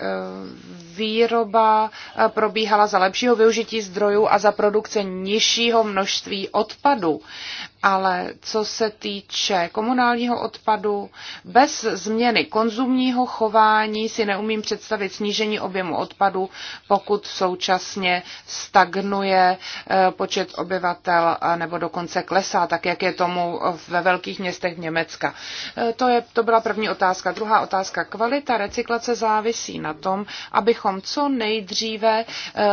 výroba eh, probíhala za lepšího využití zdrojů a za produkce nižšího množství odpadu. Ale co se týče komunálního odpadu, bez změny konzumního chování si neumím představit snížení objemu odpadu, pokud současně stagnuje eh, počet obyvatel nebo dokonce klesá, tak jak je tomu ve velkých městech Německa. To, je, to byla první otázka. Druhá otázka. Kvalita recyklace situace závisí na tom, abychom co nejdříve eh,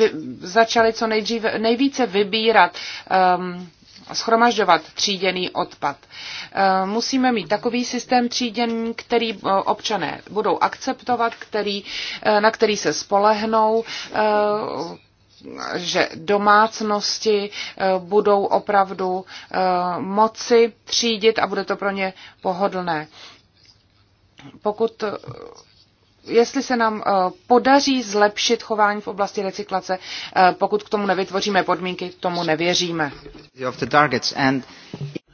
eh, začali co nejdříve, nejvíce vybírat ehm, schromažďovat tříděný odpad. Eh, musíme mít takový systém třídění, který občané budou akceptovat, který, na který se spolehnou, že domácnosti budou opravdu moci třídit a bude to pro ně pohodlné pokud eh, jestli se nám eh, podaří zlepšit chování v oblasti recyklace, eh, pokud k tomu nevytvoříme podmínky, tomu nevěříme.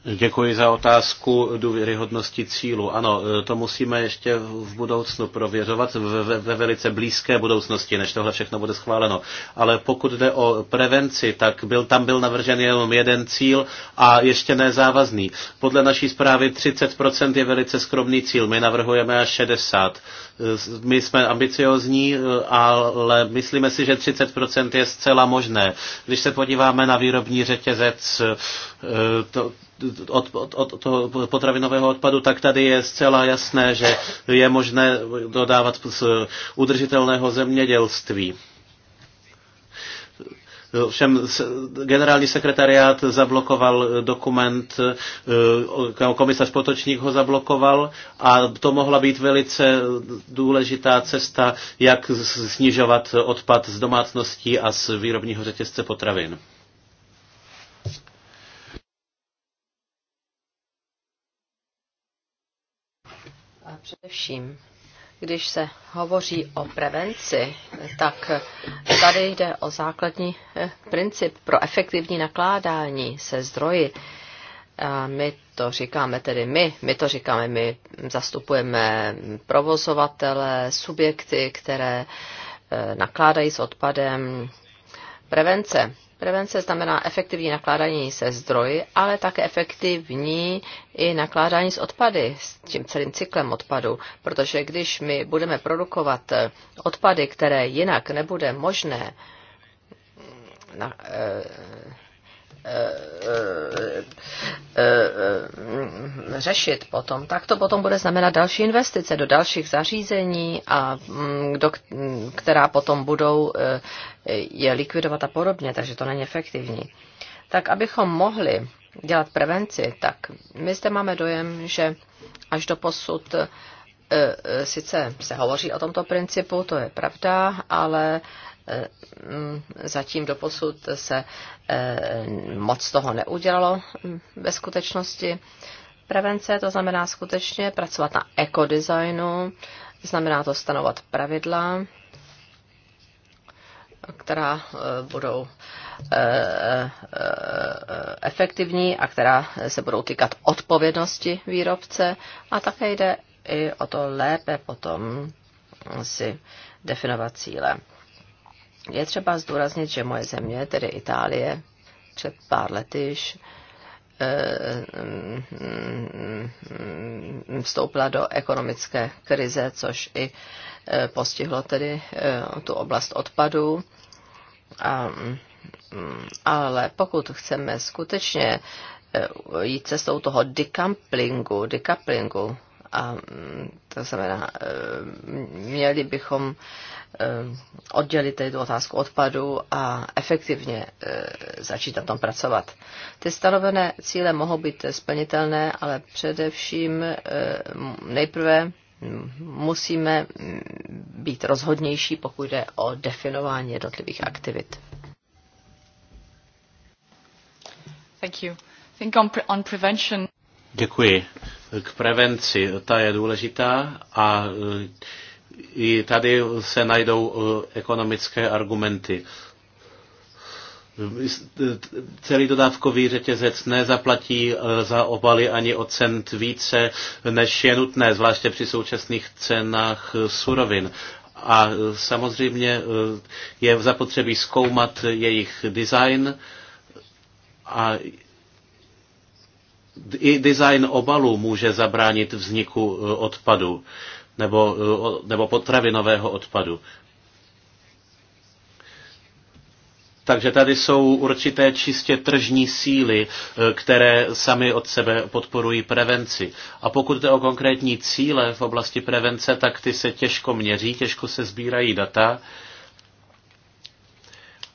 Děkuji za otázku důvěryhodnosti cílu. Ano, e, to musíme ještě v budoucnu prověřovat, ve, ve velice blízké budoucnosti, než tohle všechno bude schváleno. Ale pokud jde o prevenci, tak byl, tam byl navržen jenom jeden cíl a ještě nezávazný. Podle naší zprávy 30% je velice skromný cíl, my navrhujeme až 60. E, my jsme ambiciozní, e, ale myslíme si, že 30% je zcela možné. Když se podíváme na výrobní řetězec, to, od, od, od toho potravinového odpadu, tak tady je zcela jasné, že je možné dodávat z udržitelného zemědělství. Všem generální sekretariát zablokoval dokument, eh, komisař Potočník ho zablokoval a to mohla být velice důležitá cesta, jak snižovat odpad z domácností a z výrobního řetězce potravin. Především, když se hovoří o prevenci, tak tady jde o základní eh, princip pro efektivní nakládání se zdroji. A my to říkáme tedy my, my to říkáme, my zastupujeme provozovatele, subjekty, které eh, nakládají s odpadem. Prevence Prevence znamená efektivní nakládání se zdroji, ale také efektivní i nakládání s odpady, s tím celým cyklem odpadu, protože když my budeme produkovat eh, odpady, které jinak nebude možné na, e, Eh, eh, eh, řešit potom, tak to potom bude znamenat další investice do dalších zařízení, a mm, do, mm, která potom budou je likvidovat a podobně, takže to není efektivní. Tak abychom mohli dělat prevenci, tak my zde máme dojem, že až do posud sice se hovoří o tomto principu, to je pravda, ale Eh, mm, zatím do posud se eh, moc toho neudělalo mm, ve skutečnosti. Prevence, to znamená skutečně pracovat na ekodesignu, znamená to stanovat pravidla, která eh, budou efektivní a která se budou týkat odpovědnosti výrobce. A také jde i o to lépe potom si definovat cíle. Je třeba zdůraznit, že moje země, tedy Itálie, před pár lety již eh, mm, vstoupila do ekonomické krize, což i eh, postihlo tedy eh, tu oblast odpadů, mm, ale pokud chceme skutečně jít cestou toho decouplingu, decouplingu a mm, to znamená, e, měli bychom e, oddělit tady tu otázku odpadu a efektivně e, začít na tom pracovat. Ty stanovené cíle mohou být splnitelné, ale především nejprve musíme být rozhodnější, pokud jde o definování jednotlivých aktivit. Thank you. Think on, on prevention. Děkuji k prevenci, ta je důležitá a e, i tady se najdou e, ekonomické argumenty. E, celý dodávkový řetězec nezaplatí za obaly ani o cent více, než je nutné, zvláště při současných cenách surovin. A samozřejmě je zapotřebí zkoumat jejich design a i design obalu může zabránit vzniku e, odpadu nebo, e, nebo potravinového odpadu. Takže tady jsou určité čistě tržní síly, e, které sami od sebe podporují prevenci. A pokud jde o konkrétní cíle v oblasti prevence, tak ty se těžko měří, těžko se sbírají data. Uh,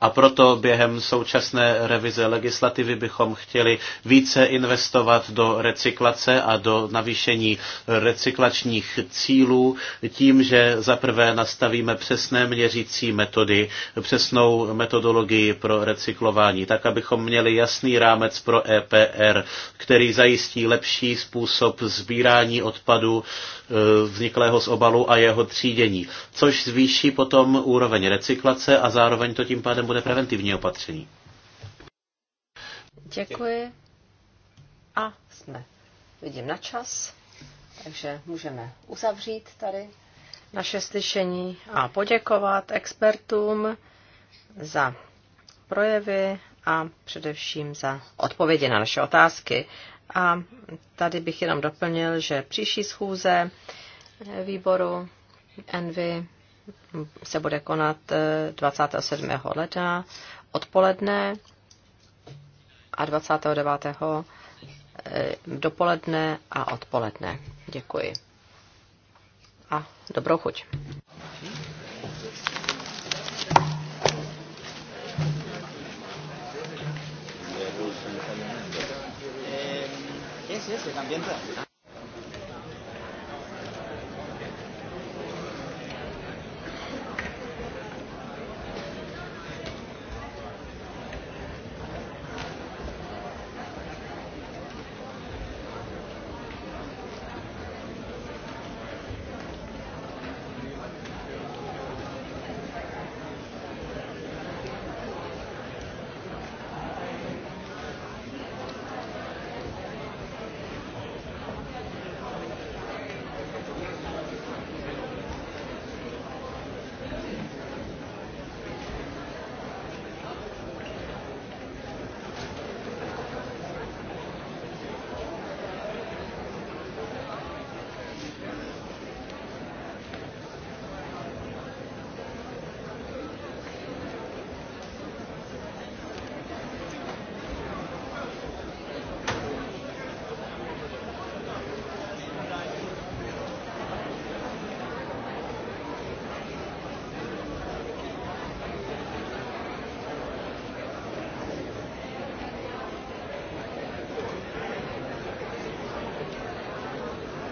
a proto během současné revize legislativy bychom chtěli více investovat do recyklace a do navýšení recyklačních cílů tím, že zaprvé nastavíme přesné měřící metody, přesnou metodologii pro recyklování, tak abychom měli jasný rámec pro EPR, který zajistí lepší způsob sbírání odpadu e, vzniklého z obalu a jeho třídění, což zvýší potom úroveň recyklace a zároveň to tím pádem bude bude preventivní opatření. Děkuji. A jsme, vidím na čas, takže můžeme uzavřít tady naše slyšení a poděkovat expertům za projevy a především za odpovědi na naše otázky. A tady bych jenom doplnil, že příští schůze výboru Envy se bude konat 27. Eh, ledna odpoledne a 29. Eh, dopoledne a odpoledne. Děkuji. A dobrou chuť. Eh, sí, sí, también.